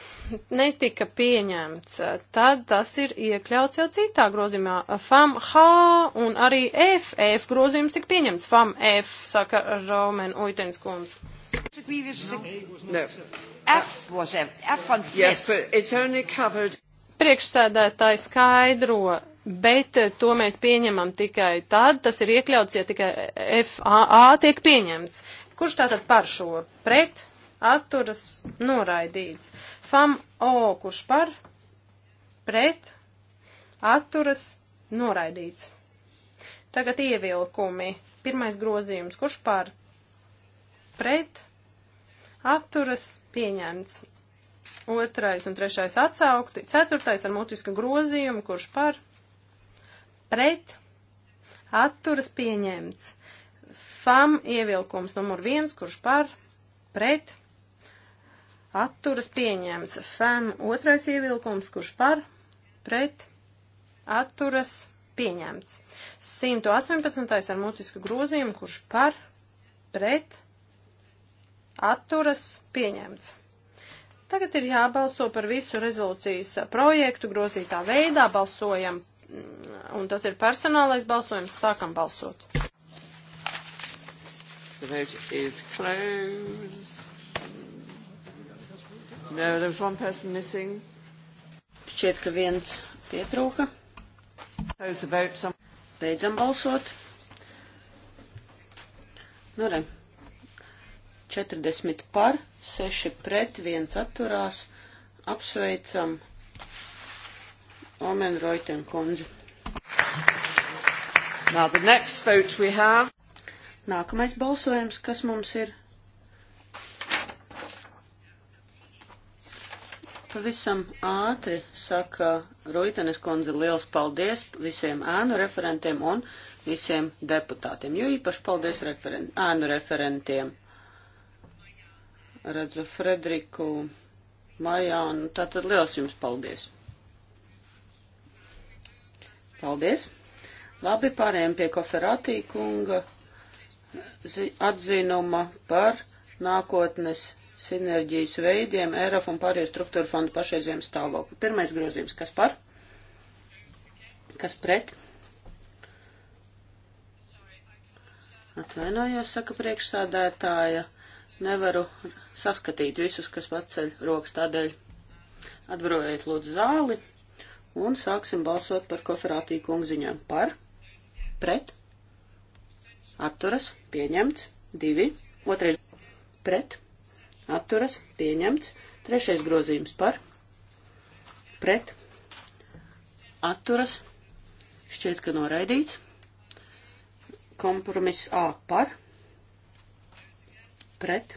netika pieņemts, tad tas ir iekļauts jau citā grozījumā. FAM H un arī F. F grozījums tika pieņemts. FAM F, saka Roman Uitenskundz. No. F was F. F on Fritz. Yes, but it's only covered. Priekšsēdētāji skaidro, bet to mēs pieņemam tikai tad, tas ir iekļauts, ja tikai FAA tiek pieņemts. Kurš tātad par šo pret? atturas noraidīts. Fam O, kurš par, pret, atturas noraidīts. Tagad ievilkumi. Pirmais grozījums, kurš par, pret, atturas pieņemts. Otrais un trešais atsaukti. Ceturtais ar mutisku grozījumu, kurš par, pret, atturas pieņemts. Fam ievilkums numur viens, kurš par, pret, atturas pieņemts. FEM otrais ievilkums, kurš par, pret, atturas pieņemts. 118. ar mutisku grozījumu, kurš par, pret, atturas pieņemts. Tagad ir jābalso par visu rezolūcijas projektu grozītā veidā. Balsojam, mm, un tas ir personālais balsojums, sākam balsot. The vote is closed. No, there was one person missing. Šķiet, ka viens pietrūka. Beidzam balsot. Nu, re. 40 par, 6 pret, 1 atturās. Apsveicam Omen Roiten kundzi. Now the next vote we have. Nākamais balsojums, kas mums ir Pavisam ātri saka Ruitenes kundze liels paldies visiem ēnu referentiem un visiem deputātiem, jo īpaši paldies referen ēnu referentiem. Redzu Frederiku Majā, un tātad liels jums paldies. Paldies. Labi, pārējiem pie koferātī kunga atzinuma par nākotnes sinerģijas veidiem ERF un pārējo struktūru fondu pašreiziem stāvokli. Pirmais grozījums, kas par? Kas pret? Atvainojos, saka priekšsādētāja, nevaru saskatīt visus, kas paceļ rokas tādēļ. Atbrojiet lūdzu zāli un sāksim balsot par koferātī kungziņām. Par? Pret? Atturas? Pieņemts? Divi? Otrais? Pret? atturas, pieņemts. Trešais grozījums par, pret, atturas, šķiet, ka noraidīts. Kompromiss A par, pret,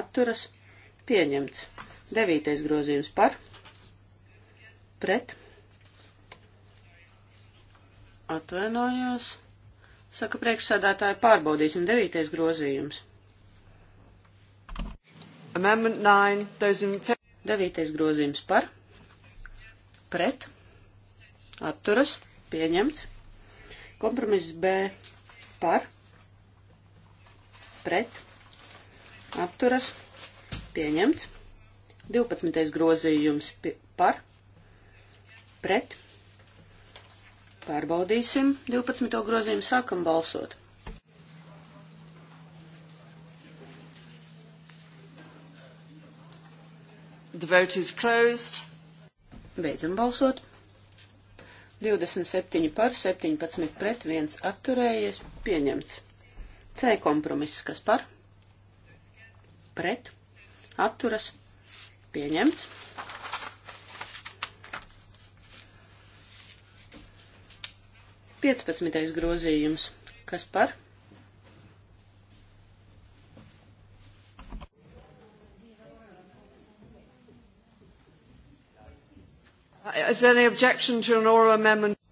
atturas, pieņemts. Devītais grozījums par, pret, atvainojos. Saka priekšsādātāji, pārbaudīsim devītais grozījums. Amendment 9, those in favor. Devītais grozījums par, pret, atturas, pieņemts. Kompromiss B par, pret, atturas, pieņemts. 12. grozījums par, pret, pārbaudīsim 12. grozījumu, sākam balsot. The vote is closed. Beidzam balsot. 27 par, 17 pret, 1 atturējies, pieņemts. C kompromiss, kas par, pret, atturas, pieņemts. Piecpadsmitais grozījums, kas par, pret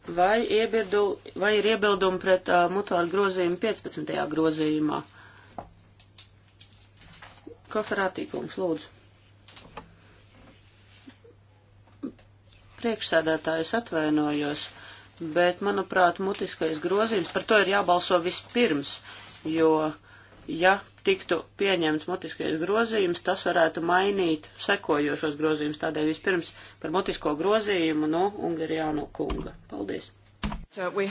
Vai, iebildu, vai ir iebildumi pret uh, mutuālu grozījumu 15. grozījumā? Koferātīkums, lūdzu. Priekšsēdētājs atvainojos, bet, manuprāt, mutiskais grozījums, par to ir jābalso vispirms, jo uh, ja tiktu pieņemts mutiskais grozījums, tas varētu mainīt sekojošos grozījumus. Tādēļ vispirms par mutisko grozījumu no Ungarijāno kunga. Paldies. So we...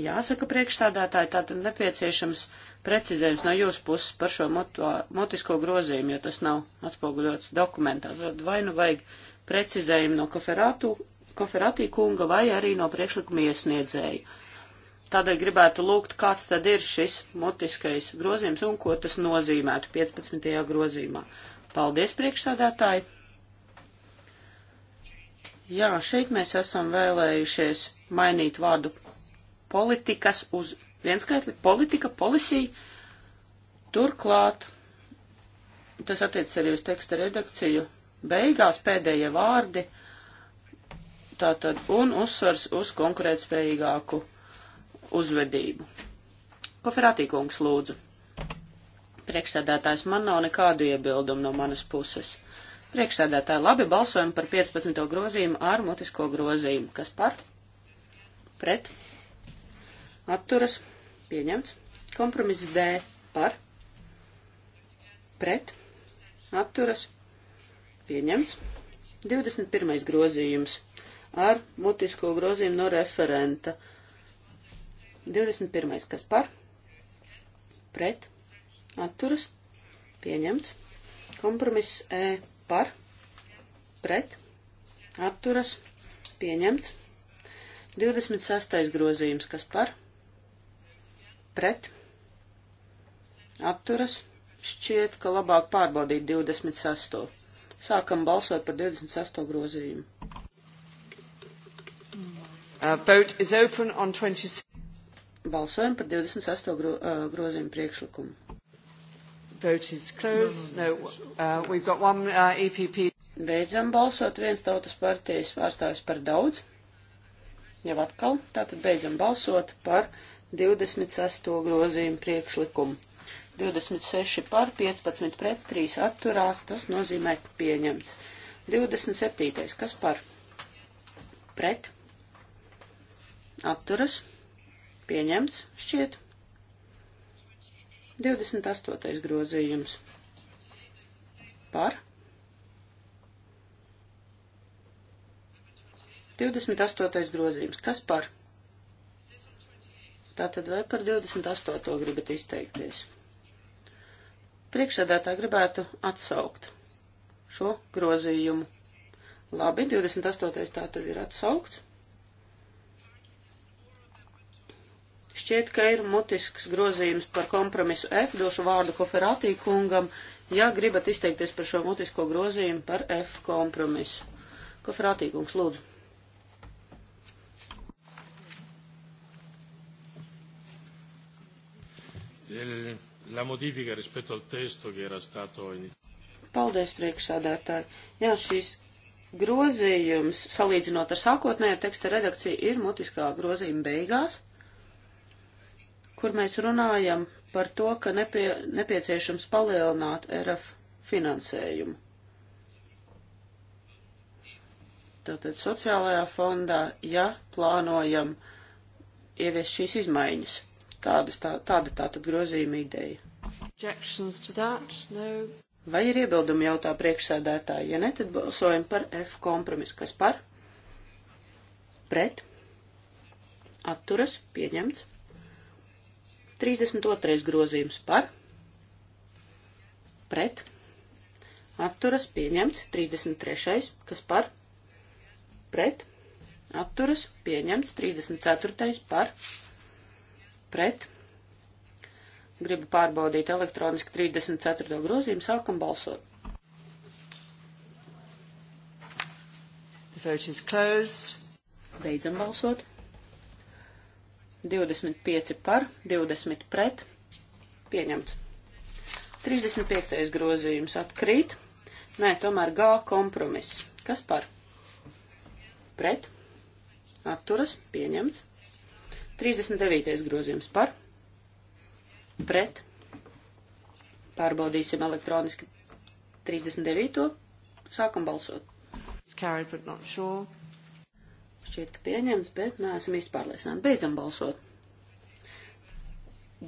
Jāsaka priekšstādātāji, tātad nepieciešams precizējums no jūsu puses par šo muto, mutisko grozījumu, jo tas nav atspoguļots dokumentā. Tad vai nu vajag precizējumu no koferātī kunga vai arī no priekšlikuma iesniedzēju. Tādēļ gribētu lūgt, kāds tad ir šis mutiskais grozījums un ko tas nozīmētu 15. grozījumā. Paldies, priekšsādātāji! Jā, šeit mēs esam vēlējušies mainīt vārdu politikas uz vienskaitli politika, policija. Turklāt, tas attiec arī uz teksta redakciju, beigās pēdējie vārdi, tātad un uzsvars uz konkurētspējīgāku uzvedību. Koferātī kungs lūdzu. Priekšsēdētājs man nav nekādu iebildumu no manas puses. Priekšsēdētāji labi balsojam par 15. grozījumu ar mutisko grozījumu. Kas par? Pret? Atturas? Pieņemts. Kompromiss D par? Pret? Atturas? Pieņemts. 21. grozījums ar mutisko grozījumu no referenta. Uh, 21. kas par? Pret. Atturas. Pieņemts. Kompromiss E par. Pret. Atturas. Pieņemts. 26. grozījums, kas par? Pret. Atturas. Šķiet, ka labāk pārbaudīt 26. Sākam balsot par 26. grozījumu. Uh, vote is open on 26. Balsojam par 28. Gro, uh, grozījumu priekšlikumu. Vote is closed. No, uh, we've got one uh, EPP. Beidzam balsot. Viens tautas partijas pārstāvis par daudz. Jau atkal. Tātad beidzam balsot par 26. grozījumu priekšlikumu. 26 par, 15 pret, 3 atturās. Tas nozīmē, ka pieņemts. 27. Kas par? Pret. Atturas Pieņemts, šķiet. 28. grozījums. Par. 28. grozījums. Kas par? Tātad vai par 28. gribat izteikties? Priekšsēdētā gribētu atsaukt šo grozījumu. Labi, 28. tātad ir atsaukts. Šķiet, ka ir mutisks grozījums par kompromisu F, došu vārdu koferātī kungam, ja gribat izteikties par šo mutisko grozījumu par F kompromisu. Koferātī kungs, lūdzu. La modifica rispetto al testo che era stato iniziato. Paldies, priekšsādātāji. Jā, šīs grozījums, salīdzinot ar sākotnējo teksta redakciju, ir mutiskā grozījuma beigās kur mēs runājam par to, ka nepie, nepieciešams palielināt RF finansējumu. Tātad sociālajā fondā, ja plānojam ievies šīs izmaiņas, tādas, tā, tāda tātad grozījuma ideja. No. Vai ir iebildumi jautā priekšsēdētāji? Ja ne, tad balsojam par F kompromisu. Kas par? Pret? Atturas? Pieņemts? 32. grozījums par, pret, apturas pieņemts, 33. kas par, pret, apturas pieņemts, 34. par, pret. Gribu pārbaudīt elektroniski 34. grozījumu, sākam balsot. The vote is closed. Beidzam balsot. 25 par, 20 pret, pieņemts. 35. grozījums atkrīt. Nē, tomēr G kompromiss. Kas par? Pret. Atturas. Pieņemts. 39. grozījums par. Pret. Pārbaudīsim elektroniski 39. Sākam balsot. It's carried, but not sure. Šķiet, ka pieņemts, bet neesam īsti pārliecināti. Beidzam balsot.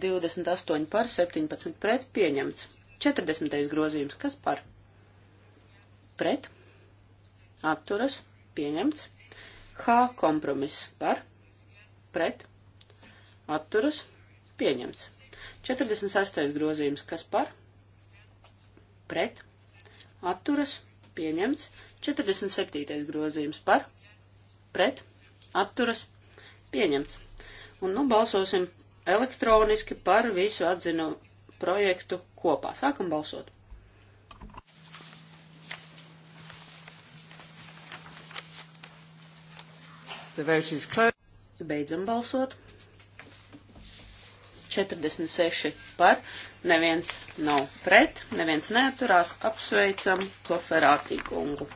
28 par, 17 pret, pieņemts. 40. grozījums, kas par? Pret, atturas, pieņemts. H kompromiss par, pret, atturas, pieņemts. 46. grozījums, kas par? Pret, atturas, pieņemts. 47. grozījums par, pret, atturas, pieņemts. Un nu balsosim elektroniski par visu atzinu projektu kopā. Sākam balsot. The vote is closed. Beidzam balsot. 46 par, neviens nav pret, neviens neaturās, apsveicam Koferātī kungu.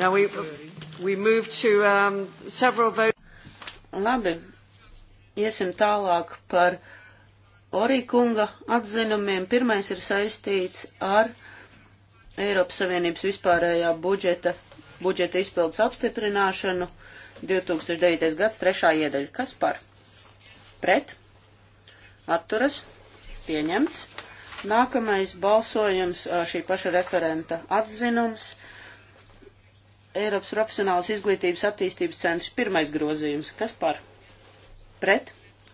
Now we, we move to um, several votes. Labi, iesim tālāk par Orīkunga atzinumiem. Pirmais ir saistīts ar Eiropas Savienības vispārējā budžeta, budžeta izpildes apstiprināšanu 2009. gads trešā iedaļa. Kas par? Pret? Atturas? Pieņemts. Nākamais balsojums šī paša referenta atzinums Eiropas profesionālas izglītības attīstības centrs pirmais grozījums. Kas par? Pret.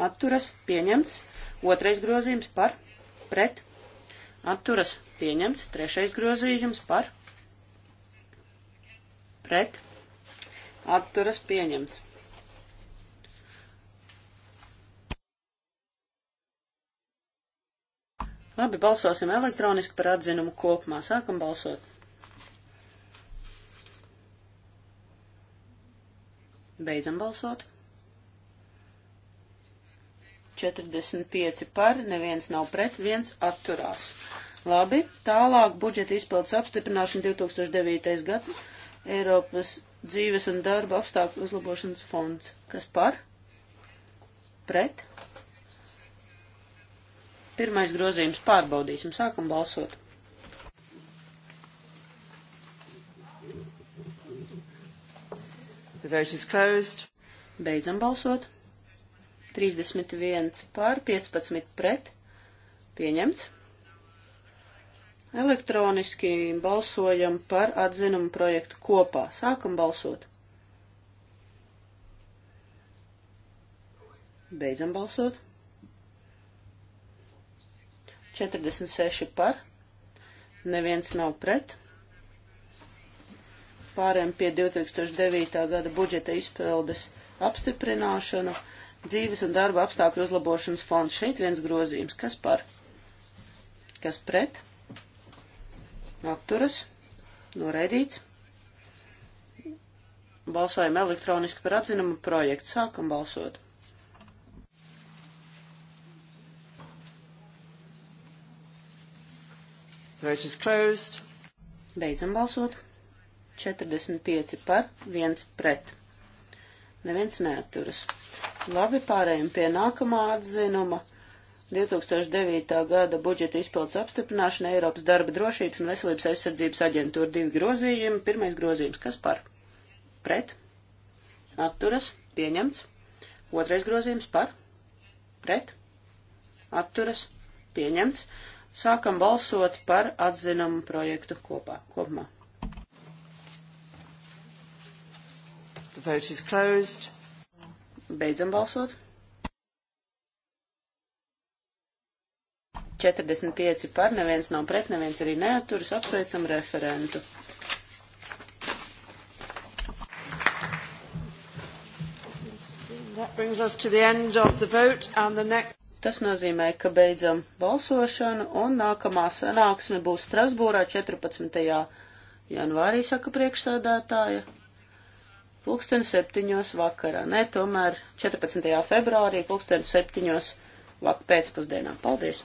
Atturas. Pieņemts. Otrais grozījums par. Pret. Atturas. Pieņemts. Trešais grozījums par. Pret. Atturas. Pieņemts. Labi, balsosim elektroniski par atzinumu kopumā. Sākam balsot. Beidzam balsot. 45 par, neviens nav pret, viens atturās. Labi, tālāk budžeta izpildes apstiprināšana 2009. gads Eiropas dzīves un darba apstākļu uzlabošanas fonds. Kas par? Pret? Pirmais grozījums pārbaudīsim, sākam balsot. The vote is closed. Beidzam balsot. 31 pār 15 pret. Pieņemts. Elektroniski balsojam par atzinumu projektu kopā. Sākam balsot. Beidzam balsot. 46 par. Neviens nav pret pārējām pie 2009. gada budžeta izpildes apstiprināšanu, dzīves un darba apstākļu uzlabošanas fonds. Šeit viens grozījums. Kas par? Kas pret? Apturas? Noraidīts? Balsojam elektroniski par atzinumu projektu. Sākam balsot. Vote is closed. Beidzam balsot. 45 par, 1 pret. Neviens neaturas. Labi, pārējiem pie nākamā atzinuma. 2009. gada budžeta izpildes apstiprināšana Eiropas darba drošības un veselības aizsardzības aģentūra divi grozījumi. Pirmais grozījums, kas par? Pret. Atturas. Pieņemts. Otrais grozījums par? Pret. Atturas. Pieņemts. Sākam balsot par atzinumu projektu kopā, kopumā. Vote is closed. Beidzam balsot. 45 par, neviens nav pret, neviens arī neaturas, apsveicam referentu. Next... Tas nozīmē, ka beidzam balsošanu un nākamā sanāksme būs Strasbūrā 14. janvārī, saka priekšsēdētāja pulksten septiņos vakarā. Nē, tomēr 14. februārī pulksten septiņos vak pēcpusdienā. Paldies!